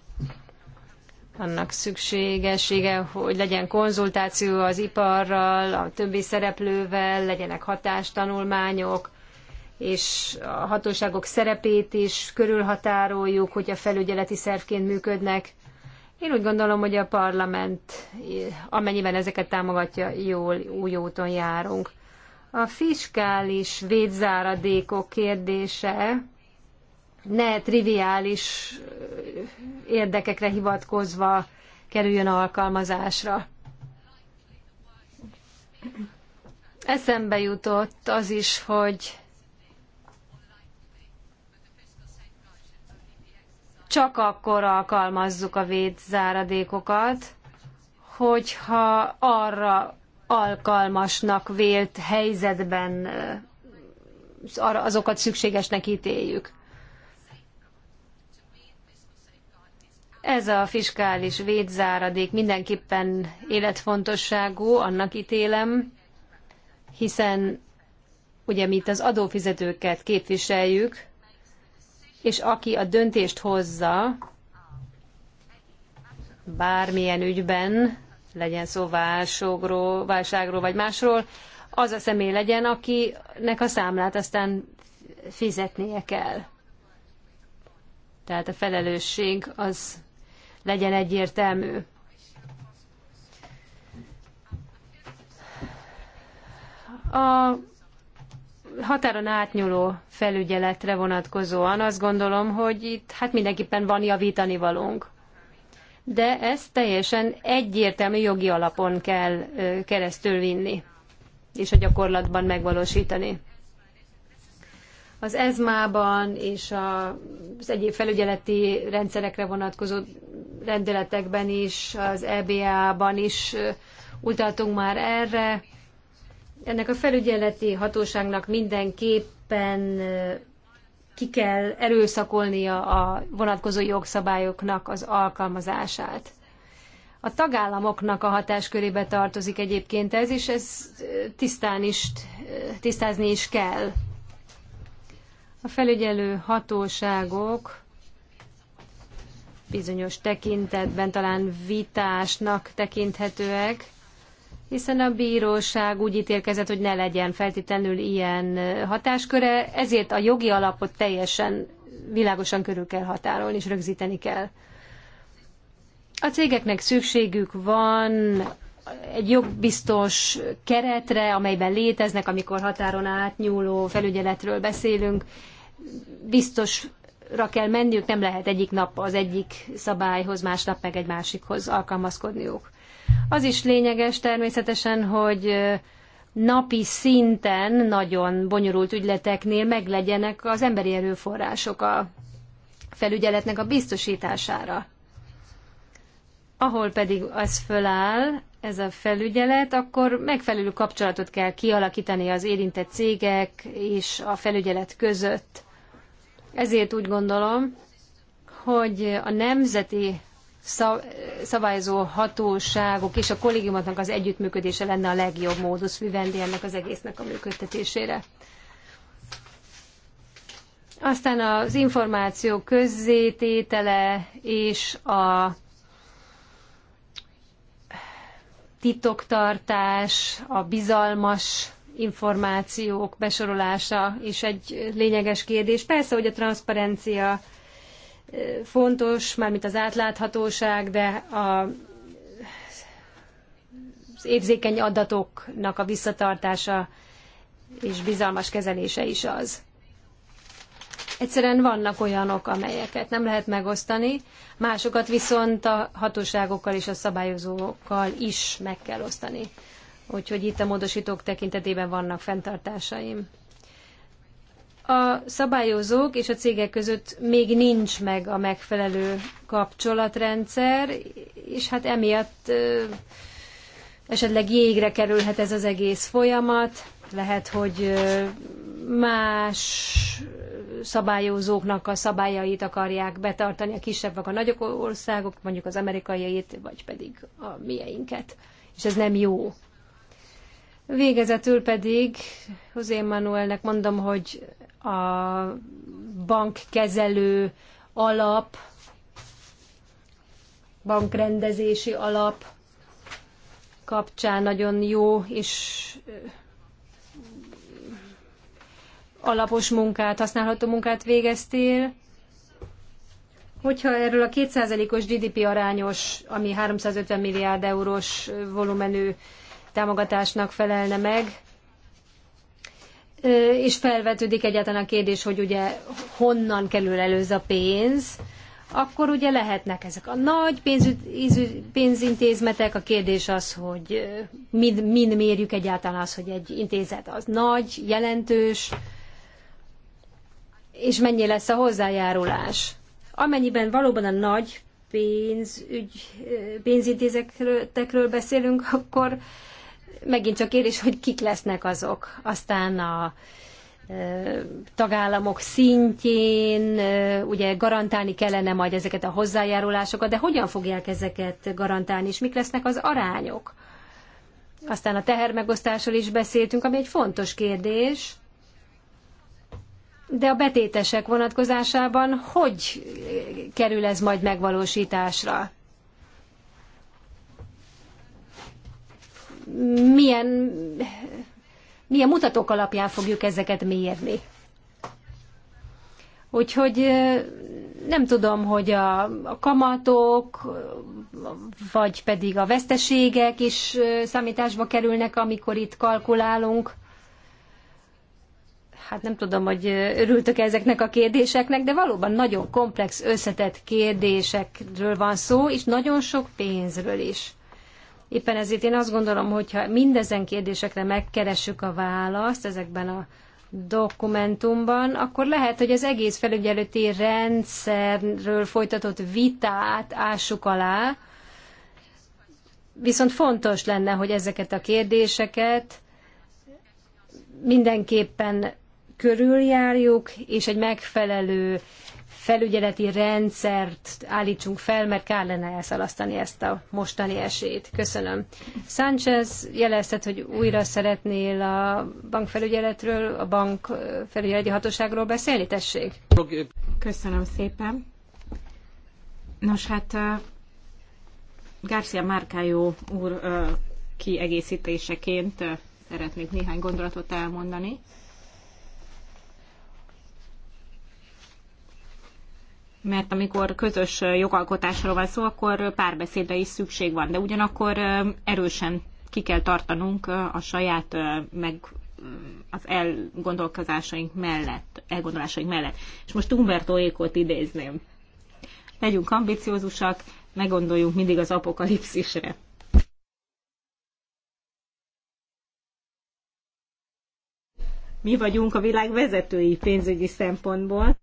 Annak szükségessége, hogy legyen konzultáció az iparral, a többi szereplővel, legyenek hatástanulmányok, és a hatóságok szerepét is körülhatároljuk, hogy a felügyeleti szervként működnek. Én úgy gondolom, hogy a parlament, amennyiben ezeket támogatja, jól új úton járunk. A fiskális védzáradékok kérdése ne triviális érdekekre hivatkozva kerüljön alkalmazásra. Eszembe jutott az is, hogy csak akkor alkalmazzuk a védzáradékokat, hogyha arra alkalmasnak vélt helyzetben azokat szükségesnek ítéljük. Ez a fiskális védzáradék mindenképpen életfontosságú, annak ítélem, hiszen ugye mi itt az adófizetőket képviseljük, és aki a döntést hozza bármilyen ügyben, legyen szó válságról, válságról vagy másról, az a személy legyen, akinek a számlát aztán fizetnie kell. Tehát a felelősség az legyen egyértelmű. A határon átnyúló felügyeletre vonatkozóan azt gondolom, hogy itt hát mindenképpen van javítani valónk. De ezt teljesen egyértelmű jogi alapon kell keresztül vinni, és a gyakorlatban megvalósítani. Az ESMA-ban és az egyéb felügyeleti rendszerekre vonatkozó rendeletekben is, az EBA-ban is utaltunk már erre, ennek a felügyeleti hatóságnak mindenképpen ki kell erőszakolnia a vonatkozó jogszabályoknak az alkalmazását. A tagállamoknak a hatáskörébe tartozik egyébként ez, és ez tisztán is, tisztázni is kell. A felügyelő hatóságok bizonyos tekintetben talán vitásnak tekinthetőek, hiszen a bíróság úgy ítélkezett, hogy ne legyen feltétlenül ilyen hatásköre, ezért a jogi alapot teljesen világosan körül kell határolni és rögzíteni kell. A cégeknek szükségük van egy jogbiztos keretre, amelyben léteznek, amikor határon átnyúló felügyeletről beszélünk, biztosra kell menniük, nem lehet egyik nap az egyik szabályhoz, másnap meg egy másikhoz alkalmazkodniuk. Az is lényeges természetesen, hogy napi szinten nagyon bonyolult ügyleteknél meglegyenek az emberi erőforrások a felügyeletnek a biztosítására. Ahol pedig ez föláll, ez a felügyelet, akkor megfelelő kapcsolatot kell kialakítani az érintett cégek és a felügyelet között. Ezért úgy gondolom, hogy a nemzeti szabályozó hatóságok és a kollégiumoknak az együttműködése lenne a legjobb módusz vivendi ennek az egésznek a működtetésére. Aztán az információ közzététele és a titoktartás, a bizalmas információk besorolása is egy lényeges kérdés. Persze, hogy a transzparencia fontos, mármint az átláthatóság, de a, az érzékeny adatoknak a visszatartása és bizalmas kezelése is az. Egyszerűen vannak olyanok, amelyeket nem lehet megosztani, másokat viszont a hatóságokkal és a szabályozókkal is meg kell osztani. Úgyhogy itt a módosítók tekintetében vannak fenntartásaim a szabályozók és a cégek között még nincs meg a megfelelő kapcsolatrendszer, és hát emiatt esetleg jégre kerülhet ez az egész folyamat, lehet, hogy más szabályozóknak a szabályait akarják betartani, a kisebb vagy a nagyobb országok, mondjuk az amerikaiait, vagy pedig a mieinket. És ez nem jó. Végezetül pedig José Manuelnek mondom, hogy a bankkezelő alap, bankrendezési alap kapcsán nagyon jó és alapos munkát, használható munkát végeztél. Hogyha erről a 2%-os GDP arányos, ami 350 milliárd eurós volumenű támogatásnak felelne meg, és felvetődik egyáltalán a kérdés, hogy ugye honnan kerül előző a pénz, akkor ugye lehetnek ezek a nagy pénz, pénzintézmetek. A kérdés az, hogy mind, mind mérjük egyáltalán az, hogy egy intézet az nagy, jelentős, és mennyi lesz a hozzájárulás. Amennyiben valóban a nagy pénzügy, pénzintézetekről beszélünk, akkor megint csak kérdés, hogy kik lesznek azok. Aztán a tagállamok szintjén, ugye garantálni kellene majd ezeket a hozzájárulásokat, de hogyan fogják ezeket garantálni, és mik lesznek az arányok? Aztán a tehermegosztásról is beszéltünk, ami egy fontos kérdés, de a betétesek vonatkozásában hogy kerül ez majd megvalósításra? milyen, milyen mutatók alapján fogjuk ezeket mérni. Úgyhogy nem tudom, hogy a, a kamatok, vagy pedig a veszteségek is számításba kerülnek, amikor itt kalkulálunk. Hát nem tudom, hogy örültök -e ezeknek a kérdéseknek, de valóban nagyon komplex, összetett kérdésekről van szó, és nagyon sok pénzről is. Éppen ezért én azt gondolom, hogyha mindezen kérdésekre megkeressük a választ ezekben a dokumentumban, akkor lehet, hogy az egész felügyelőti rendszerről folytatott vitát ássuk alá, viszont fontos lenne, hogy ezeket a kérdéseket mindenképpen körüljárjuk, és egy megfelelő felügyeleti rendszert állítsunk fel, mert kár lenne elszalasztani ezt a mostani esélyt. Köszönöm. Sánchez jelezted, hogy újra szeretnél a bankfelügyeletről, a bankfelügyeleti hatóságról beszélni, tessék. Köszönöm szépen. Nos, hát Garcia Márkájó úr kiegészítéseként szeretnék néhány gondolatot elmondani. mert amikor közös jogalkotásról van szó, akkor párbeszédre is szükség van, de ugyanakkor erősen ki kell tartanunk a saját meg az elgondolkozásaink mellett, elgondolásaink mellett. És most Umberto Ékot idézném. Legyünk ambiciózusak, ne gondoljunk mindig az apokalipszisre. Mi vagyunk a világ vezetői pénzügyi szempontból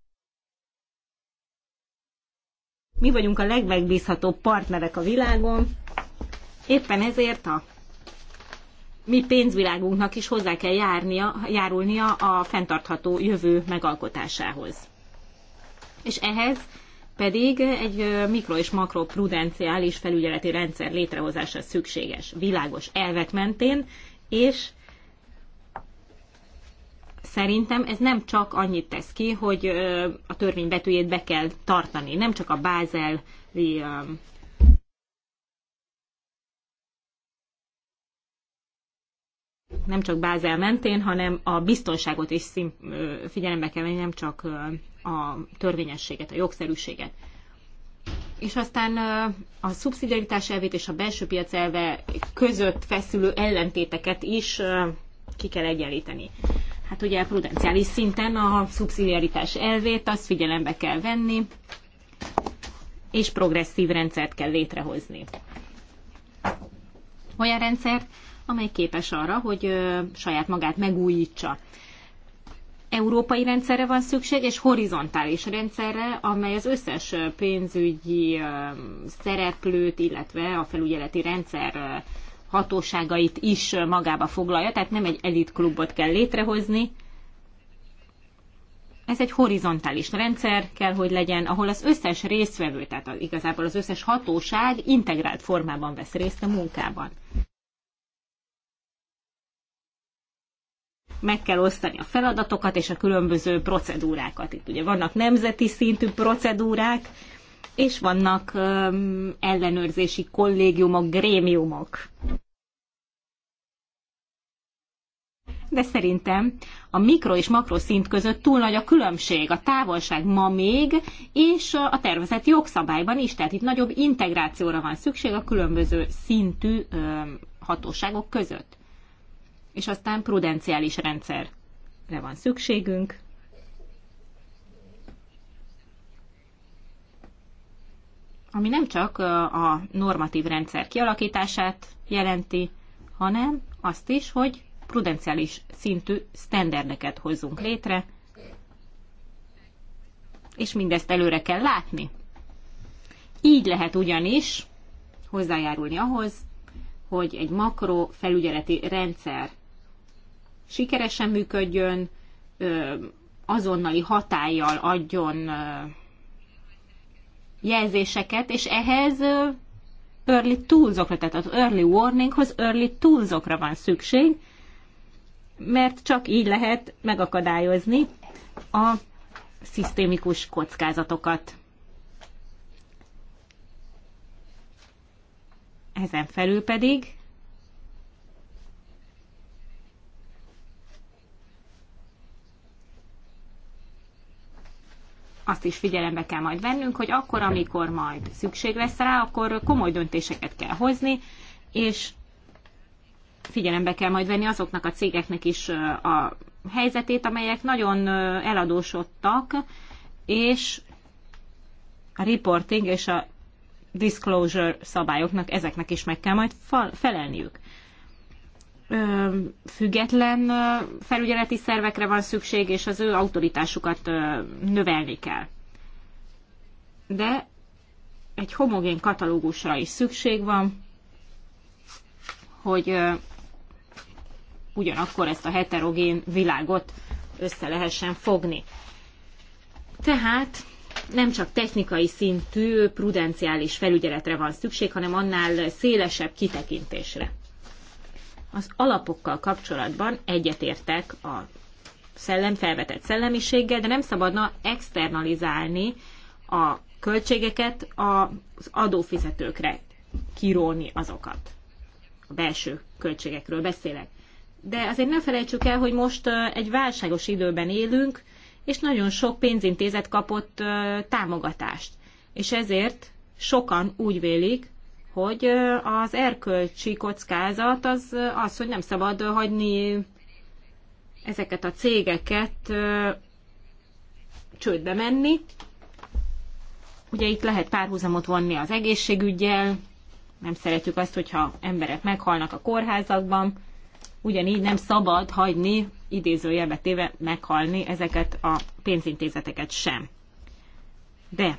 mi vagyunk a legmegbízhatóbb partnerek a világon, éppen ezért a mi pénzvilágunknak is hozzá kell járnia, járulnia a fenntartható jövő megalkotásához. És ehhez pedig egy mikro- és makroprudenciális felügyeleti rendszer létrehozása szükséges, világos elvek mentén, és szerintem ez nem csak annyit tesz ki, hogy a törvény betűjét be kell tartani, nem csak a bázeli nem csak Bázel mentén, hanem a biztonságot is szín, figyelembe kell venni, nem csak a törvényességet, a jogszerűséget. És aztán a szubszidiaritás elvét és a belső piac elve között feszülő ellentéteket is ki kell egyenlíteni hát ugye prudenciális szinten a szubszidiaritás elvét azt figyelembe kell venni, és progresszív rendszert kell létrehozni. Olyan rendszert, amely képes arra, hogy saját magát megújítsa. Európai rendszerre van szükség, és horizontális rendszerre, amely az összes pénzügyi szereplőt, illetve a felügyeleti rendszer hatóságait is magába foglalja, tehát nem egy elitklubot kell létrehozni. Ez egy horizontális rendszer kell, hogy legyen, ahol az összes résztvevő, tehát igazából az összes hatóság integrált formában vesz részt a munkában. meg kell osztani a feladatokat és a különböző procedúrákat. Itt ugye vannak nemzeti szintű procedúrák, és vannak ellenőrzési kollégiumok, grémiumok. de szerintem a mikro és makro szint között túl nagy a különbség, a távolság ma még, és a tervezett jogszabályban is, tehát itt nagyobb integrációra van szükség a különböző szintű hatóságok között. És aztán prudenciális rendszerre van szükségünk, ami nem csak a normatív rendszer kialakítását jelenti, hanem azt is, hogy prudenciális szintű sztenderdeket hozzunk létre, és mindezt előre kell látni. Így lehet ugyanis hozzájárulni ahhoz, hogy egy makro felügyeleti rendszer sikeresen működjön, azonnali hatállyal adjon jelzéseket, és ehhez early toolsokra, tehát az early warninghoz early toolsokra van szükség, mert csak így lehet megakadályozni a szisztémikus kockázatokat. Ezen felül pedig azt is figyelembe kell majd vennünk, hogy akkor, amikor majd szükség lesz rá, akkor komoly döntéseket kell hozni, és figyelembe kell majd venni azoknak a cégeknek is a helyzetét, amelyek nagyon eladósodtak, és a reporting és a disclosure szabályoknak ezeknek is meg kell majd felelniük független felügyeleti szervekre van szükség, és az ő autoritásukat növelni kell. De egy homogén katalógusra is szükség van, hogy ugyanakkor ezt a heterogén világot össze lehessen fogni. Tehát nem csak technikai szintű prudenciális felügyeletre van szükség, hanem annál szélesebb kitekintésre. Az alapokkal kapcsolatban egyetértek a szellem, felvetett szellemiséggel, de nem szabadna externalizálni a költségeket az adófizetőkre, kiróni azokat. A belső költségekről beszélek. De azért ne felejtsük el, hogy most egy válságos időben élünk, és nagyon sok pénzintézet kapott támogatást. És ezért sokan úgy vélik, hogy az erkölcsi kockázat az az, hogy nem szabad hagyni ezeket a cégeket csődbe menni. Ugye itt lehet párhuzamot vonni az egészségügyel, nem szeretjük azt, hogyha emberek meghalnak a kórházakban, ugyanígy nem szabad hagyni, idézőjelbe téve meghalni ezeket a pénzintézeteket sem. De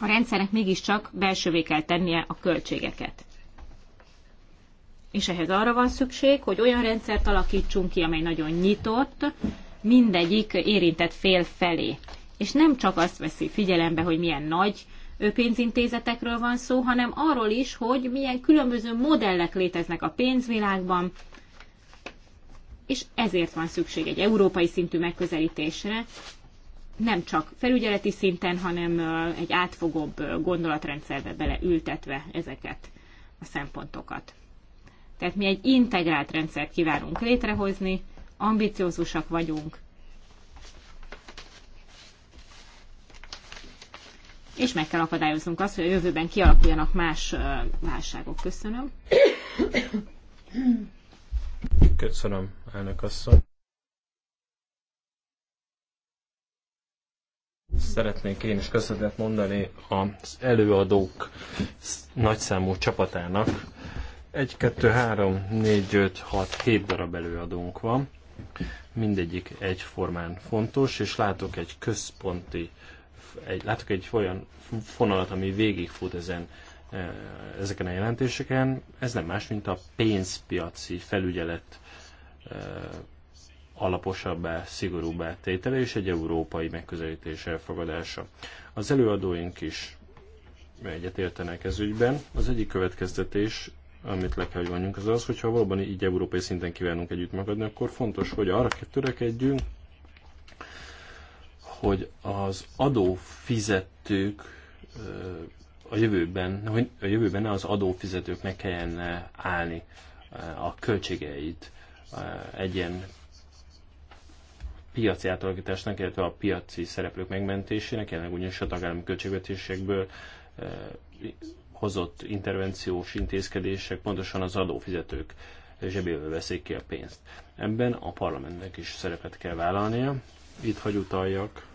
a rendszernek mégiscsak belsővé kell tennie a költségeket. És ehhez arra van szükség, hogy olyan rendszert alakítsunk ki, amely nagyon nyitott, mindegyik érintett fél felé. És nem csak azt veszi figyelembe, hogy milyen nagy pénzintézetekről van szó, hanem arról is, hogy milyen különböző modellek léteznek a pénzvilágban, és ezért van szükség egy európai szintű megközelítésre, nem csak felügyeleti szinten, hanem egy átfogóbb gondolatrendszerbe beleültetve ezeket a szempontokat. Tehát mi egy integrált rendszert kívánunk létrehozni, ambiciózusak vagyunk, és meg kell akadályoznunk azt, hogy a jövőben kialakuljanak más válságok. Köszönöm. Köszönöm, elnök asszony. Szeretnék én is köszönet mondani az előadók nagyszámú csapatának. 1, 2, 3, 4, 5, 6, 7 darab előadónk van. Mindegyik egyformán fontos, és látok egy központi, egy, látok egy olyan fonalat, ami végigfut ezen e, ezeken a jelentéseken. Ez nem más, mint a pénzpiaci felügyelet e, alaposabbá, szigorúbbá tétele és egy európai megközelítés elfogadása. Az előadóink is egyetértenek ez ügyben. Az egyik következtetés, amit le kell, hogy mondjunk, az az, hogyha valóban így európai szinten kívánunk együtt magadni, akkor fontos, hogy arra törekedjünk, hogy az adófizetők a jövőben, hogy a jövőben az adófizetőknek kelljen állni a költségeit egy ilyen piaci átalakításnak, illetve a piaci szereplők megmentésének, jelenleg ugyanis a tagállami költségvetésekből eh, hozott intervenciós intézkedések pontosan az adófizetők zsebéből veszik ki a pénzt. Ebben a parlamentnek is szerepet kell vállalnia. Itt hagy utaljak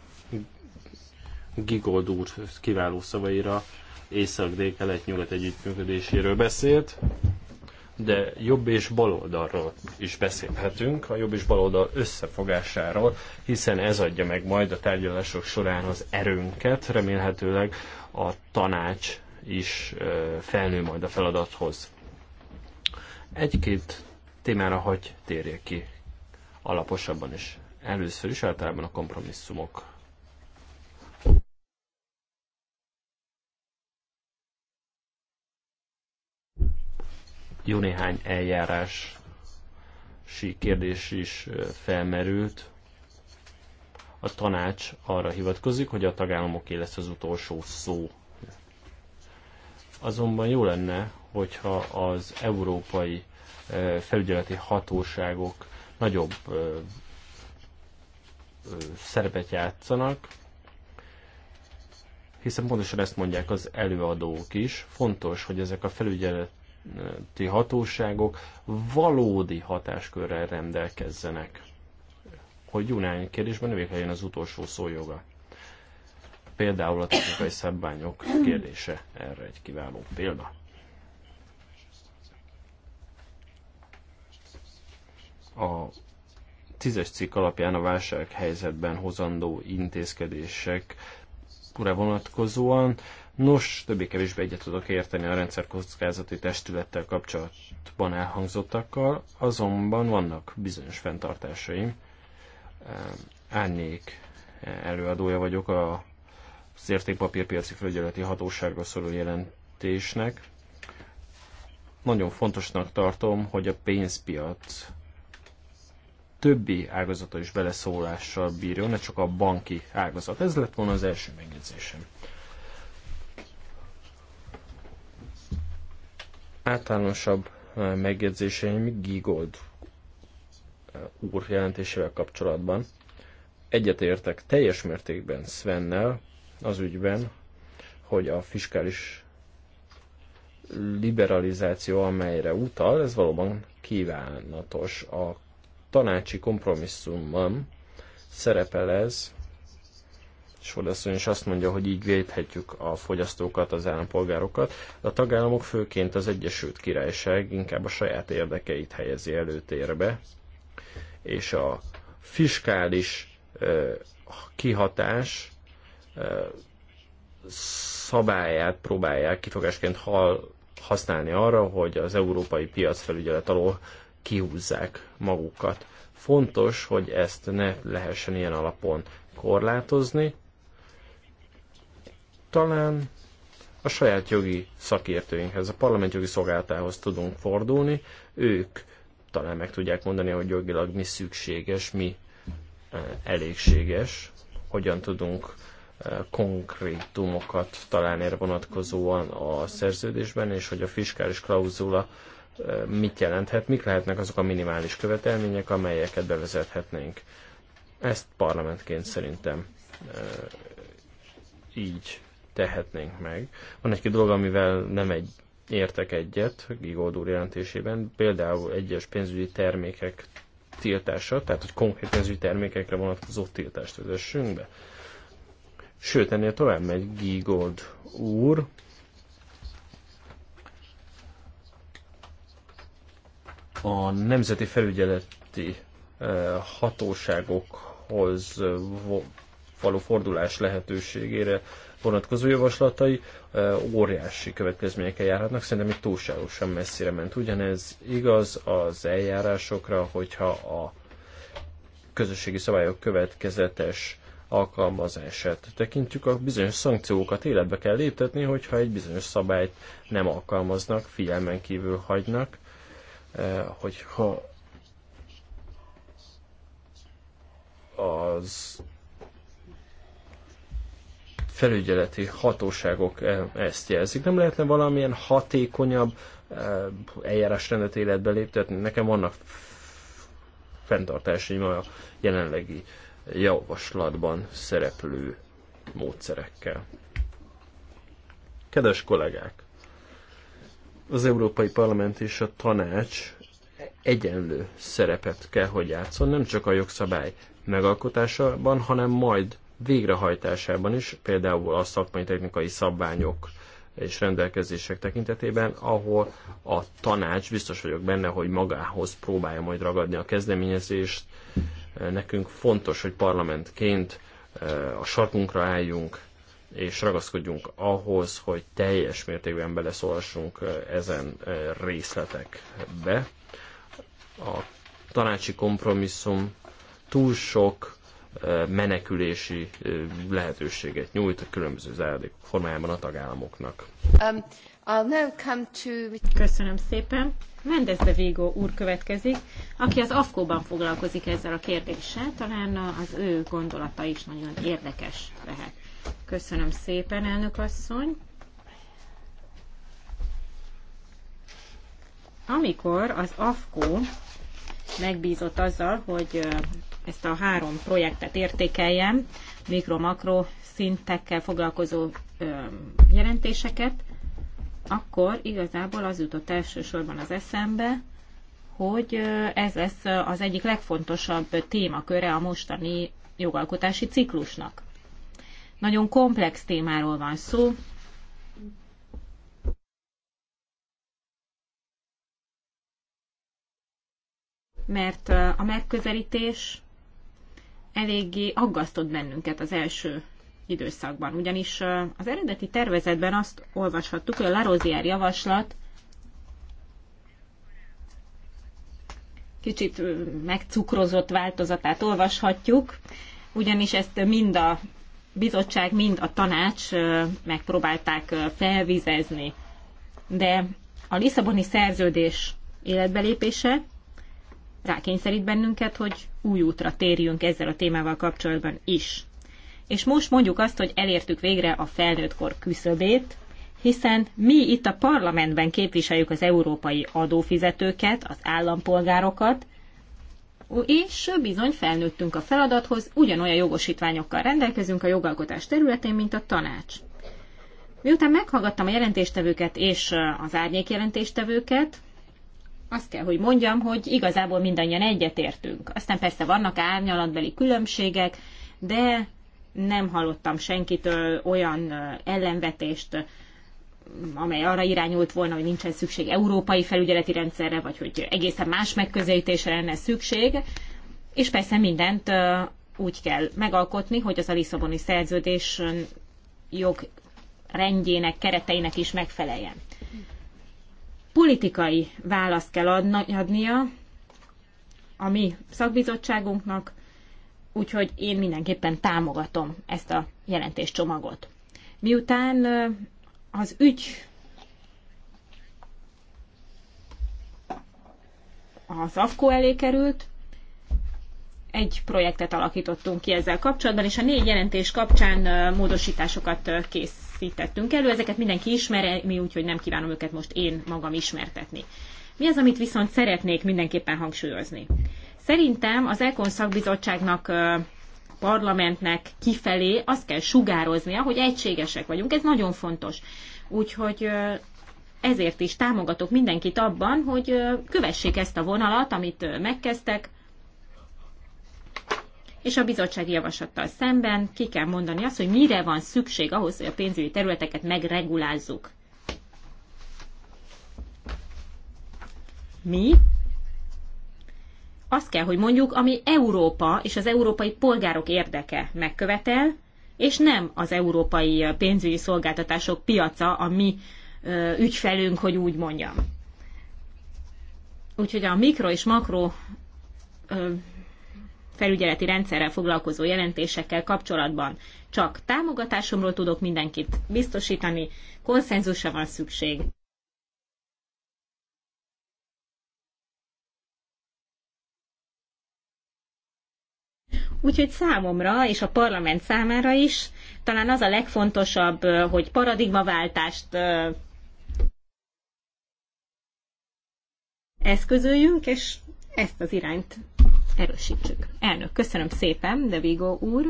Gigold úr kiváló szavaira, észak-dél-kelet-nyugat együttműködéséről beszélt de jobb és baloldalról is beszélhetünk, a jobb és baloldal összefogásáról, hiszen ez adja meg majd a tárgyalások során az erőnket, remélhetőleg a tanács is felnő majd a feladathoz. Egy-két témára hagy térjek ki alaposabban is. Először is általában a kompromisszumok jó néhány eljárási kérdés is felmerült. A tanács arra hivatkozik, hogy a tagállamoké lesz az utolsó szó. Azonban jó lenne, hogyha az európai felügyeleti hatóságok nagyobb szerepet játszanak, hiszen pontosan ezt mondják az előadók is. Fontos, hogy ezek a felügyelet ti hatóságok valódi hatáskörrel rendelkezzenek, hogy Junán kérdésben ők végre az utolsó szójoga. Például a technikai szabványok kérdése erre egy kiváló példa. A tízes cikk alapján a válsághelyzetben hozandó intézkedések vonatkozóan Nos, többé-kevésbé egyet tudok érteni a kockázati testülettel kapcsolatban elhangzottakkal, azonban vannak bizonyos fenntartásaim. Árnyék előadója vagyok a az értékpapírpiaci felügyeleti hatóságra szóló jelentésnek. Nagyon fontosnak tartom, hogy a pénzpiac többi ágazata is beleszólással bírjon, ne csak a banki ágazat. Ez lett volna az első megjegyzésem. Általánosabb megjegyzéseim Gigold úr jelentésével kapcsolatban. Egyetértek teljes mértékben Svennel az ügyben, hogy a fiskális liberalizáció, amelyre utal, ez valóban kívánatos. A tanácsi kompromisszumban szerepel ez és is azt mondja, hogy így védhetjük a fogyasztókat, az állampolgárokat, de a tagállamok főként az Egyesült Királyság inkább a saját érdekeit helyezi előtérbe, és a fiskális kihatás szabályát próbálják kifogásként használni arra, hogy az európai piacfelügyelet alól kihúzzák magukat. Fontos, hogy ezt ne lehessen ilyen alapon korlátozni, talán a saját jogi szakértőinkhez, a parlament jogi szolgálatához tudunk fordulni, ők talán meg tudják mondani, hogy jogilag mi szükséges, mi eh, elégséges, hogyan tudunk eh, konkrétumokat talán erre vonatkozóan a szerződésben, és hogy a fiskális klauzula eh, mit jelenthet, mik lehetnek azok a minimális követelmények, amelyeket bevezethetnénk. Ezt parlamentként szerintem így tehetnénk meg. Van egy dolog, amivel nem egy értek egyet Gigold úr jelentésében, például egyes pénzügyi termékek tiltása, tehát hogy konkrét pénzügyi termékekre vonatkozó tiltást vezessünk be. Sőt, ennél tovább megy Gigold úr, a nemzeti felügyeleti eh, hatóságokhoz való fordulás lehetőségére vonatkozó javaslatai óriási következményekkel járhatnak. Szerintem itt túlságosan messzire ment. Ugyanez igaz az eljárásokra, hogyha a közösségi szabályok következetes alkalmazását tekintjük, a bizonyos szankciókat életbe kell léptetni, hogyha egy bizonyos szabályt nem alkalmaznak, figyelmen kívül hagynak, hogyha az felügyeleti hatóságok eh, ezt jelzik. Nem lehetne valamilyen hatékonyabb eh, eljárásrendet életbe léptetni? Nekem vannak fenntartásaim a jelenlegi javaslatban szereplő módszerekkel. Kedves kollégák! Az Európai Parlament és a Tanács egyenlő szerepet kell, hogy játszon, nem csak a jogszabály megalkotásában, hanem majd végrehajtásában is, például a szakmai technikai szabványok és rendelkezések tekintetében, ahol a tanács, biztos vagyok benne, hogy magához próbálja majd ragadni a kezdeményezést. Nekünk fontos, hogy parlamentként eh, a sarkunkra álljunk, és ragaszkodjunk ahhoz, hogy teljes mértékben beleszólhassunk eh, ezen eh, részletekbe. A tanácsi kompromisszum túl sok menekülési lehetőséget nyújt a különböző záradékok formájában a tagállamoknak. Um, I'll now come to... Köszönöm szépen. Mendez de Vigo úr következik, aki az AFKO-ban foglalkozik ezzel a kérdéssel. Talán az ő gondolata is nagyon érdekes lehet. Köszönöm szépen, elnök asszony. Amikor az AFKO megbízott azzal, hogy ezt a három projektet értékeljem, mikro-makro szintekkel foglalkozó jelentéseket, akkor igazából az jutott elsősorban az eszembe, hogy ez lesz az egyik legfontosabb témaköre a mostani jogalkotási ciklusnak. Nagyon komplex témáról van szó. Mert a megközelítés eléggé aggasztott bennünket az első időszakban. Ugyanis az eredeti tervezetben azt olvashattuk, hogy a Larosier javaslat kicsit megcukrozott változatát olvashatjuk, ugyanis ezt mind a bizottság, mind a tanács megpróbálták felvizezni. De a Lisszaboni szerződés életbelépése rákényszerít bennünket, hogy új útra térjünk ezzel a témával kapcsolatban is. És most mondjuk azt, hogy elértük végre a felnőttkor küszöbét, hiszen mi itt a parlamentben képviseljük az európai adófizetőket, az állampolgárokat, és bizony felnőttünk a feladathoz, ugyanolyan jogosítványokkal rendelkezünk a jogalkotás területén, mint a tanács. Miután meghallgattam a jelentéstevőket és az árnyék jelentéstevőket, azt kell, hogy mondjam, hogy igazából mindannyian egyetértünk. Aztán persze vannak árnyalatbeli különbségek, de nem hallottam senkitől olyan ellenvetést, amely arra irányult volna, hogy nincsen szükség európai felügyeleti rendszerre, vagy hogy egészen más megközelítésre lenne szükség. És persze mindent úgy kell megalkotni, hogy az a Lisszaboni szerződés jog rendjének, kereteinek is megfeleljen politikai választ kell adnia a mi szakbizottságunknak, úgyhogy én mindenképpen támogatom ezt a jelentéscsomagot. Miután az ügy az AFKO elé került, egy projektet alakítottunk ki ezzel kapcsolatban, és a négy jelentés kapcsán módosításokat kész tettünk elő. Ezeket mindenki ismeri, úgyhogy nem kívánom őket most én magam ismertetni. Mi az, amit viszont szeretnék mindenképpen hangsúlyozni? Szerintem az Elkon szakbizottságnak parlamentnek kifelé azt kell sugároznia, hogy egységesek vagyunk. Ez nagyon fontos. Úgyhogy ezért is támogatok mindenkit abban, hogy kövessék ezt a vonalat, amit megkezdtek, és a bizottsági javaslattal szemben ki kell mondani azt, hogy mire van szükség ahhoz, hogy a pénzügyi területeket megregulázzuk. Mi azt kell, hogy mondjuk, ami Európa és az európai polgárok érdeke megkövetel, és nem az európai pénzügyi szolgáltatások piaca a mi ügyfelünk, hogy úgy mondjam. Úgyhogy a mikro és makro felügyeleti rendszerrel foglalkozó jelentésekkel kapcsolatban csak támogatásomról tudok mindenkit biztosítani, konszenzusra van szükség. Úgyhogy számomra és a parlament számára is talán az a legfontosabb, hogy paradigmaváltást eszközöljünk, és ezt az irányt erősítsük. Elnök, köszönöm szépen, De Vigo úr.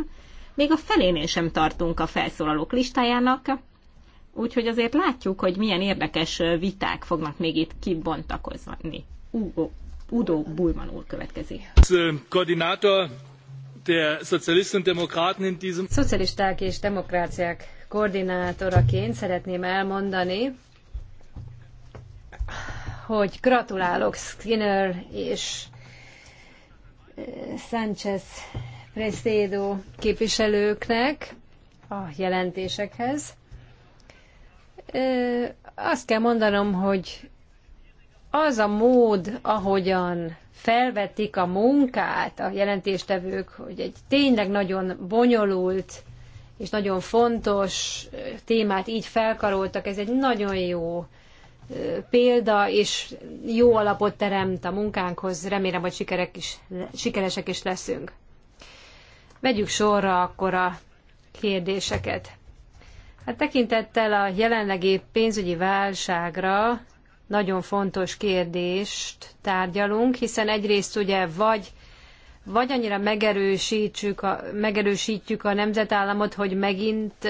Még a felénél sem tartunk a felszólalók listájának, úgyhogy azért látjuk, hogy milyen érdekes viták fognak még itt kibontakozni. Ugo, Udo Bulman úr következik. Koordinátor der Sozialisten und Demokraten in diesem... Szocialisták és demokráciák koordinátoraként szeretném elmondani, hogy gratulálok Skinner és Sánchez Presedo képviselőknek a jelentésekhez. Azt kell mondanom, hogy az a mód, ahogyan felvetik a munkát a jelentéstevők, hogy egy tényleg nagyon bonyolult és nagyon fontos témát így felkaroltak, ez egy nagyon jó példa, és jó alapot teremt a munkánkhoz. Remélem, hogy sikerek is, sikeresek is leszünk. Vegyük sorra akkor a kérdéseket. Hát tekintettel a jelenlegi pénzügyi válságra nagyon fontos kérdést tárgyalunk, hiszen egyrészt ugye vagy vagy annyira megerősítsük a, megerősítjük a nemzetállamot, hogy megint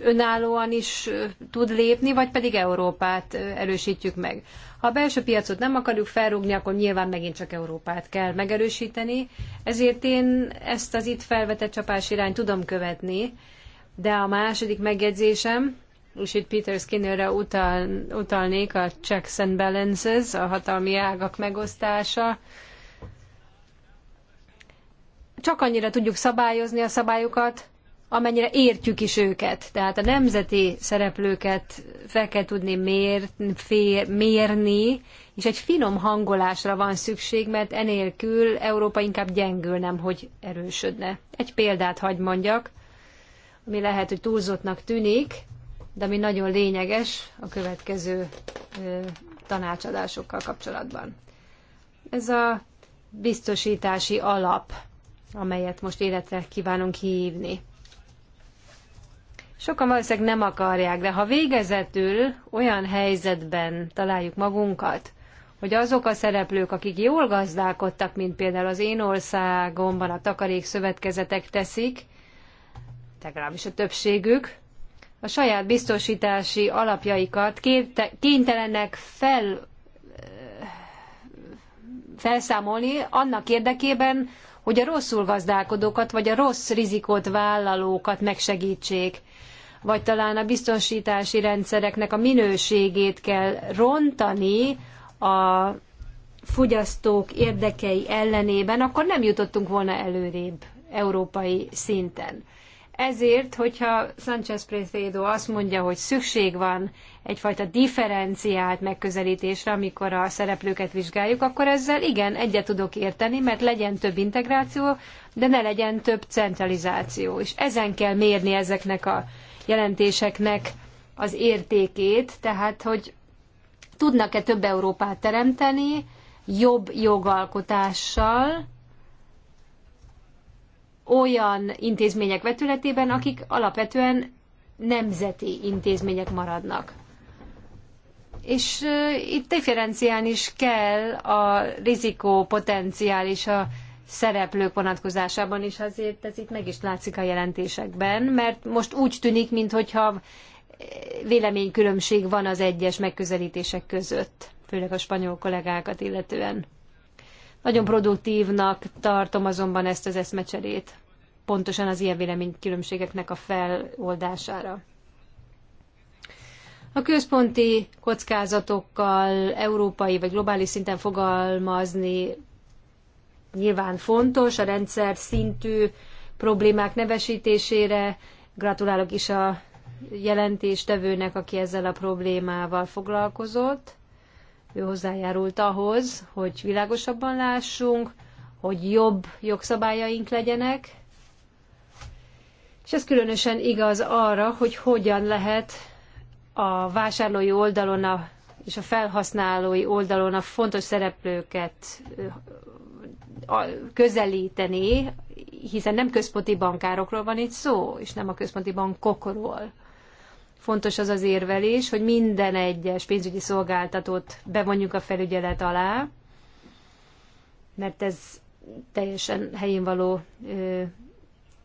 önállóan is tud lépni, vagy pedig Európát erősítjük meg. Ha a belső piacot nem akarjuk felrúgni, akkor nyilván megint csak Európát kell megerősíteni, ezért én ezt az itt felvetett csapás irányt tudom követni, de a második megjegyzésem, és itt Peter Skinnerre utal, utalnék a checks and balances, a hatalmi ágak megosztása, csak annyira tudjuk szabályozni a szabályokat, amennyire értjük is őket. Tehát a nemzeti szereplőket fel kell tudni mérni, és egy finom hangolásra van szükség, mert enélkül Európa inkább gyengül, nem hogy erősödne. Egy példát hagy mondjak, ami lehet, hogy túlzottnak tűnik, de ami nagyon lényeges a következő tanácsadásokkal kapcsolatban. Ez a biztosítási alap amelyet most életre kívánunk hívni. Sokan valószínűleg nem akarják, de ha végezetül olyan helyzetben találjuk magunkat, hogy azok a szereplők, akik jól gazdálkodtak, mint például az én országomban a takarék szövetkezetek teszik, legalábbis a többségük, a saját biztosítási alapjaikat kénytelenek fel, felszámolni annak érdekében, hogy a rosszul gazdálkodókat, vagy a rossz rizikót vállalókat megsegítsék vagy talán a biztonsítási rendszereknek a minőségét kell rontani a fogyasztók érdekei ellenében, akkor nem jutottunk volna előrébb európai szinten. Ezért, hogyha Sanchez Presedo azt mondja, hogy szükség van egyfajta differenciált megközelítésre, amikor a szereplőket vizsgáljuk, akkor ezzel igen, egyet tudok érteni, mert legyen több integráció, de ne legyen több centralizáció. És ezen kell mérni ezeknek a jelentéseknek az értékét, tehát hogy tudnak-e több Európát teremteni, jobb jogalkotással, olyan intézmények vetületében, akik alapvetően nemzeti intézmények maradnak. És itt differenciálni is kell a rizikó potenciál és a szereplők vonatkozásában is azért ez itt meg is látszik a jelentésekben, mert most úgy tűnik, mintha véleménykülönbség van az egyes megközelítések között, főleg a spanyol kollégákat illetően. Nagyon produktívnak tartom azonban ezt az eszmecserét, pontosan az ilyen véleménykülönbségeknek a feloldására. A központi kockázatokkal európai vagy globális szinten fogalmazni nyilván fontos, a rendszer szintű problémák nevesítésére. Gratulálok is a jelentéstevőnek, aki ezzel a problémával foglalkozott. Ő hozzájárult ahhoz, hogy világosabban lássunk, hogy jobb jogszabályaink legyenek. És ez különösen igaz arra, hogy hogyan lehet a vásárlói oldalon a, és a felhasználói oldalon a fontos szereplőket közelíteni, hiszen nem központi bankárokról van itt szó, és nem a központi bankokról. Fontos az az érvelés, hogy minden egyes pénzügyi szolgáltatót bevonjuk a felügyelet alá, mert ez teljesen helyén való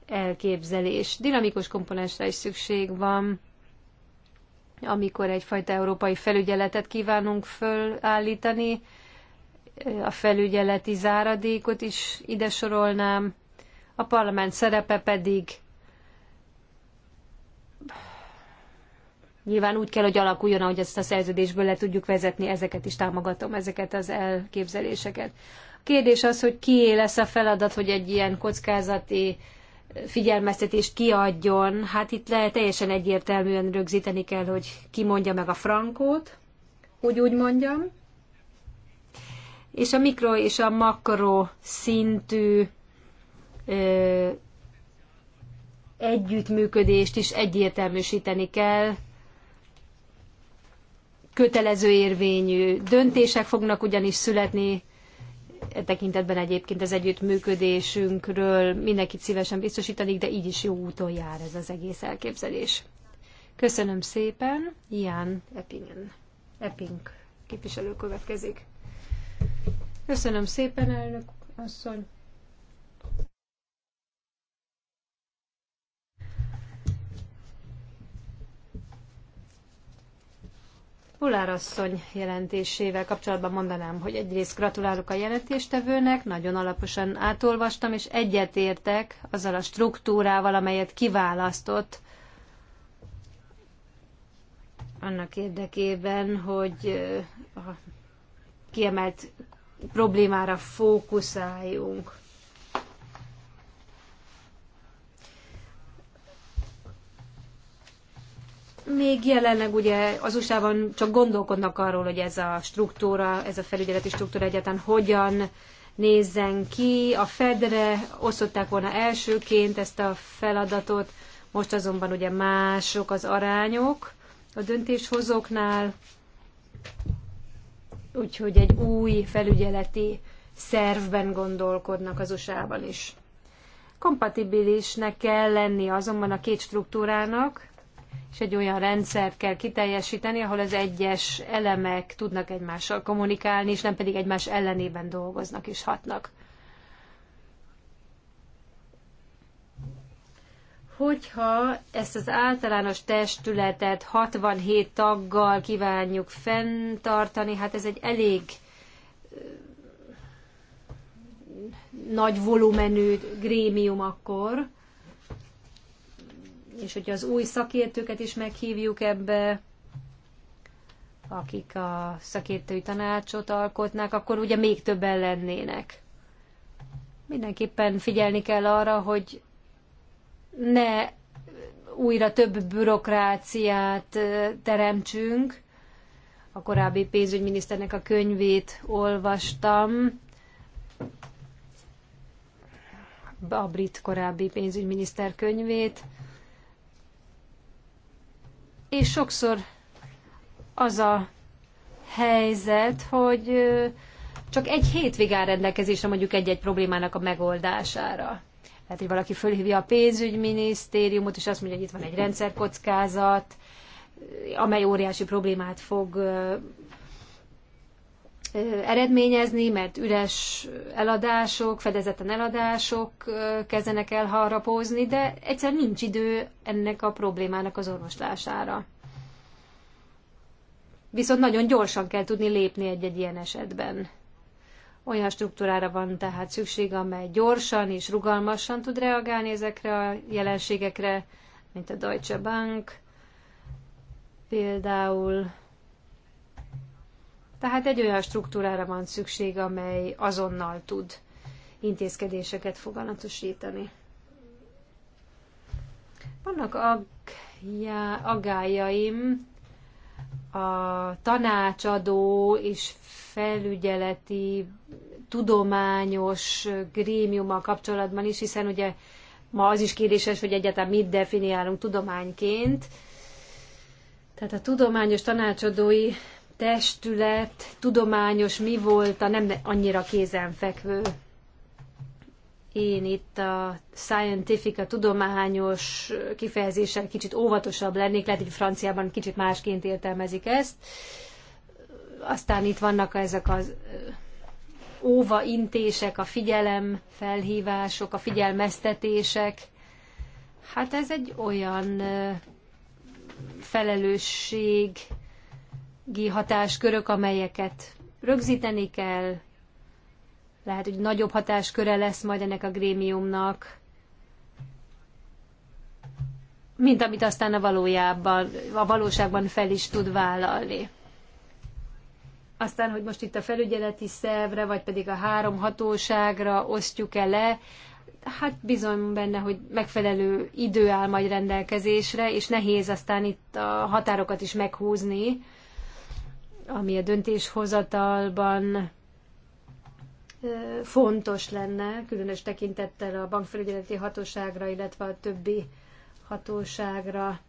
elképzelés. Dinamikus komponensre is szükség van, amikor egyfajta európai felügyeletet kívánunk fölállítani, a felügyeleti záradékot is ide sorolnám, a parlament szerepe pedig nyilván úgy kell, hogy alakuljon, ahogy ezt a szerződésből le tudjuk vezetni, ezeket is támogatom, ezeket az elképzeléseket. A kérdés az, hogy kié lesz a feladat, hogy egy ilyen kockázati figyelmeztetést kiadjon. Hát itt le, teljesen egyértelműen rögzíteni kell, hogy ki mondja meg a frankót, hogy úgy mondjam. És a mikro és a makro szintű ö, együttműködést is egyértelműsíteni kell. Kötelező érvényű döntések fognak ugyanis születni e tekintetben egyébként az együttműködésünkről mindenkit szívesen biztosítani, de így is jó úton jár ez az egész elképzelés. Köszönöm szépen. Ian Eppingen. Epping képviselő következik. Köszönöm szépen, elnök asszony. Ullár asszony jelentésével kapcsolatban mondanám, hogy egyrészt gratulálok a jelentéstevőnek, nagyon alaposan átolvastam, és egyetértek azzal a struktúrával, amelyet kiválasztott annak érdekében, hogy a kiemelt problémára fókuszáljunk. még jelenleg ugye az USA-ban csak gondolkodnak arról, hogy ez a struktúra, ez a felügyeleti struktúra egyáltalán hogyan nézzen ki. A Fedre osztották volna elsőként ezt a feladatot, most azonban ugye mások az arányok a döntéshozóknál, úgyhogy egy új felügyeleti szervben gondolkodnak az USA-ban is. Kompatibilisnek kell lenni azonban a két struktúrának, és egy olyan rendszert kell kiteljesíteni, ahol az egyes elemek tudnak egymással kommunikálni, és nem pedig egymás ellenében dolgoznak és hatnak. Hogyha ezt az általános testületet 67 taggal kívánjuk fenntartani, hát ez egy elég nagy volumenű grémium akkor, és hogy az új szakértőket is meghívjuk ebbe, akik a szakértői tanácsot alkotnák, akkor ugye még többen lennének. Mindenképpen figyelni kell arra, hogy ne újra több bürokráciát teremtsünk. A korábbi pénzügyminiszternek a könyvét olvastam, a brit korábbi pénzügyminiszter könyvét, és sokszor az a helyzet, hogy csak egy hétvig áll rendelkezésre mondjuk egy-egy problémának a megoldására. Lehet, hogy valaki fölhívja a pénzügyminisztériumot, és azt mondja, hogy itt van egy rendszerkockázat, amely óriási problémát fog eredményezni, mert üres eladások, fedezetlen eladások kezdenek el harapózni, de egyszer nincs idő ennek a problémának az orvoslására. Viszont nagyon gyorsan kell tudni lépni egy-egy ilyen esetben. Olyan struktúrára van tehát szükség, amely gyorsan és rugalmasan tud reagálni ezekre a jelenségekre, mint a Deutsche Bank például, tehát egy olyan struktúrára van szükség, amely azonnal tud intézkedéseket foganatosítani. Vannak aggá, aggájaim a tanácsadó és felügyeleti tudományos grémiummal kapcsolatban is, hiszen ugye ma az is kérdéses, hogy egyáltalán mit definiálunk tudományként. Tehát a tudományos tanácsadói testület, tudományos mi volt a nem annyira kézenfekvő. Én itt a scientific, a tudományos kifejezéssel kicsit óvatosabb lennék, lehet, hogy franciában kicsit másként értelmezik ezt. Aztán itt vannak ezek az óva intések, a figyelem felhívások, a figyelmeztetések. Hát ez egy olyan felelősség hatáskörök, amelyeket rögzíteni kell, lehet, hogy nagyobb hatásköre lesz majd ennek a grémiumnak, mint amit aztán a valójában, a valóságban fel is tud vállalni. Aztán, hogy most itt a felügyeleti szervre, vagy pedig a három hatóságra osztjuk el le, hát bizony benne, hogy megfelelő idő áll majd rendelkezésre, és nehéz aztán itt a határokat is meghúzni, ami a döntéshozatalban fontos lenne, különös tekintettel a bankfelügyeleti hatóságra, illetve a többi hatóságra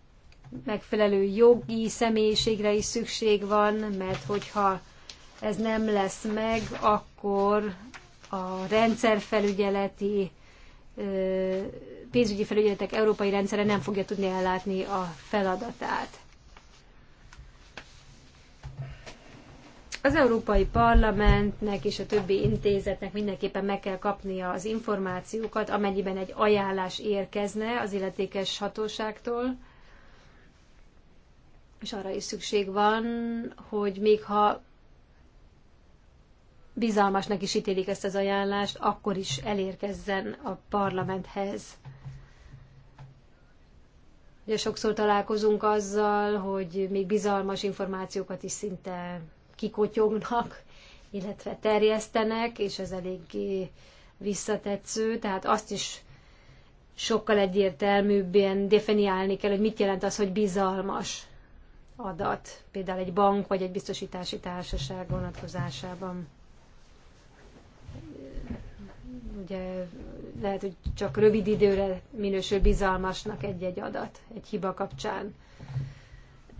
megfelelő jogi személyiségre is szükség van, mert hogyha ez nem lesz meg, akkor a rendszerfelügyeleti pénzügyi felügyeletek európai rendszere nem fogja tudni ellátni a feladatát. Az Európai Parlamentnek és a többi intézetnek mindenképpen meg kell kapnia az információkat, amennyiben egy ajánlás érkezne az illetékes hatóságtól, és arra is szükség van, hogy még ha bizalmasnak is ítélik ezt az ajánlást, akkor is elérkezzen a parlamenthez. Ugye sokszor találkozunk azzal, hogy még bizalmas információkat is szinte kikotyognak, illetve terjesztenek, és ez eléggé visszatetsző, tehát azt is sokkal egyértelműbben definiálni kell, hogy mit jelent az, hogy bizalmas adat, például egy bank vagy egy biztosítási társaság vonatkozásában. Ugye lehet, hogy csak rövid időre minősül bizalmasnak egy-egy adat, egy hiba kapcsán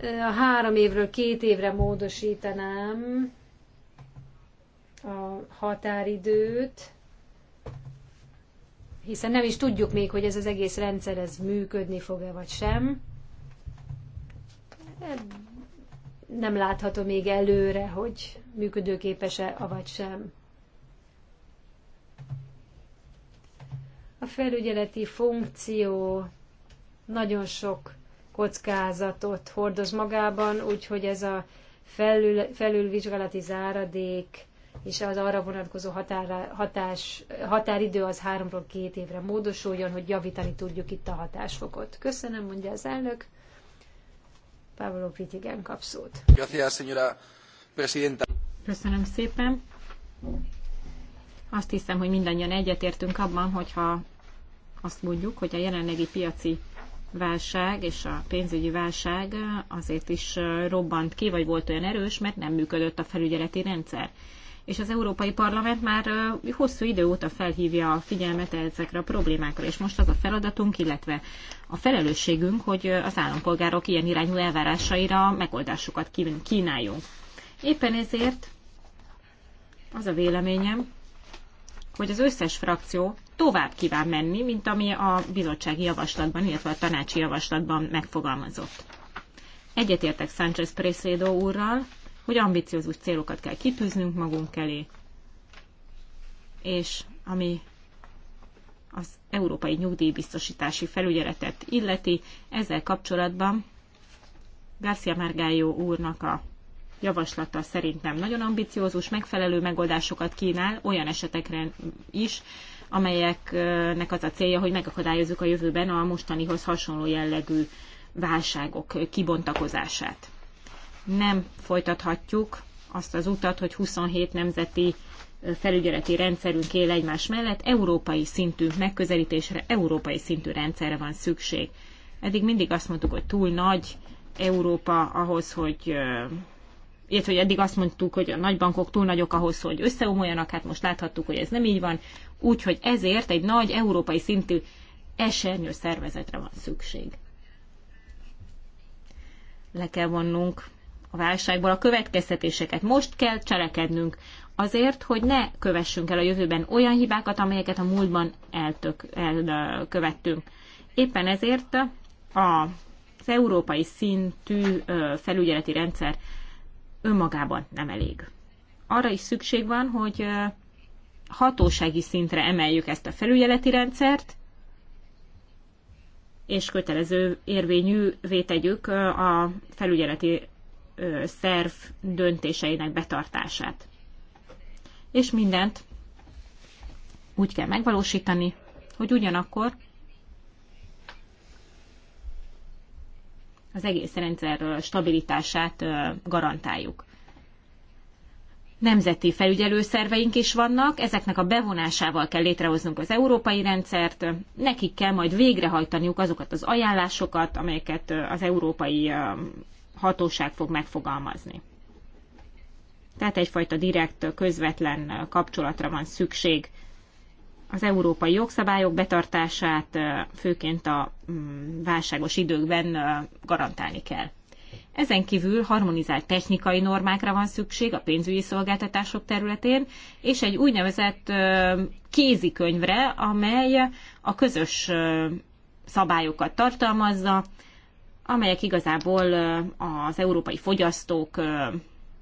a három évről két évre módosítanám a határidőt, hiszen nem is tudjuk még, hogy ez az egész rendszer ez működni fog-e vagy sem. Nem látható még előre, hogy működőképes-e, avagy sem. A felügyeleti funkció nagyon sok kockázatot hordoz magában, úgyhogy ez a felül, felülvizsgálati záradék és az arra vonatkozó határa, hatás, határidő az háromról két évre módosuljon, hogy javítani tudjuk itt a hatásfokot. Köszönöm, mondja az elnök. Pávoló Pritigen kap szót. Köszönöm szépen. Azt hiszem, hogy mindannyian egyetértünk abban, hogyha azt mondjuk, hogy a jelenlegi piaci válság és a pénzügyi válság azért is robbant ki, vagy volt olyan erős, mert nem működött a felügyeleti rendszer. És az Európai Parlament már hosszú idő óta felhívja a figyelmet ezekre a problémákra, és most az a feladatunk, illetve a felelősségünk, hogy az állampolgárok ilyen irányú elvárásaira megoldásokat kínáljunk. Éppen ezért az a véleményem, hogy az összes frakció tovább kíván menni, mint ami a bizottsági javaslatban, illetve a tanácsi javaslatban megfogalmazott. Egyetértek Sánchez Presedo úrral, hogy ambiciózus célokat kell kitűznünk magunk elé, és ami az Európai Nyugdíjbiztosítási Felügyeletet illeti, ezzel kapcsolatban Garcia Margallo úrnak a javaslata nem nagyon ambiciózus, megfelelő megoldásokat kínál olyan esetekre is, amelyeknek az a célja, hogy megakadályozzuk a jövőben a mostanihoz hasonló jellegű válságok kibontakozását. Nem folytathatjuk azt az utat, hogy 27 nemzeti felügyeleti rendszerünk él egymás mellett, európai szintű megközelítésre, európai szintű rendszerre van szükség. Eddig mindig azt mondtuk, hogy túl nagy Európa ahhoz, hogy illetve hogy eddig azt mondtuk, hogy a nagybankok túl nagyok ahhoz, hogy összeomoljanak, hát most láthattuk, hogy ez nem így van. Úgyhogy ezért egy nagy európai szintű esernyő szervezetre van szükség. Le kell vonnunk a válságból a következtetéseket. Most kell cselekednünk azért, hogy ne kövessünk el a jövőben olyan hibákat, amelyeket a múltban eltök, elkövettünk. Éppen ezért a, az európai szintű felügyeleti rendszer önmagában nem elég. Arra is szükség van, hogy hatósági szintre emeljük ezt a felügyeleti rendszert, és kötelező érvényű vétegyük a felügyeleti szerv döntéseinek betartását. És mindent úgy kell megvalósítani, hogy ugyanakkor az egész rendszer stabilitását garantáljuk. Nemzeti felügyelőszerveink is vannak, ezeknek a bevonásával kell létrehoznunk az európai rendszert, nekik kell majd végrehajtaniuk azokat az ajánlásokat, amelyeket az európai hatóság fog megfogalmazni. Tehát egyfajta direkt, közvetlen kapcsolatra van szükség az európai jogszabályok betartását főként a mm, válságos időkben garantálni kell. Ezen kívül harmonizált technikai normákra van szükség a pénzügyi szolgáltatások területén, és egy úgynevezett kézikönyvre, amely a közös szabályokat tartalmazza, amelyek igazából az európai fogyasztók,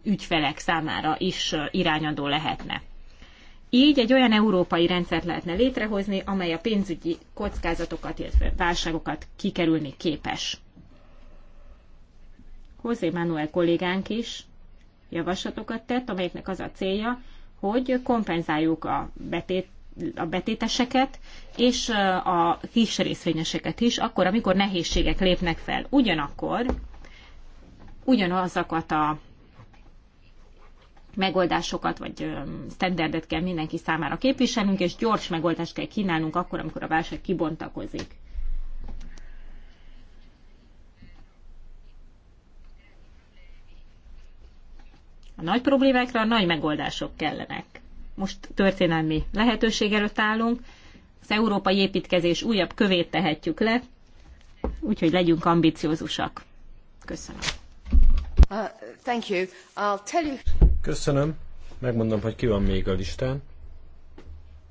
ügyfelek számára is irányadó lehetnek. Így egy olyan európai rendszert lehetne létrehozni, amely a pénzügyi kockázatokat, illetve válságokat kikerülni képes. José Manuel kollégánk is javaslatokat tett, amelyeknek az a célja, hogy kompenzáljuk a, betét, a betéteseket és a kis részvényeseket is, akkor, amikor nehézségek lépnek fel. Ugyanakkor ugyanazokat a megoldásokat vagy standardet kell mindenki számára képviselnünk, és gyors megoldást kell kínálnunk akkor, amikor a válság kibontakozik. A nagy problémákra a nagy megoldások kellenek. Most történelmi lehetőség előtt állunk, az európai építkezés újabb kövét tehetjük le, úgyhogy legyünk ambiciózusak. Köszönöm. Uh, thank you. I'll tell you... Köszönöm. Megmondom, hogy ki van még a listán.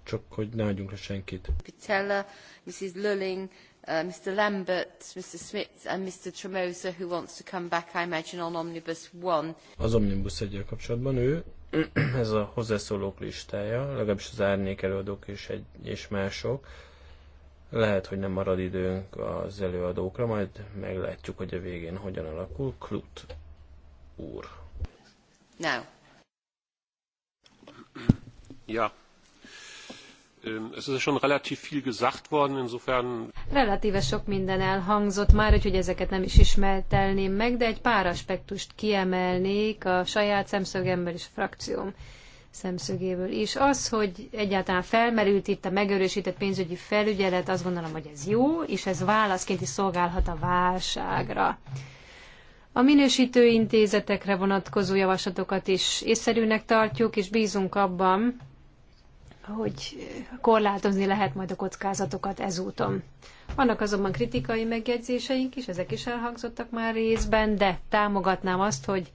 Csak hogy ne adjunk le senkit. Pitella, Mrs. Lulling, uh, Mr. Lambert, Mr. Smith and Mr. Tremosa, who wants to come back, I imagine, on Omnibus 1. Az Omnibus 1 kapcsolatban ő, *clears throat* ez a hozzászólók listája, legalábbis az árnyék előadók és, egy, és mások. Lehet, hogy nem marad időnk az előadókra, majd meglátjuk, hogy a végén hogyan alakul. Klut úr. Now. Ja. Ähm, es ist schon relativ viel gesagt worden, insofern... Relatíve sok minden elhangzott már, úgyhogy ezeket nem is ismertelném meg, de egy pár aspektust kiemelnék a saját szemszögemből és a frakcióm szemszögéből is. Az, hogy egyáltalán felmerült itt a megerősített pénzügyi felügyelet, azt gondolom, hogy ez jó, és ez válaszként is szolgálhat a válságra. A minősítő intézetekre vonatkozó javaslatokat is észszerűnek tartjuk, és bízunk abban, hogy korlátozni lehet majd a kockázatokat ezúton. Vannak azonban kritikai megjegyzéseink is, ezek is elhangzottak már részben, de támogatnám azt, hogy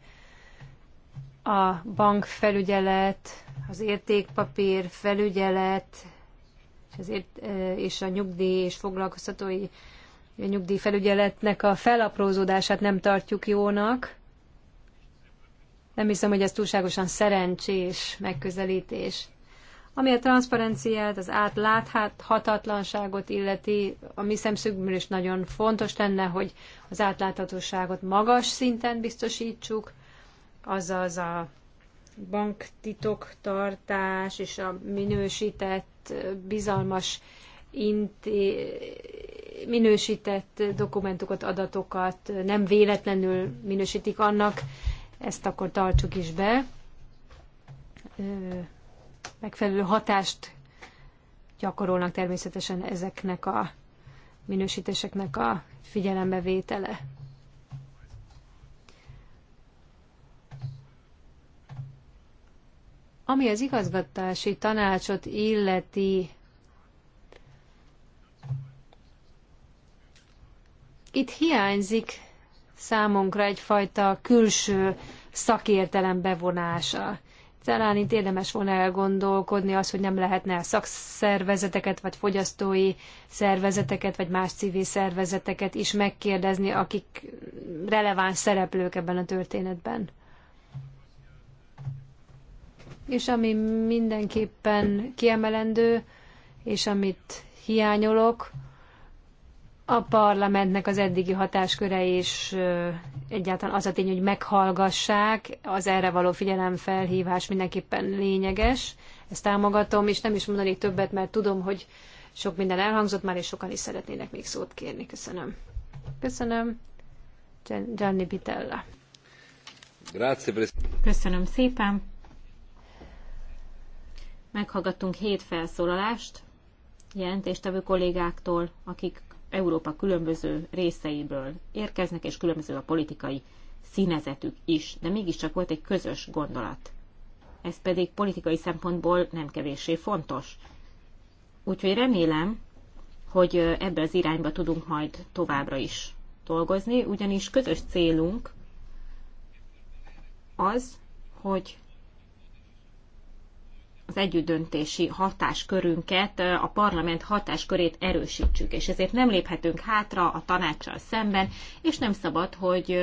a bankfelügyelet, az értékpapír felügyelet, és, azért, és a nyugdíj és foglalkoztatói a nyugdíjfelügyeletnek a felaprózódását nem tartjuk jónak. Nem hiszem, hogy ez túlságosan szerencsés megközelítés. Ami a transzparenciát, az átláthatatlanságot illeti, a mi szemszögből is nagyon fontos lenne, hogy az átláthatóságot magas szinten biztosítsuk, azaz a banktitoktartás és a minősített, bizalmas inti, minősített dokumentokat, adatokat nem véletlenül minősítik annak, ezt akkor tartsuk is be megfelelő hatást gyakorolnak természetesen ezeknek a minősítéseknek a figyelembevétele. Ami az igazgatási tanácsot illeti, itt hiányzik számunkra egyfajta külső szakértelem bevonása talán itt érdemes volna elgondolkodni az, hogy nem lehetne a szakszervezeteket, vagy fogyasztói szervezeteket, vagy más civil szervezeteket is megkérdezni, akik releváns szereplők ebben a történetben. És ami mindenképpen kiemelendő, és amit hiányolok, a parlamentnek az eddigi hatásköre is egyáltalán az a tény, hogy meghallgassák, az erre való figyelemfelhívás mindenképpen lényeges. Ezt támogatom, és nem is mondanék többet, mert tudom, hogy sok minden elhangzott már, és sokan is szeretnének még szót kérni. Köszönöm. Köszönöm. Gianni Pitella. Köszönöm szépen. Meghallgattunk hét felszólalást jelentéstevő kollégáktól, akik Európa különböző részeiből érkeznek, és különböző a politikai színezetük is, de mégiscsak volt egy közös gondolat. Ez pedig politikai szempontból nem kevéssé fontos. Úgyhogy remélem, hogy ebbe az irányba tudunk majd továbbra is dolgozni, ugyanis közös célunk az, hogy az együttdöntési hatáskörünket, a parlament hatáskörét erősítsük, és ezért nem léphetünk hátra a tanácssal szemben, és nem szabad, hogy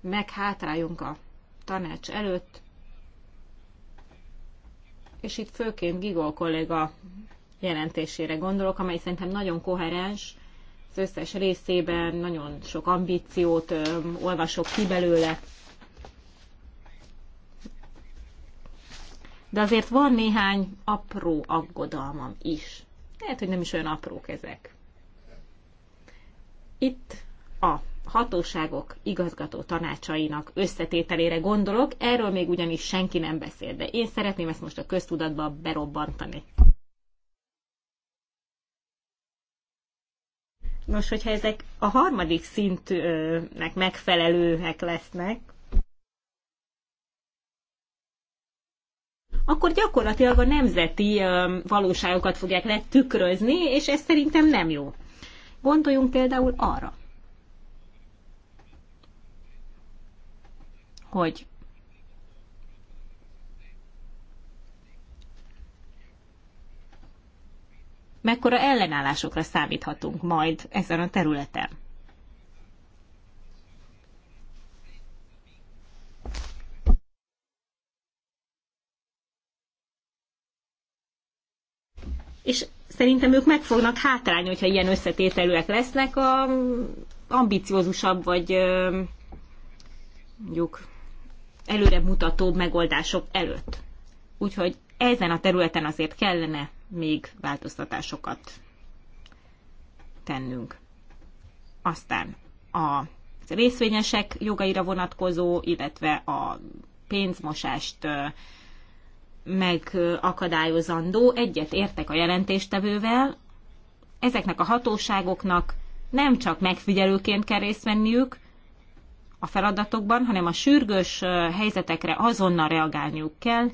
meghátráljunk a tanács előtt, és itt főként Gigol kolléga jelentésére gondolok, amely szerintem nagyon koherens, az összes részében nagyon sok ambíciót olvasok ki belőle, de azért van néhány apró aggodalmam is. Lehet, hogy nem is olyan aprók ezek. Itt a hatóságok igazgató tanácsainak összetételére gondolok, erről még ugyanis senki nem beszél, de én szeretném ezt most a köztudatba berobbantani. Nos, hogyha ezek a harmadik szintnek megfelelőek lesznek, akkor gyakorlatilag a nemzeti valóságokat fogják letükrözni, és ez szerintem nem jó. Gondoljunk például arra, hogy mekkora ellenállásokra számíthatunk majd ezen a területen. és szerintem ők meg fognak hátrálni, hogyha ilyen összetételűek lesznek a ambiciózusabb vagy mondjuk előre mutatóbb megoldások előtt. Úgyhogy ezen a területen azért kellene még változtatásokat tennünk. Aztán a részvényesek jogaira vonatkozó, illetve a pénzmosást megakadályozandó, egyet értek a jelentéstevővel, ezeknek a hatóságoknak nem csak megfigyelőként kell részt venniük a feladatokban, hanem a sürgős helyzetekre azonnal reagálniuk kell,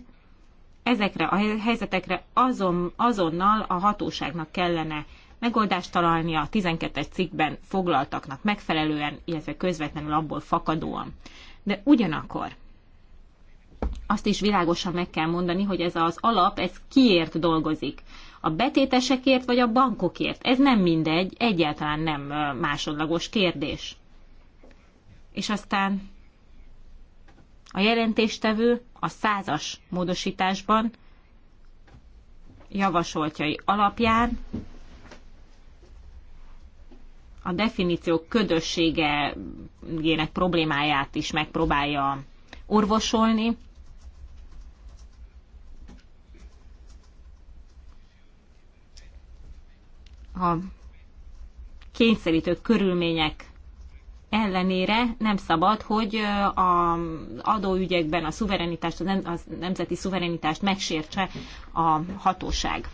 ezekre a helyzetekre azon, azonnal a hatóságnak kellene megoldást találni a 12-es cikkben foglaltaknak megfelelően, illetve közvetlenül abból fakadóan. De ugyanakkor azt is világosan meg kell mondani, hogy ez az alap, ez kiért dolgozik. A betétesekért vagy a bankokért? Ez nem mindegy, egyáltalán nem másodlagos kérdés. És aztán a jelentéstevő a százas módosításban javasoltjai alapján a definíciók ködösségének problémáját is megpróbálja orvosolni, a kényszerítő körülmények ellenére nem szabad, hogy az adóügyekben a szuverenitást, a nemzeti szuverenitást megsértse a hatóság.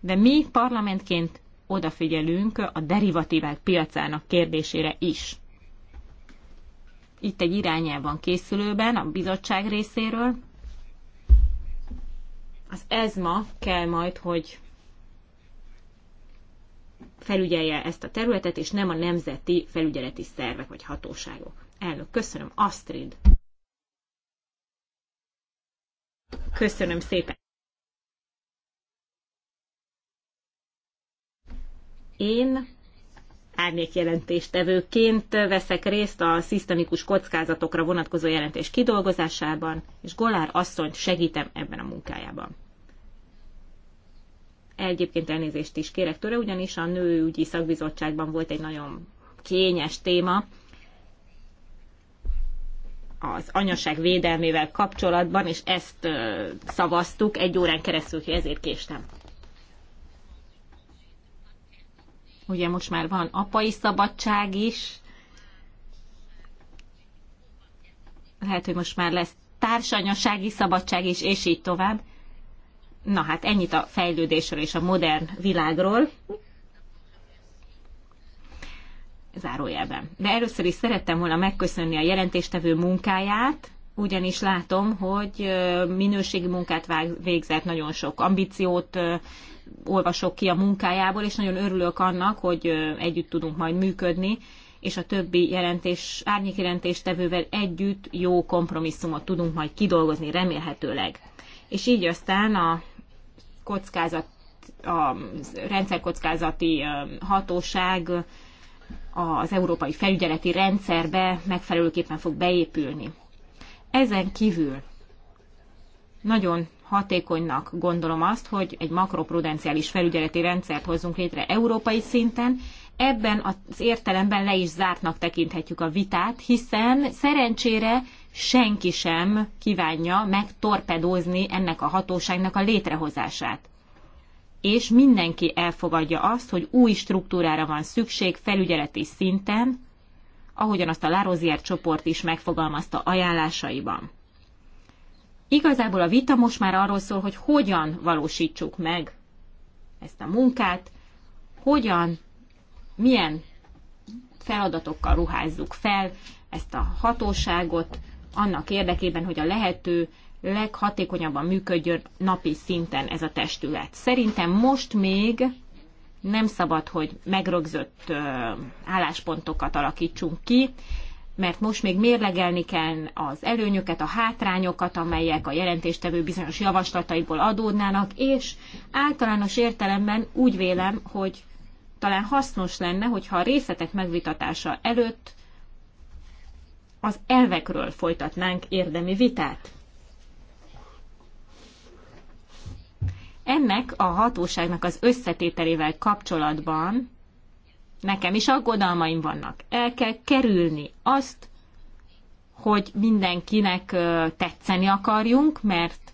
De mi parlamentként odafigyelünk a derivatívák piacának kérdésére is. Itt egy irányel van készülőben a bizottság részéről. Az ma kell majd, hogy felügyelje ezt a területet, és nem a nemzeti felügyeleti szervek vagy hatóságok. Elnök, köszönöm. Astrid. Köszönöm szépen. Én árnyékjelentéstevőként veszek részt a szisztemikus kockázatokra vonatkozó jelentés kidolgozásában, és Golár asszonyt segítem ebben a munkájában. Egyébként elnézést is kérek tőle, ugyanis a nőügyi szakbizottságban volt egy nagyon kényes téma az anyaság védelmével kapcsolatban, és ezt szavaztuk egy órán keresztül, hogy ezért késtem. Ugye most már van apai szabadság is, lehet, hogy most már lesz társanyasági szabadság is, és így tovább. Na hát ennyit a fejlődésről és a modern világról. Zárójelben. De először is szerettem volna megköszönni a jelentéstevő munkáját, ugyanis látom, hogy minőségi munkát végzett, nagyon sok ambíciót olvasok ki a munkájából, és nagyon örülök annak, hogy együtt tudunk majd működni, és a többi jelentés, árnyékjelentéstevővel együtt jó kompromisszumot tudunk majd kidolgozni remélhetőleg. És így aztán a kockázat, a rendszerkockázati hatóság az európai felügyeleti rendszerbe megfelelőképpen fog beépülni. Ezen kívül nagyon hatékonynak gondolom azt, hogy egy makroprudenciális felügyeleti rendszert hozzunk létre európai szinten. Ebben az értelemben le is zártnak tekinthetjük a vitát, hiszen szerencsére senki sem kívánja megtorpedózni ennek a hatóságnak a létrehozását. És mindenki elfogadja azt, hogy új struktúrára van szükség felügyeleti szinten, ahogyan azt a Lározier csoport is megfogalmazta ajánlásaiban. Igazából a vita most már arról szól, hogy hogyan valósítsuk meg ezt a munkát, hogyan, milyen feladatokkal ruházzuk fel ezt a hatóságot, annak érdekében, hogy a lehető leghatékonyabban működjön napi szinten ez a testület. Szerintem most még nem szabad, hogy megrögzött álláspontokat alakítsunk ki, mert most még mérlegelni kell az előnyöket, a hátrányokat, amelyek a jelentéstevő bizonyos javaslataiból adódnának, és általános értelemben úgy vélem, hogy talán hasznos lenne, hogyha a részletek megvitatása előtt az elvekről folytatnánk érdemi vitát. Ennek a hatóságnak az összetételével kapcsolatban nekem is aggodalmaim vannak. El kell kerülni azt, hogy mindenkinek tetszeni akarjunk, mert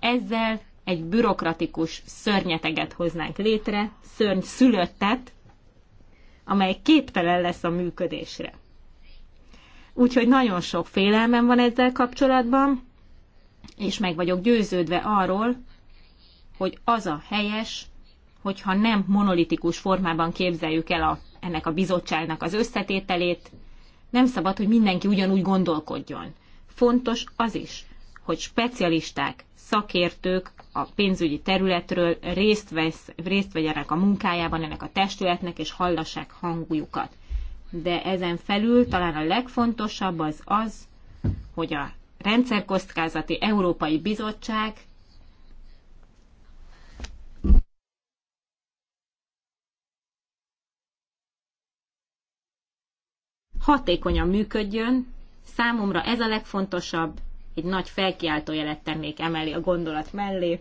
ezzel egy bürokratikus szörnyeteget hoznánk létre, szörny szülöttet, amely képtelen lesz a működésre. Úgyhogy nagyon sok félelmem van ezzel kapcsolatban, és meg vagyok győződve arról, hogy az a helyes, hogyha nem monolitikus formában képzeljük el a, ennek a bizottságnak az összetételét, nem szabad, hogy mindenki ugyanúgy gondolkodjon. Fontos az is, hogy specialisták, szakértők a pénzügyi területről részt, vesz, részt vegyenek a munkájában ennek a testületnek, és hallassák hangjukat de ezen felül talán a legfontosabb az az, hogy a rendszerkosztkázati Európai Bizottság hatékonyan működjön. Számomra ez a legfontosabb, egy nagy jelet tennék emeli a gondolat mellé.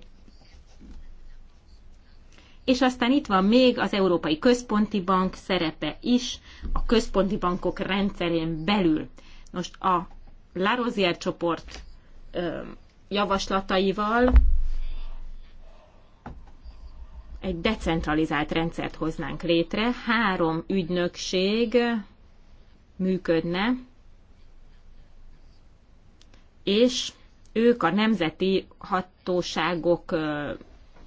És aztán itt van még az Európai Központi Bank szerepe is a központi bankok rendszerén belül. Most a Larosier csoport javaslataival egy decentralizált rendszert hoznánk létre. Három ügynökség működne, és ők a nemzeti hatóságok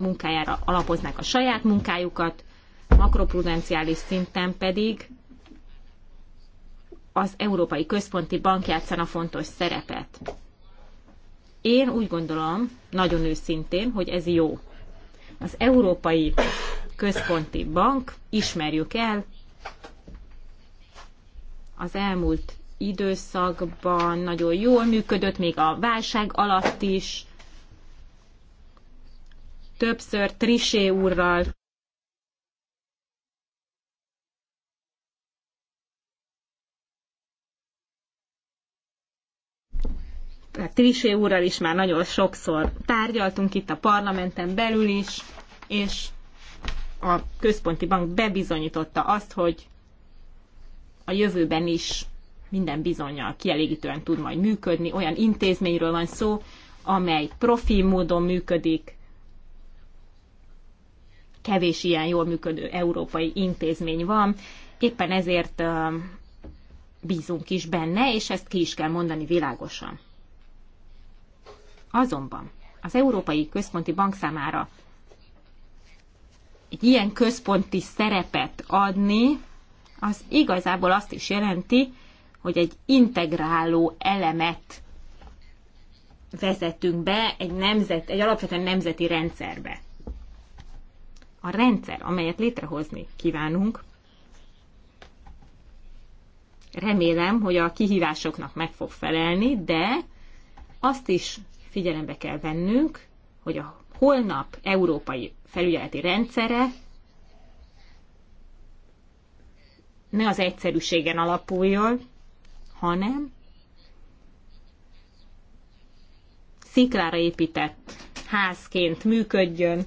munkájára alapoznák a saját munkájukat, makroprudenciális szinten pedig az Európai Központi Bank játszana fontos szerepet. Én úgy gondolom, nagyon őszintén, hogy ez jó. Az Európai Központi Bank, ismerjük el, az elmúlt időszakban nagyon jól működött, még a válság alatt is, többször Trisé úrral tehát Trisé úrral is már nagyon sokszor tárgyaltunk itt a parlamenten belül is, és a központi bank bebizonyította azt, hogy a jövőben is minden bizonyal kielégítően tud majd működni. Olyan intézményről van szó, amely profi módon működik, kevés ilyen jól működő európai intézmény van, éppen ezért bízunk is benne, és ezt ki is kell mondani világosan. Azonban az Európai Központi Bank számára egy ilyen központi szerepet adni, az igazából azt is jelenti, hogy egy integráló elemet vezetünk be egy, nemzet, egy alapvetően nemzeti rendszerbe a rendszer, amelyet létrehozni kívánunk, remélem, hogy a kihívásoknak meg fog felelni, de azt is figyelembe kell vennünk, hogy a holnap európai felügyeleti rendszere ne az egyszerűségen alapuljon, hanem sziklára épített házként működjön,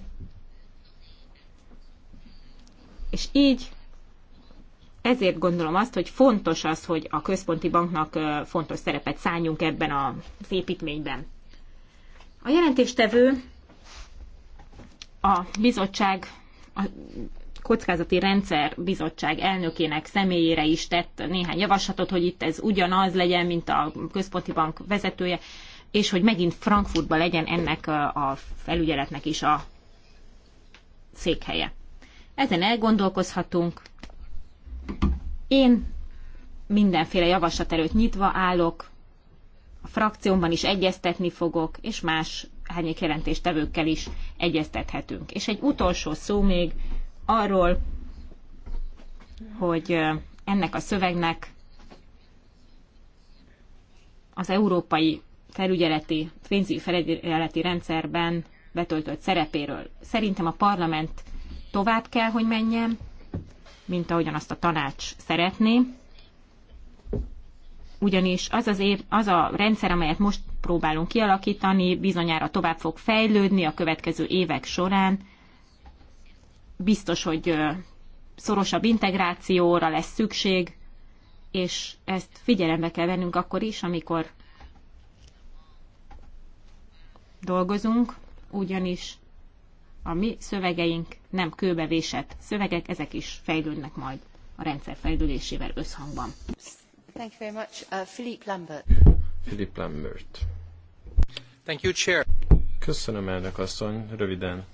és így ezért gondolom azt, hogy fontos az, hogy a központi banknak fontos szerepet szálljunk ebben az építményben. A jelentéstevő a bizottság, a kockázati rendszer bizottság elnökének személyére is tett néhány javaslatot, hogy itt ez ugyanaz legyen, mint a központi bank vezetője, és hogy megint Frankfurtban legyen ennek a felügyeletnek is a székhelye. Ezen elgondolkozhatunk. Én mindenféle javaslat előtt nyitva állok, a frakciómban is egyeztetni fogok, és más árnyék jelentéstevőkkel is egyeztethetünk. És egy utolsó szó még arról, hogy ennek a szövegnek az európai felügyeleti, pénzügyi felügyeleti rendszerben betöltött szerepéről. Szerintem a parlament tovább kell, hogy menjen, mint ahogyan azt a tanács szeretné. Ugyanis az, az, év, az a rendszer, amelyet most próbálunk kialakítani, bizonyára tovább fog fejlődni a következő évek során. Biztos, hogy szorosabb integrációra lesz szükség, és ezt figyelembe kell vennünk akkor is, amikor dolgozunk, ugyanis a mi szövegeink nem kőbevésett szövegek, ezek is fejlődnek majd a rendszer fejlődésével összhangban. Thank you very much. Uh, Philippe Lambert. Philippe Lambert. Thank you, Chair. Köszönöm, elnök asszony. Röviden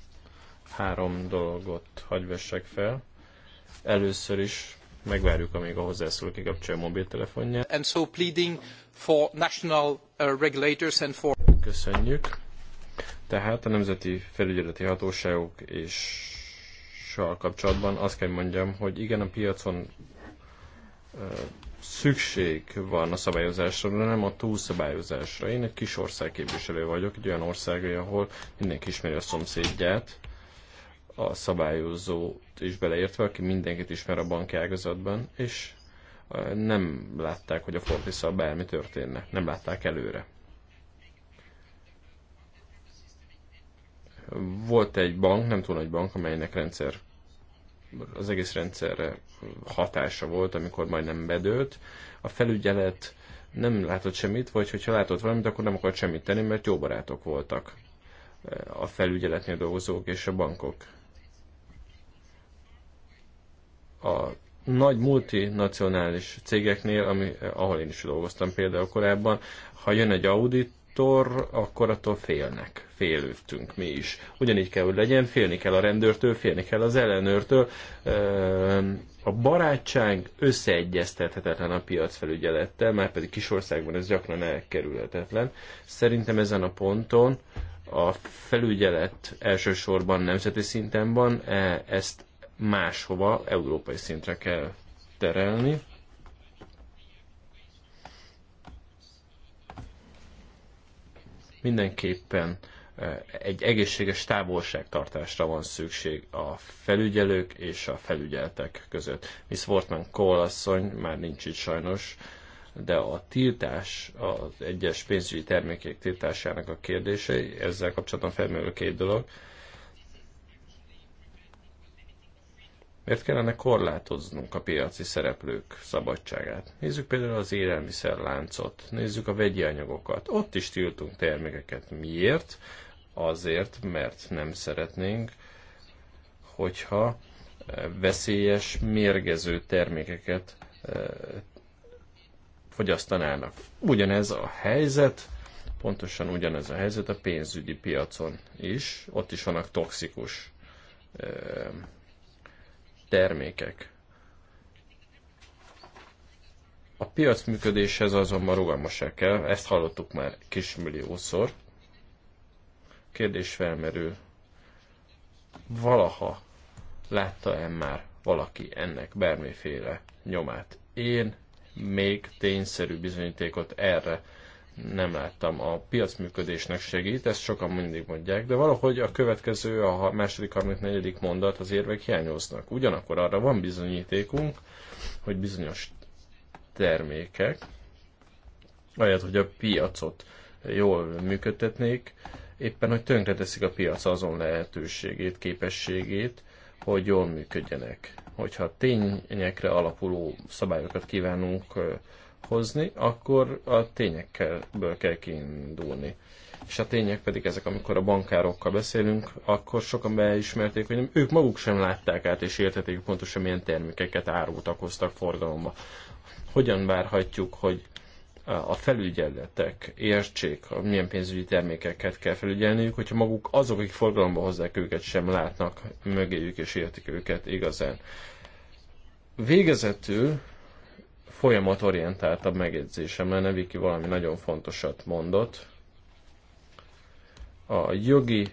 három dolgot hagyvessek fel. Először is megvárjuk, amíg a hozzászóló kikapcsolja a mobiltelefonját. And so pleading for national uh, regulators and for... Köszönjük tehát a nemzeti felügyeleti hatóságok és sal kapcsolatban azt kell mondjam, hogy igen, a piacon szükség van a szabályozásra, de nem a túlszabályozásra. Én egy kis ország képviselő vagyok, egy olyan ország, ahol mindenki ismeri a szomszédját, a szabályozót is beleértve, aki mindenkit ismer a banki ágazatban, és nem látták, hogy a Fortisszal bármi történne. Nem látták előre. Volt egy bank, nem túl nagy bank, amelynek rendszer, az egész rendszerre hatása volt, amikor majdnem bedőlt. A felügyelet nem látott semmit, vagy hogyha látott valamit, akkor nem akart semmit tenni, mert jó barátok voltak a felügyeletnél dolgozók és a bankok. A nagy multinacionális cégeknél, ami, ahol én is dolgoztam például korábban, ha jön egy auditor, akkor attól félnek félőttünk mi is. Ugyanígy kell, hogy legyen, félni kell a rendőrtől, félni kell az ellenőrtől. Ehm, a barátság összeegyeztethetetlen a piacfelügyelettel, már pedig kisországban ez gyakran elkerülhetetlen. Szerintem ezen a ponton a felügyelet elsősorban nemzeti szinten van, e, ezt máshova, európai szintre kell terelni. Mindenképpen egy egészséges távolságtartásra van szükség a felügyelők és a felügyeltek között. Miss Wortman Cole asszony már nincs itt sajnos, de a tiltás, az egyes pénzügyi termékek tiltásának a kérdései, ezzel kapcsolatban felmerül két dolog. Miért kellene korlátoznunk a piaci szereplők szabadságát? Nézzük például az élelmiszerláncot, nézzük a vegyi anyagokat. Ott is tiltunk termékeket. Miért? azért, mert nem szeretnénk, hogyha eh, veszélyes, mérgező termékeket eh, fogyasztanának. Ugyanez a helyzet, pontosan ugyanez a helyzet a pénzügyi piacon is, ott is vannak toxikus eh, termékek. A piac működéshez azonban rugalmaság kell, ezt hallottuk már kismilliószor kérdés felmerül, valaha látta-e már valaki ennek bármiféle nyomát? Én még tényszerű bizonyítékot erre nem láttam. A piac működésnek segít, ezt sokan mindig mondják, de valahogy a következő, a második, harmadik, negyedik mondat az érvek hiányoznak. Ugyanakkor arra van bizonyítékunk, hogy bizonyos termékek, ahelyett, hogy a piacot jól működtetnék, éppen, hogy tönkreteszik a piac azon lehetőségét, képességét, hogy jól működjenek. Hogyha tényekre alapuló szabályokat kívánunk hozni, akkor a tényekből kell kiindulni. És a tények pedig ezek, amikor a bankárokkal beszélünk, akkor sokan beismerték, hogy ők maguk sem látták át és értették pontosan milyen termékeket árultak, hoztak forgalomba. Hogyan várhatjuk, hogy a felügyeletek értsék, milyen pénzügyi termékeket kell felügyelniük, hogyha maguk azok, akik forgalomba hozzák őket, sem látnak mögéjük és értik őket igazán. Végezetül folyamatorientáltabb megjegyzésem lenne, Viki valami nagyon fontosat mondott. A jogi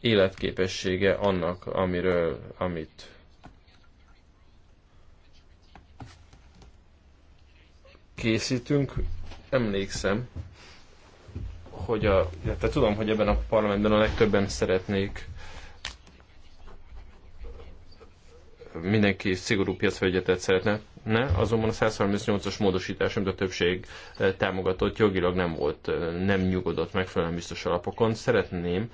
életképessége annak, amiről, amit készítünk, emlékszem, hogy a, te tudom, hogy ebben a parlamentben a legtöbben szeretnék mindenki szigorú piacfelügyetet szeretne, ne, azonban a 138-as módosítás, amit a többség eh, támogatott, jogilag nem volt, eh, nem nyugodott megfelelően biztos alapokon. Szeretném,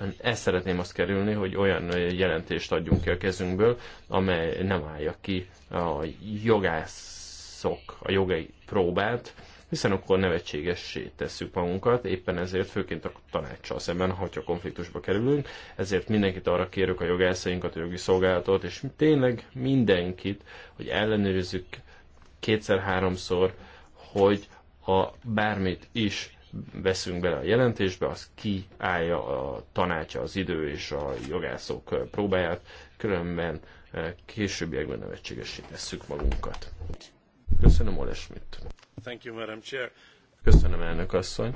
eh, ezt szeretném azt kerülni, hogy olyan jelentést adjunk ki a kezünkből, amely nem állja ki a jogászok, a jogai próbát, hiszen akkor nevetségessé tesszük magunkat, éppen ezért főként a tanácssal szemben, hogyha konfliktusba kerülünk, ezért mindenkit arra kérjük a jogászainkat, a jogi szolgálatot, és tényleg mindenkit, hogy ellenőrizzük kétszer-háromszor, hogy a bármit is veszünk bele a jelentésbe, az kiállja a tanácsa, az idő és a jogászok próbáját, különben eh, későbbiekben nevetségesítesszük magunkat. Köszönöm, Ole Schmidt. Thank you, Madam Chair. Köszönöm, elnök asszony.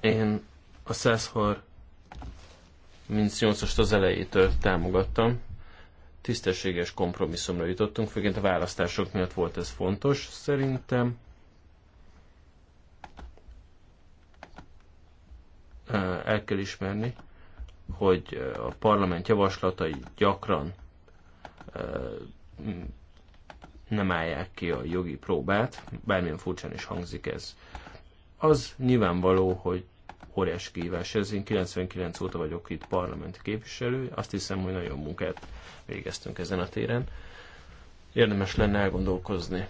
Én a 100-szor az elejétől támogattam. Tisztességes kompromisszumra jutottunk, főként a választások miatt volt ez fontos szerintem. El kell ismerni, hogy a parlament javaslatai gyakran nem állják ki a jogi próbát, bármilyen furcsán is hangzik ez. Az nyilvánvaló, hogy óriási kívás ez. Én 99 óta vagyok itt parlamenti képviselő, azt hiszem, hogy nagyon munkát végeztünk ezen a téren. Érdemes lenne elgondolkozni.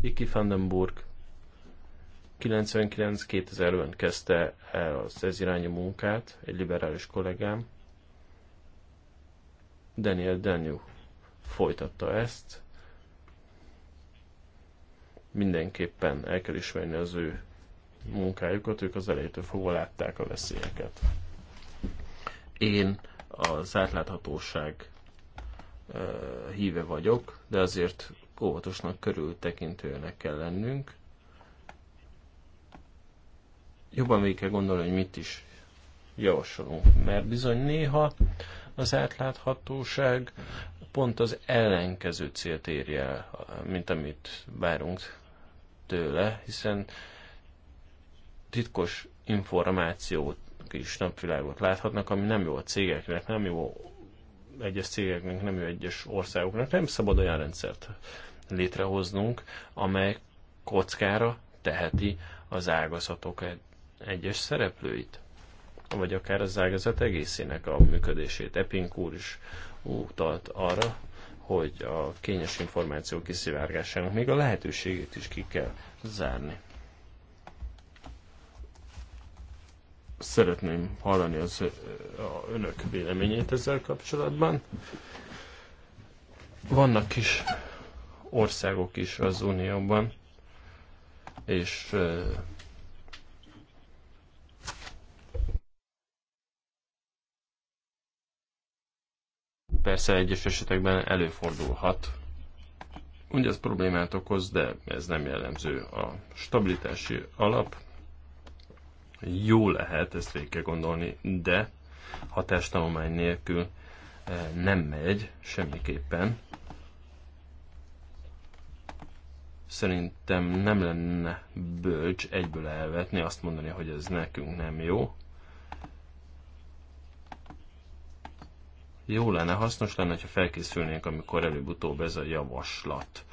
Iki Vandenburg 99-2000-ben kezdte el az ez irányú munkát egy liberális kollégám. Daniel Daniel folytatta ezt. Mindenképpen el kell ismerni az ő munkájukat, ők az elejétől fogva látták a veszélyeket. Én az átláthatóság eh, híve vagyok, de azért óvatosnak körültekintőnek kell lennünk jobban végig kell gondolni, hogy mit is javasolunk, mert bizony néha az átláthatóság pont az ellenkező célt érje el, mint amit várunk tőle, hiszen titkos információt is napvilágot láthatnak, ami nem jó a cégeknek, nem jó egyes cégeknek, nem jó egyes országoknak. Nem szabad olyan rendszert létrehoznunk, amely kockára teheti az ágazatok egyes szereplőit, vagy akár az ágazat egészének a működését. Epping úr is utalt arra, hogy a kényes információ kiszivárgásának még a lehetőségét is ki kell zárni. Szeretném hallani az a önök véleményét ezzel kapcsolatban. Vannak is országok is az Unióban, és persze egyes esetekben előfordulhat, Ugye ez problémát okoz, de ez nem jellemző. A stabilitási alap jó lehet, ezt végig kell gondolni, de hatástanulmány nélkül eh, nem megy semmiképpen. Szerintem nem lenne bölcs egyből elvetni, azt mondani, hogy ez nekünk nem jó, Jó lenne, hasznos lenne, ha felkészülnénk, amikor előbb-utóbb ez a javaslat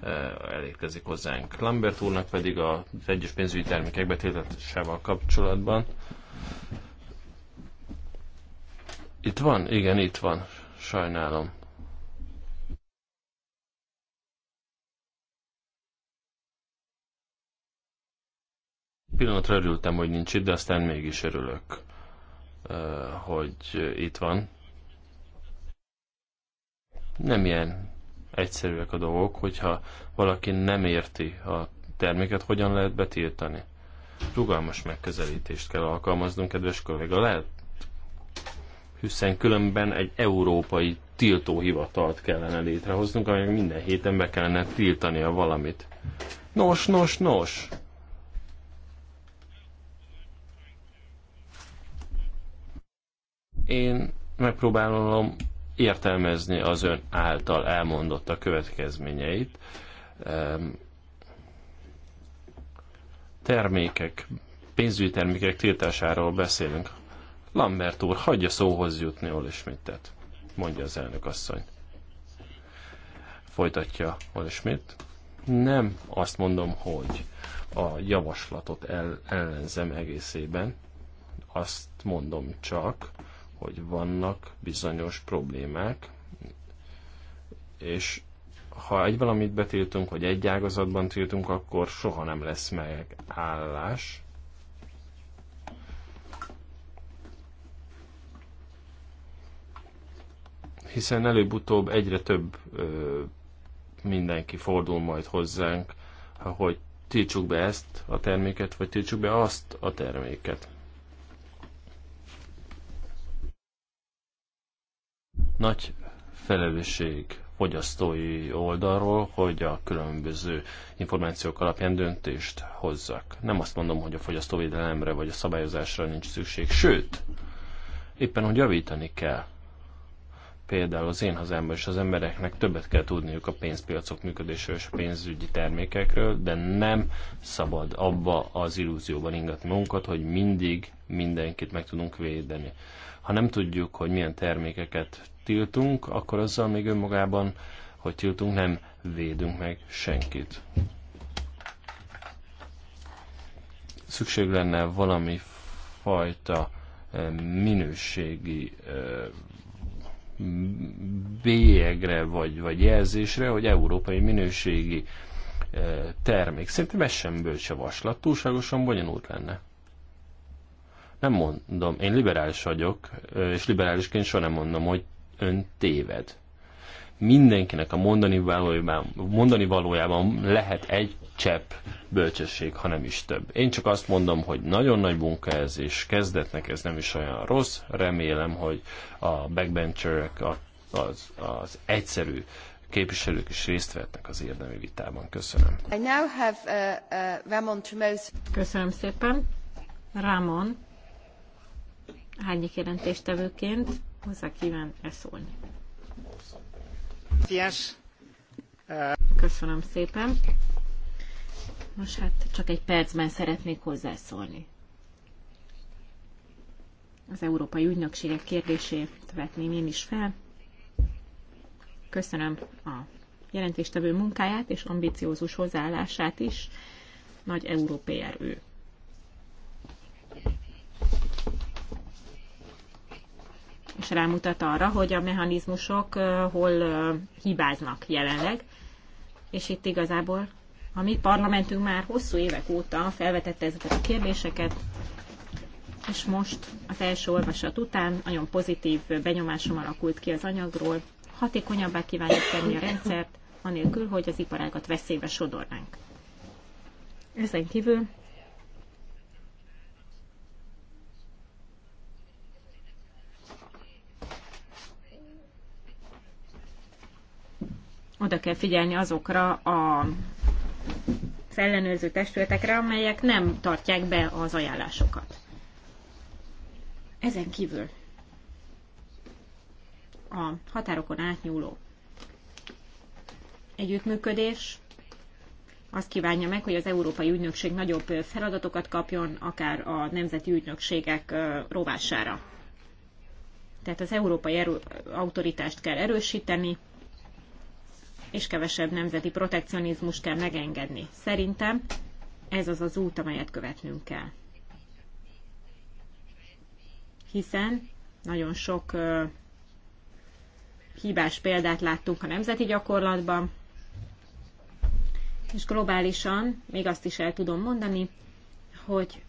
eh, elérkezik hozzánk. Lambert úrnak pedig a egyes pénzügyi termékek betiltatásával kapcsolatban. Itt van? Igen, itt van. Sajnálom. Pillanatra örültem, hogy nincs itt, de aztán mégis örülök, eh, hogy itt van nem ilyen egyszerűek a dolgok, hogyha valaki nem érti a terméket, hogyan lehet betiltani. Rugalmas megközelítést kell alkalmaznunk, kedves kolléga, lehet hiszen különben egy európai tiltóhivatalt kellene létrehoznunk, amelyek minden héten be kellene tiltania valamit. Nos, nos, nos! Én megpróbálom értelmezni az ön által elmondott a következményeit. Termékek, pénzügyi termékek tiltásáról beszélünk. Lambert úr, hagyja szóhoz jutni Olismittet, mondja az elnök asszony. Folytatja Olismitt. Nem azt mondom, hogy a javaslatot el, ellenzem egészében, azt mondom csak, hogy vannak bizonyos problémák, és ha egy valamit betiltunk, vagy egy ágazatban tiltunk, akkor soha nem lesz megállás. Hiszen előbb-utóbb egyre több ö, mindenki fordul majd hozzánk, hogy tiltsuk be ezt a terméket, vagy tiltsuk be azt a terméket. Nagy felelősség fogyasztói oldalról, hogy a különböző információk alapján döntést hozzak. Nem azt mondom, hogy a fogyasztóvédelemre vagy a szabályozásra nincs szükség, sőt, éppen hogy javítani kell. Például az én hazámban is az embereknek többet kell tudniuk a pénzpiacok működésről és a pénzügyi termékekről, de nem szabad abba az illúzióban ingatni magunkat, hogy mindig mindenkit meg tudunk védeni. Ha nem tudjuk, hogy milyen termékeket tiltunk, akkor azzal még önmagában, hogy tiltunk, nem védünk meg senkit. Szükség lenne valami fajta eh, minőségi eh, bélyegre vagy, vagy jelzésre, hogy európai minőségi eh, termék. Szerintem ez sem bölcs túlságosan bonyolult lenne. Nem mondom, én liberális vagyok, és liberálisként soha nem mondom, hogy ön téved. Mindenkinek a mondani valójában, mondani valójában lehet egy csepp bölcsesség, ha nem is több. Én csak azt mondom, hogy nagyon nagy munka ez, és kezdetnek ez nem is olyan rossz. Remélem, hogy a backbencherek, az, az egyszerű képviselők is részt vettek az érdemi vitában. Köszönöm. I now have, uh, uh, Ramon Tremosa. Köszönöm szépen. Ramon árnyék jelentéstevőként hozzá kíván e szólni. Köszönöm szépen. Most hát csak egy percben szeretnék hozzászólni. Az Európai Ügynökségek kérdését vetném én is fel. Köszönöm a jelentéstevő munkáját és ambiciózus hozzáállását is. Nagy európai erő. és rámutat arra, hogy a mechanizmusok hol hibáznak jelenleg, és itt igazából a mi parlamentünk már hosszú évek óta felvetette ezeket a kérdéseket, és most az első olvasat után nagyon pozitív benyomásom alakult ki az anyagról, hatékonyabbá kívánjuk tenni a rendszert, anélkül, hogy az iparágat veszélybe sodornánk. Ezen kívül oda kell figyelni azokra a ellenőrző testületekre, amelyek nem tartják be az ajánlásokat. Ezen kívül a határokon átnyúló együttműködés azt kívánja meg, hogy az Európai Ügynökség nagyobb feladatokat kapjon, akár a nemzeti ügynökségek rovására. Tehát az európai erő, autoritást kell erősíteni, és kevesebb nemzeti protekcionizmus kell megengedni. Szerintem ez az az út, amelyet követnünk kell. Hiszen nagyon sok ö, hibás példát láttunk a nemzeti gyakorlatban, és globálisan még azt is el tudom mondani, hogy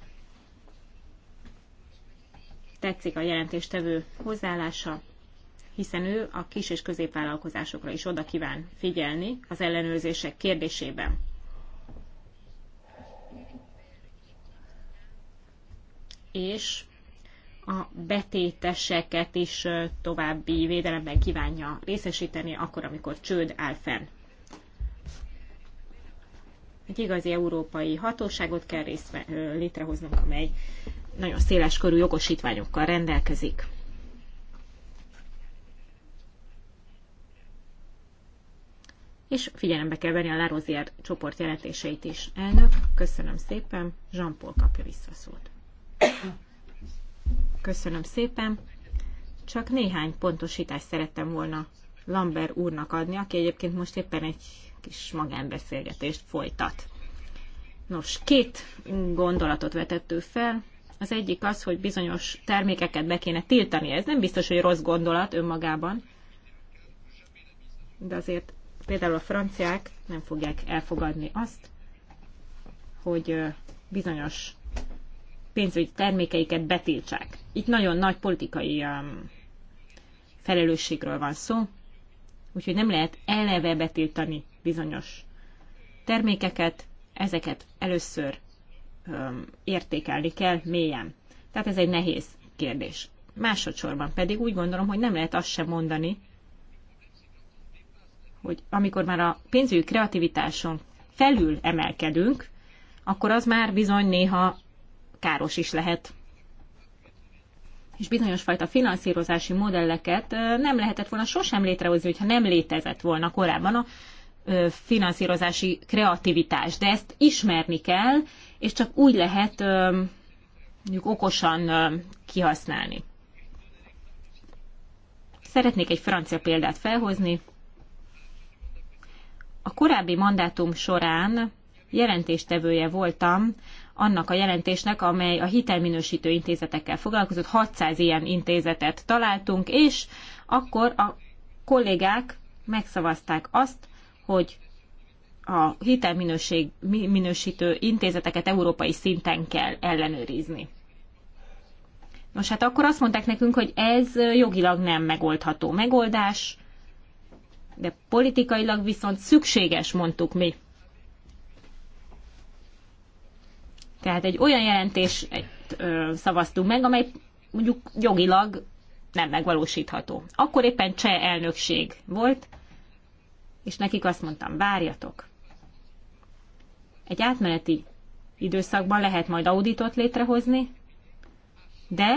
tetszik a jelentéstevő hozzáállása, hiszen ő a kis és középvállalkozásokra is oda kíván figyelni az ellenőrzések kérdésében. És a betéteseket is további védelemben kívánja részesíteni, akkor, amikor csőd áll fenn. Egy igazi európai hatóságot kell részve, létrehoznunk, amely nagyon széles körű jogosítványokkal rendelkezik. és figyelembe kell venni a Larozier csoport jelentéseit is. Elnök, köszönöm szépen, Jean-Paul kapja vissza a szót. Köszönöm szépen. Csak néhány pontosítást szerettem volna Lambert úrnak adni, aki egyébként most éppen egy kis magánbeszélgetést folytat. Nos, két gondolatot vetettő fel. Az egyik az, hogy bizonyos termékeket be kéne tiltani. Ez nem biztos, hogy rossz gondolat önmagában, de azért például a franciák nem fogják elfogadni azt, hogy bizonyos pénzügyi termékeiket betiltsák. Itt nagyon nagy politikai felelősségről van szó, úgyhogy nem lehet eleve betiltani bizonyos termékeket, ezeket először értékelni kell mélyen. Tehát ez egy nehéz kérdés. Másodszorban pedig úgy gondolom, hogy nem lehet azt sem mondani, hogy amikor már a pénzügyi kreativitáson felül emelkedünk, akkor az már bizony néha káros is lehet. És bizonyos fajta finanszírozási modelleket nem lehetett volna sosem létrehozni, hogyha nem létezett volna korábban a finanszírozási kreativitás. De ezt ismerni kell, és csak úgy lehet mondjuk okosan kihasználni. Szeretnék egy francia példát felhozni. A korábbi mandátum során jelentéstevője voltam annak a jelentésnek, amely a hitelminősítő intézetekkel foglalkozott. 600 ilyen intézetet találtunk, és akkor a kollégák megszavazták azt, hogy a hitelminősítő intézeteket európai szinten kell ellenőrizni. Nos, hát akkor azt mondták nekünk, hogy ez jogilag nem megoldható megoldás, de politikailag viszont szükséges, mondtuk mi. Tehát egy olyan jelentés szavaztunk meg, amely mondjuk jogilag nem megvalósítható. Akkor éppen cseh elnökség volt, és nekik azt mondtam, várjatok. Egy átmeneti időszakban lehet majd auditot létrehozni, de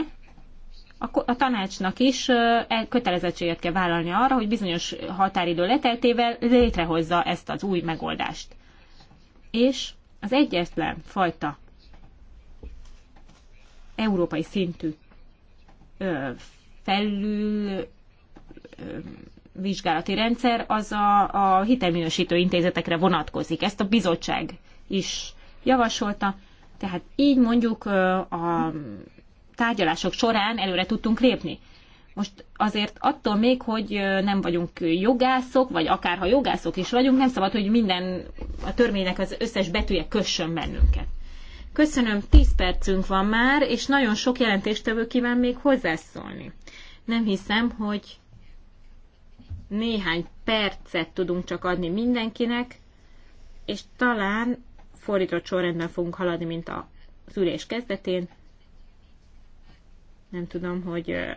a tanácsnak is e, kötelezettséget kell vállalni arra, hogy bizonyos határidő leteltével létrehozza ezt az új megoldást. És az egyetlen fajta európai szintű felül vizsgálati rendszer az a, a hitelminősítő intézetekre vonatkozik. Ezt a bizottság is javasolta. Tehát így mondjuk a tárgyalások során előre tudtunk lépni. Most azért attól még, hogy nem vagyunk jogászok, vagy akár ha jogászok is vagyunk, nem szabad, hogy minden a törvénynek az összes betűje kössön bennünket. Köszönöm, 10 percünk van már, és nagyon sok jelentéstevő kíván még hozzászólni. Nem hiszem, hogy néhány percet tudunk csak adni mindenkinek, és talán fordított sorrendben fogunk haladni, mint az ülés kezdetén. Nem tudom, hogy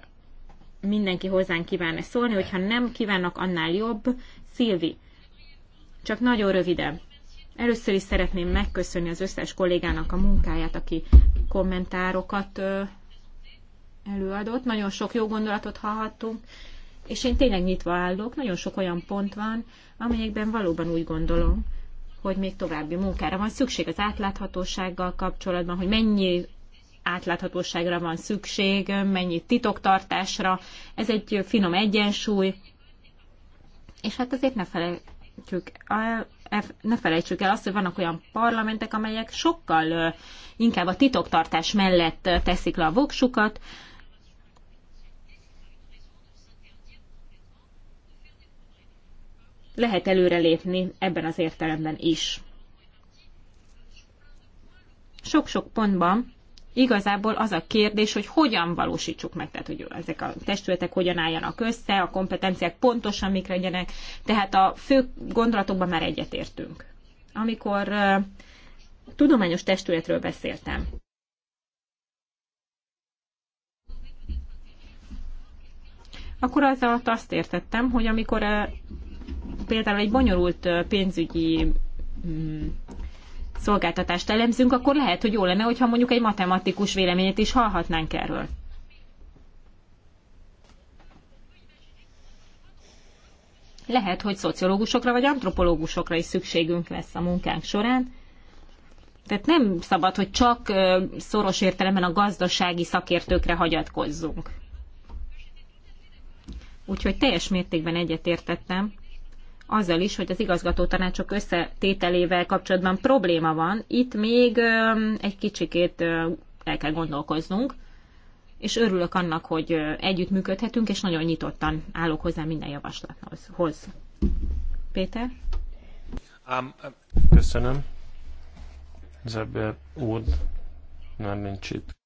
mindenki hozzánk kívánne szólni, hogyha nem kívánnak, annál jobb. Szilvi, csak nagyon röviden. Először is szeretném megköszönni az összes kollégának a munkáját, aki kommentárokat előadott. Nagyon sok jó gondolatot hallhattunk, és én tényleg nyitva állok. Nagyon sok olyan pont van, amelyekben valóban úgy gondolom, hogy még további munkára van szükség az átláthatósággal kapcsolatban, hogy mennyi átláthatóságra van szükség, mennyit titoktartásra. Ez egy finom egyensúly, és hát azért ne felejtjük el, e- ne felejtsük el azt, hogy vannak olyan parlamentek, amelyek sokkal inkább a titoktartás mellett teszik le a voksukat, lehet előrelépni ebben az értelemben is. Sok-sok pontban Igazából az a kérdés, hogy hogyan valósítsuk meg, tehát hogy ezek a testületek hogyan álljanak össze, a kompetenciák pontosan mik legyenek, tehát a fő gondolatokban már egyetértünk. Amikor tudományos testületről beszéltem, akkor az alatt azt értettem, hogy amikor például egy bonyolult pénzügyi mm, szolgáltatást elemzünk, akkor lehet, hogy jó lenne, hogyha mondjuk egy matematikus véleményét is hallhatnánk erről. Lehet, hogy szociológusokra vagy antropológusokra is szükségünk lesz a munkánk során. Tehát nem szabad, hogy csak szoros értelemben a gazdasági szakértőkre hagyatkozzunk. Úgyhogy teljes mértékben egyetértettem azzal is, hogy az igazgató tanácsok összetételével kapcsolatban probléma van. Itt még egy kicsikét el kell gondolkoznunk, és örülök annak, hogy együttműködhetünk, és nagyon nyitottan állok hozzá minden javaslathoz. Péter? Um, Köszönöm. Zebber úr nem nincs itt.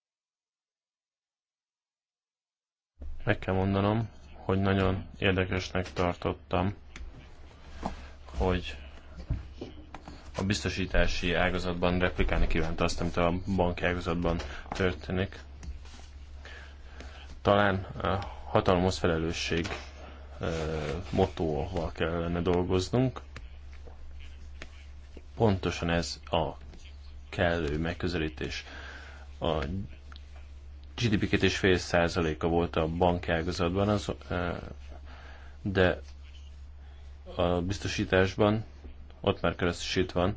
Meg kell mondanom, hogy nagyon érdekesnek tartottam hogy a biztosítási ágazatban replikálni kívánta azt, amit a banki ágazatban történik. Talán a hatalmas felelősség motóval kellene dolgoznunk. Pontosan ez a kellő megközelítés. A gdp 2,5%-a volt a bankágazatban, az, de a biztosításban, ott már keresztesít van,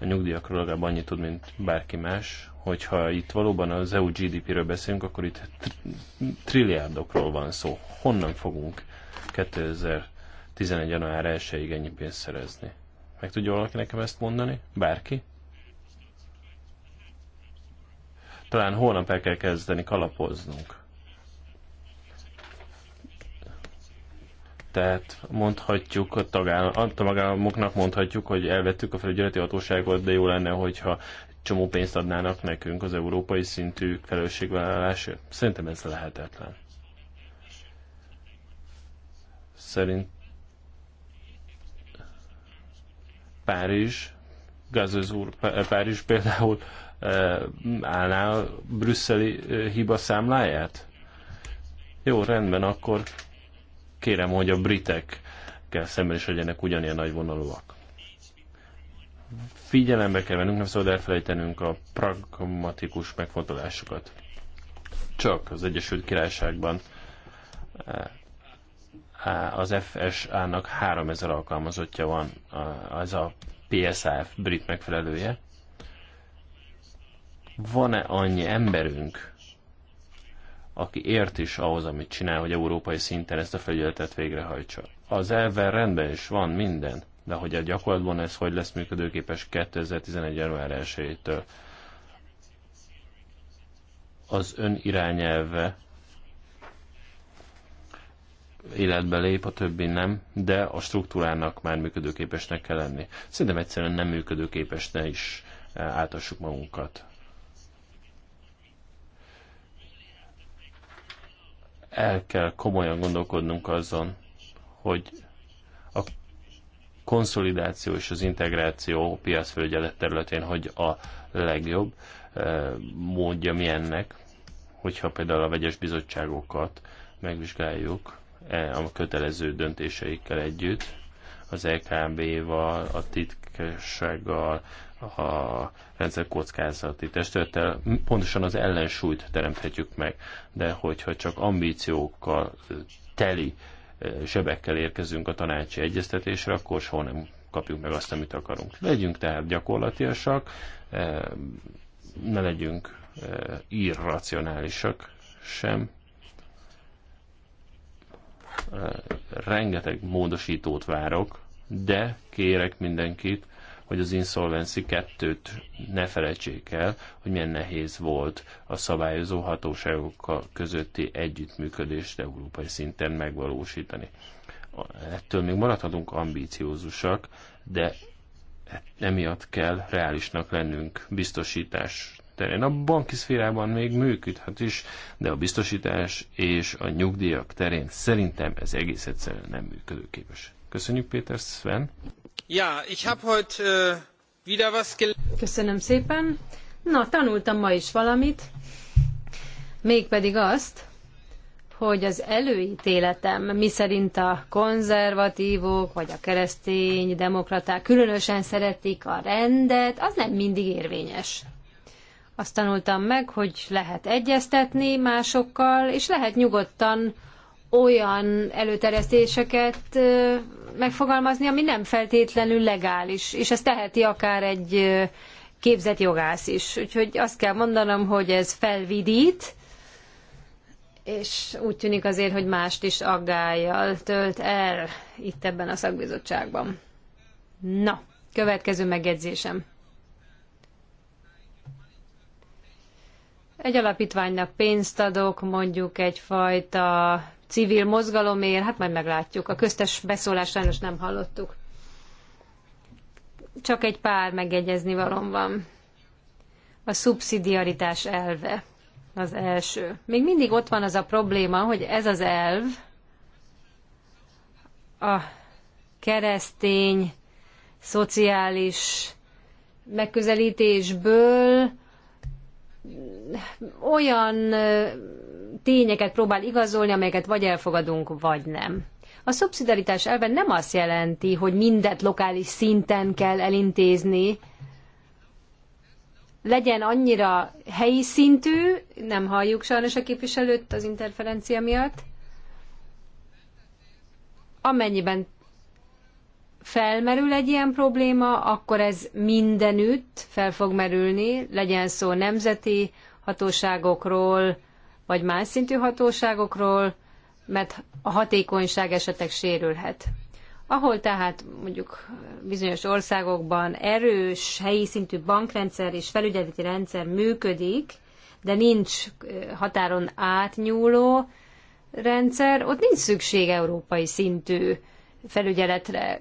a nyugdíjakról legalább annyit tud, mint bárki más, hogyha itt valóban az EU GDP-ről beszélünk, akkor itt trilliárdokról van szó. Honnan fogunk 2011. január 1-ig ennyi pénzt szerezni? Meg tudja valaki nekem ezt mondani? Bárki? Talán holnap el kell kezdeni kalapoznunk. Tehát mondhatjuk a, tagállam, a tagállamoknak mondhatjuk, hogy elvettük a felügyeleti hatóságot, de jó lenne, hogyha csomó pénzt adnának nekünk az európai szintű felelősségvállalásért. Szerintem ez lehetetlen. Szerint Párizs, Gazöz úr, eh, Párizs például eh, állná a brüsszeli eh, hiba számláját? Jó, rendben, akkor kérem, hogy a britekkel szemben is legyenek ugyanilyen nagyvonalúak. Figyelembe kell vennünk, nem szabad elfelejtenünk a pragmatikus megfontolásokat. Csak az Egyesült Királyságban eh, eh, az FSA-nak 3000 alkalmazottja van, az eh, a PSAF brit megfelelője. Van-e annyi emberünk, aki ért is ahhoz, amit csinál, hogy európai szinten ezt a felügyeletet végrehajtsa. Az elven rendben is van minden, de hogy a gyakorlatban ez hogy lesz működőképes 2011. január 1 -től. Az ön irányelve életbe lép, a többi nem, de a struktúrának már működőképesnek kell lenni. Szerintem egyszerűen nem működőképes, ne is eh, átassuk magunkat. el kell komolyan gondolkodnunk azon, hogy a konszolidáció és az integráció piacfelügyelet területén hogy a legjobb eh, módja mi ennek, hogyha például a vegyes bizottságokat megvizsgáljuk eh, a kötelező döntéseikkel együtt, az EKB-val, a titkossággal, a rendszer kockázati testülettel pontosan az ellensúlyt teremthetjük meg, de hogyha csak ambíciókkal teli eh, sebekkel érkezünk a tanácsi egyeztetésre, akkor soha nem kapjuk meg azt, amit akarunk. Legyünk tehát gyakorlatiasak, eh, ne legyünk eh, irracionálisak sem. Rengeteg módosítót várok, de kérek mindenkit, hogy az Insolvency 2-t ne felejtsék el, hogy milyen nehéz volt a szabályozó hatóságokkal közötti együttműködést európai szinten megvalósítani. Ettől még maradhatunk ambíciózusak, de emiatt kell reálisnak lennünk biztosítás terén. A banki szférában még működhet is, de a biztosítás és a nyugdíjak terén szerintem ez egész egyszerűen nem működőképes. Köszönjük Péter Sven! Äh, Köszönöm szépen. Na, tanultam ma is valamit, mégpedig azt, hogy az előtéletem miszerint a konzervatívok vagy a keresztény demokraták különösen szeretik a rendet, az nem mindig érvényes. Azt tanultam meg, hogy lehet egyeztetni másokkal, és lehet nyugodtan olyan előteresztéseket megfogalmazni, ami nem feltétlenül legális, és ezt teheti akár egy képzett jogász is. Úgyhogy azt kell mondanom, hogy ez felvidít, és úgy tűnik azért, hogy mást is aggájjal tölt el itt ebben a szakbizottságban. Na, következő megjegyzésem. Egy alapítványnak pénzt adok, mondjuk egyfajta civil mozgalomért, hát majd meglátjuk. A köztes beszólást sajnos nem hallottuk. Csak egy pár megjegyezni valom van. A szubszidiaritás elve az első. Még mindig ott van az a probléma, hogy ez az elv a keresztény, szociális megközelítésből olyan tényeket próbál igazolni, amelyeket vagy elfogadunk, vagy nem. A szubszidaritás elve nem azt jelenti, hogy mindet lokális szinten kell elintézni, legyen annyira helyi szintű, nem halljuk sajnos a képviselőt az interferencia miatt, amennyiben felmerül egy ilyen probléma, akkor ez mindenütt fel fog merülni, legyen szó nemzeti hatóságokról, vagy más szintű hatóságokról, mert a hatékonyság esetek sérülhet. Ahol tehát mondjuk bizonyos országokban erős helyi szintű bankrendszer és felügyeleti rendszer működik, de nincs határon átnyúló rendszer, ott nincs szükség európai szintű felügyeletre.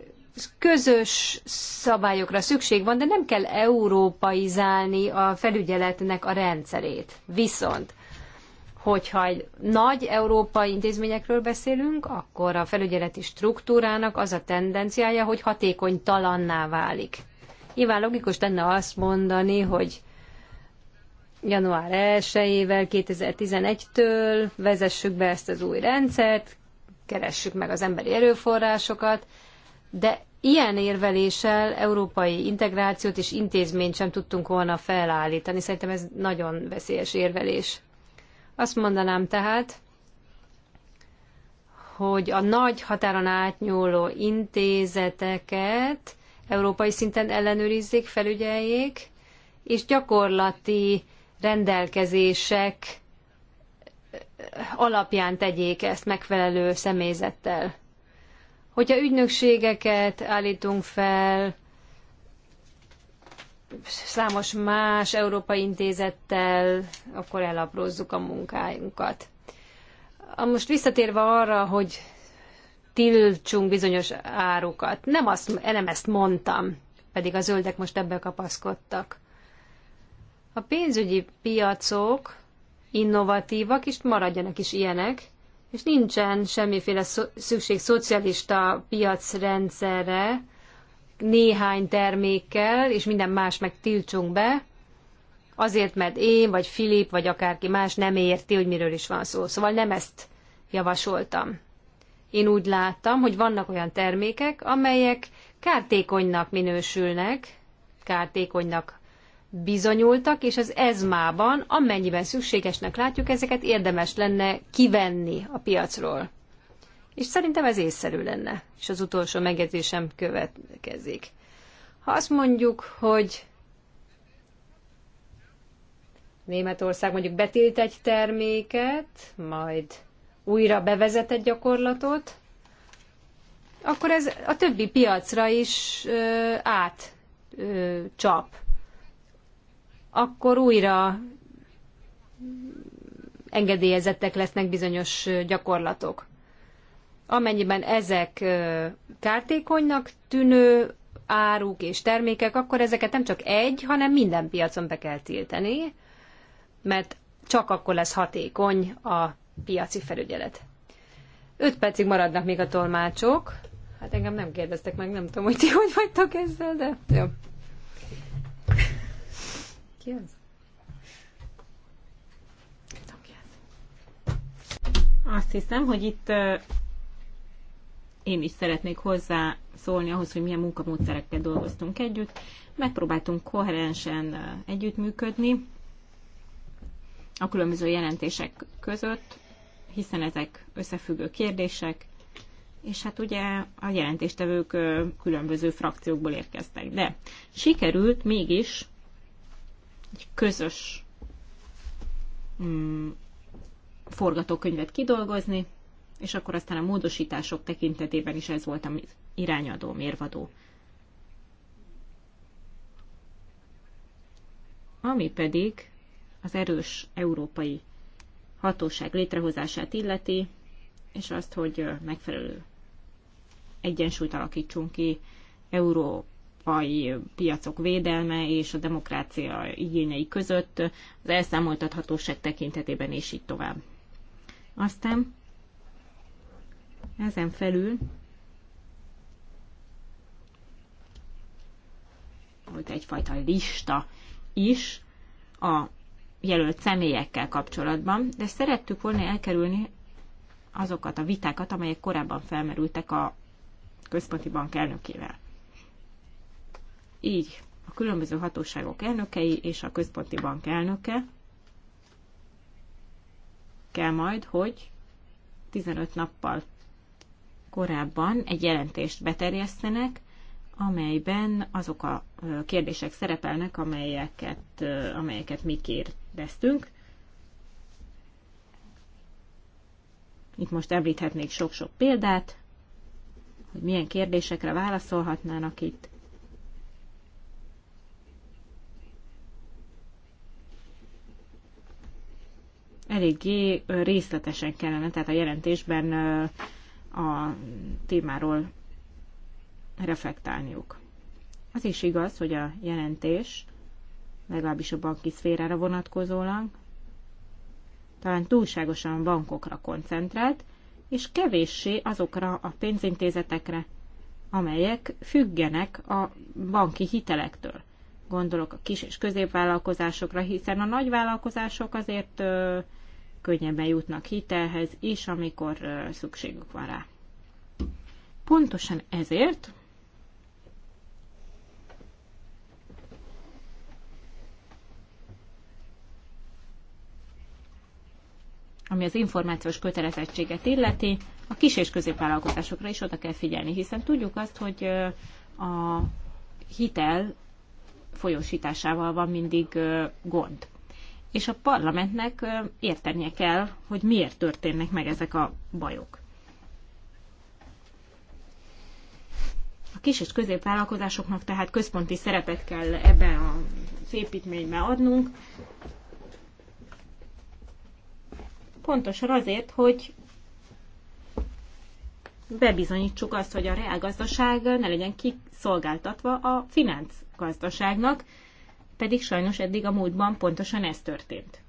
Közös szabályokra szükség van, de nem kell európaizálni a felügyeletnek a rendszerét. Viszont hogyha nagy európai intézményekről beszélünk, akkor a felügyeleti struktúrának az a tendenciája, hogy hatékony talanná válik. Nyilván logikus lenne azt mondani, hogy január 1-ével, 2011-től vezessük be ezt az új rendszert, keressük meg az emberi erőforrásokat, de ilyen érveléssel európai integrációt és intézményt sem tudtunk volna felállítani. Szerintem ez nagyon veszélyes érvelés. Azt mondanám tehát, hogy a nagy határon átnyúló intézeteket európai szinten ellenőrizzék, felügyeljék, és gyakorlati rendelkezések eh, alapján tegyék ezt megfelelő személyzettel. Hogyha ügynökségeket állítunk fel, számos más európai intézettel, akkor elaprózzuk a A Most visszatérve arra, hogy tiltsunk bizonyos árukat. Nem, azt, nem ezt mondtam, pedig a zöldek most ebbe kapaszkodtak. A pénzügyi piacok innovatívak, és maradjanak is ilyenek, és nincsen semmiféle szükség szocialista piacrendszerre, néhány termékkel, és minden más meg tiltsunk be, azért, mert én, vagy Filip, vagy akárki más nem érti, hogy miről is van szó. Szóval nem ezt javasoltam. Én úgy láttam, hogy vannak olyan termékek, amelyek kártékonynak minősülnek, kártékonynak bizonyultak, és az ezmában, amennyiben szükségesnek látjuk, ezeket érdemes lenne kivenni a piacról. És szerintem ez észszerű lenne. És az utolsó megjegyzésem következik. Ha azt mondjuk, hogy Németország mondjuk betilt egy terméket, majd újra bevezet egy gyakorlatot, akkor ez a többi piacra is ö, át ö, csap. Akkor újra engedélyezettek lesznek bizonyos gyakorlatok amennyiben ezek kártékonynak tűnő áruk és termékek, akkor ezeket nem csak egy, hanem minden piacon be kell tiltani, mert csak akkor lesz hatékony a piaci felügyelet. Öt percig maradnak még a tolmácsok. Hát engem nem kérdeztek meg, nem tudom, hogy ti hogy vagytok ezzel, de jó. Ki az? Azt hiszem, hogy itt én is szeretnék hozzá szólni ahhoz, hogy milyen munkamódszerekkel dolgoztunk együtt. Megpróbáltunk koherensen együttműködni a különböző jelentések között, hiszen ezek összefüggő kérdések, és hát ugye a jelentéstevők különböző frakciókból érkeztek. De sikerült mégis egy közös mm, forgatókönyvet kidolgozni, és akkor aztán a módosítások tekintetében is ez volt a irányadó, mérvadó. Ami pedig az erős európai hatóság létrehozását illeti, és azt, hogy megfelelő egyensúlyt alakítsunk ki európai piacok védelme és a demokrácia igényei között, az elszámoltathatóság tekintetében és így tovább. Aztán ezen felül volt egyfajta lista is a jelölt személyekkel kapcsolatban, de szerettük volna elkerülni azokat a vitákat, amelyek korábban felmerültek a központi bank elnökével. Így a különböző hatóságok elnökei és a központi bank elnöke kell majd, hogy 15 nappal korábban egy jelentést beterjesztenek, amelyben azok a kérdések szerepelnek, amelyeket, amelyeket mi kérdeztünk. Itt most említhetnék sok-sok példát, hogy milyen kérdésekre válaszolhatnának itt. Eléggé részletesen kellene, tehát a jelentésben a témáról reflektálniuk. Az is igaz, hogy a jelentés, legalábbis a banki szférára vonatkozólag, talán túlságosan a bankokra koncentrált, és kevéssé azokra a pénzintézetekre, amelyek függenek a banki hitelektől. Gondolok a kis és középvállalkozásokra, hiszen a nagyvállalkozások azért könnyebben jutnak hitelhez is, amikor szükségük van rá. Pontosan ezért ami az információs kötelezettséget illeti, a kis- és középvállalkozásokra is oda kell figyelni, hiszen tudjuk azt, hogy a hitel folyósításával van mindig gond és a parlamentnek értenie kell, hogy miért történnek meg ezek a bajok. A kis és középvállalkozásoknak tehát központi szerepet kell ebben a szépítménybe adnunk, pontosan azért, hogy bebizonyítsuk azt, hogy a reálgazdaság ne legyen kiszolgáltatva a finanszgazdaságnak, pedig sajnos eddig a múltban pontosan ez történt.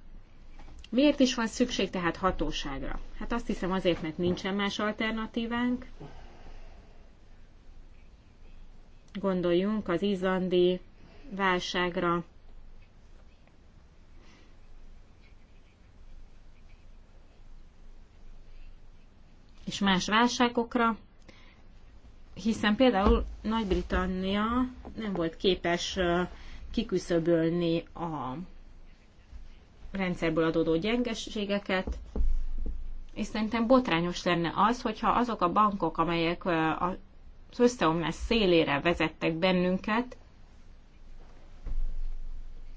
Miért is van szükség tehát hatóságra? Hát azt hiszem azért, mert nincsen más alternatívánk. Gondoljunk az izlandi válságra. És más válságokra, hiszen például Nagy-Britannia nem volt képes kiküszöbölni a rendszerből adódó gyengeségeket, és szerintem botrányos lenne az, hogyha azok a bankok, amelyek az összeomlás szélére vezettek bennünket,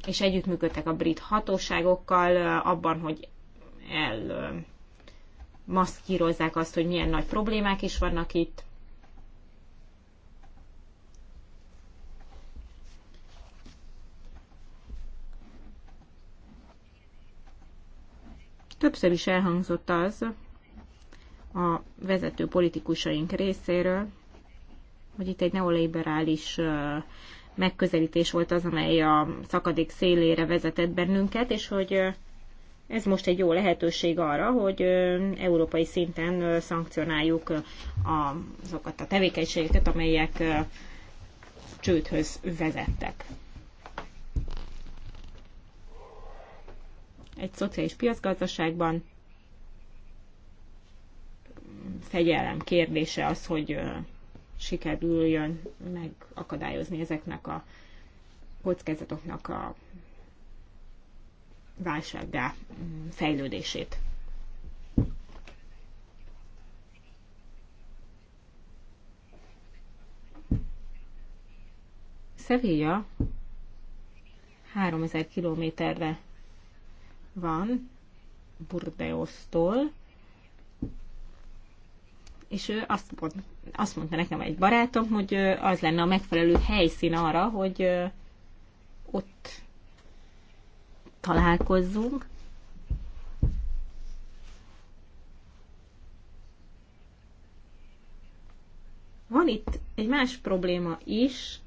és együttműködtek a brit hatóságokkal abban, hogy el maszkírozzák azt, hogy milyen nagy problémák is vannak itt. Többször is elhangzott az a vezető politikusaink részéről, hogy itt egy neoliberális megközelítés volt az, amely a szakadék szélére vezetett bennünket, és hogy ez most egy jó lehetőség arra, hogy európai szinten szankcionáljuk azokat a tevékenységeket, amelyek csődhöz vezettek. egy szociális piacgazdaságban fegyelem kérdése az, hogy sikerüljön megakadályozni ezeknek a kockázatoknak a válsággá mm, fejlődését. Sevilla 3000 kilométerre van, Burdeosztól, és ő azt, azt mondta nekem egy barátom, hogy az lenne a megfelelő helyszín arra, hogy ott találkozzunk. Van itt egy más probléma is,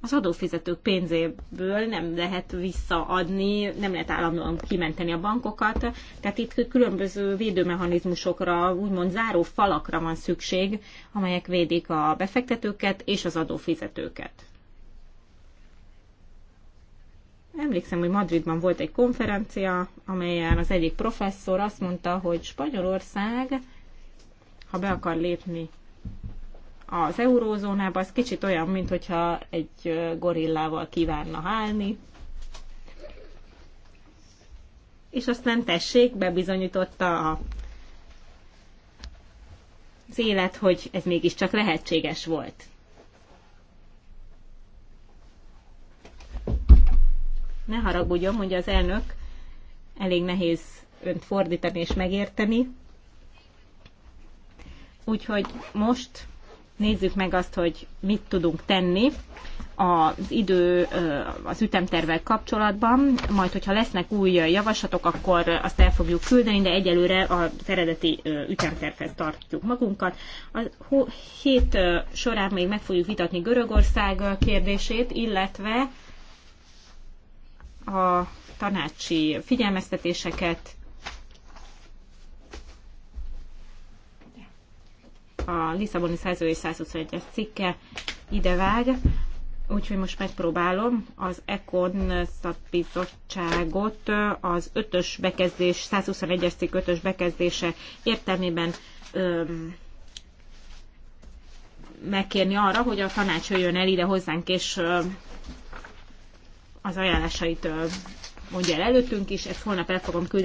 az adófizetők pénzéből nem lehet visszaadni, nem lehet állandóan kimenteni a bankokat, tehát itt különböző védőmechanizmusokra, úgymond záró falakra van szükség, amelyek védik a befektetőket és az adófizetőket. Emlékszem, hogy Madridban volt egy konferencia, amelyen az egyik professzor azt mondta, hogy Spanyolország, ha be akar lépni az eurózónában az kicsit olyan, mint hogyha egy gorillával kívánna hálni. És aztán tessék, bebizonyította a az élet, hogy ez mégiscsak lehetséges volt. Ne haragudjon, hogy az elnök elég nehéz önt fordítani és megérteni. Úgyhogy most nézzük meg azt, hogy mit tudunk tenni az idő, az ütemtervel kapcsolatban. Majd, hogyha lesznek új javaslatok, akkor azt el fogjuk küldeni, de egyelőre az eredeti ütemtervhez tartjuk magunkat. A hét során még meg fogjuk vitatni Görögország kérdését, illetve a tanácsi figyelmeztetéseket, a Lisszaboni 121-121-es cikke ide vág, úgyhogy most megpróbálom az ECON szakbizottságot az 5-ös bekezdés, 121-es cikk 5-ös bekezdése értelmében öm, megkérni arra, hogy a tanács jöjjön el ide hozzánk, és öm, az ajánlásait öm, mondja el előttünk is, ezt holnap el fogom küldeni.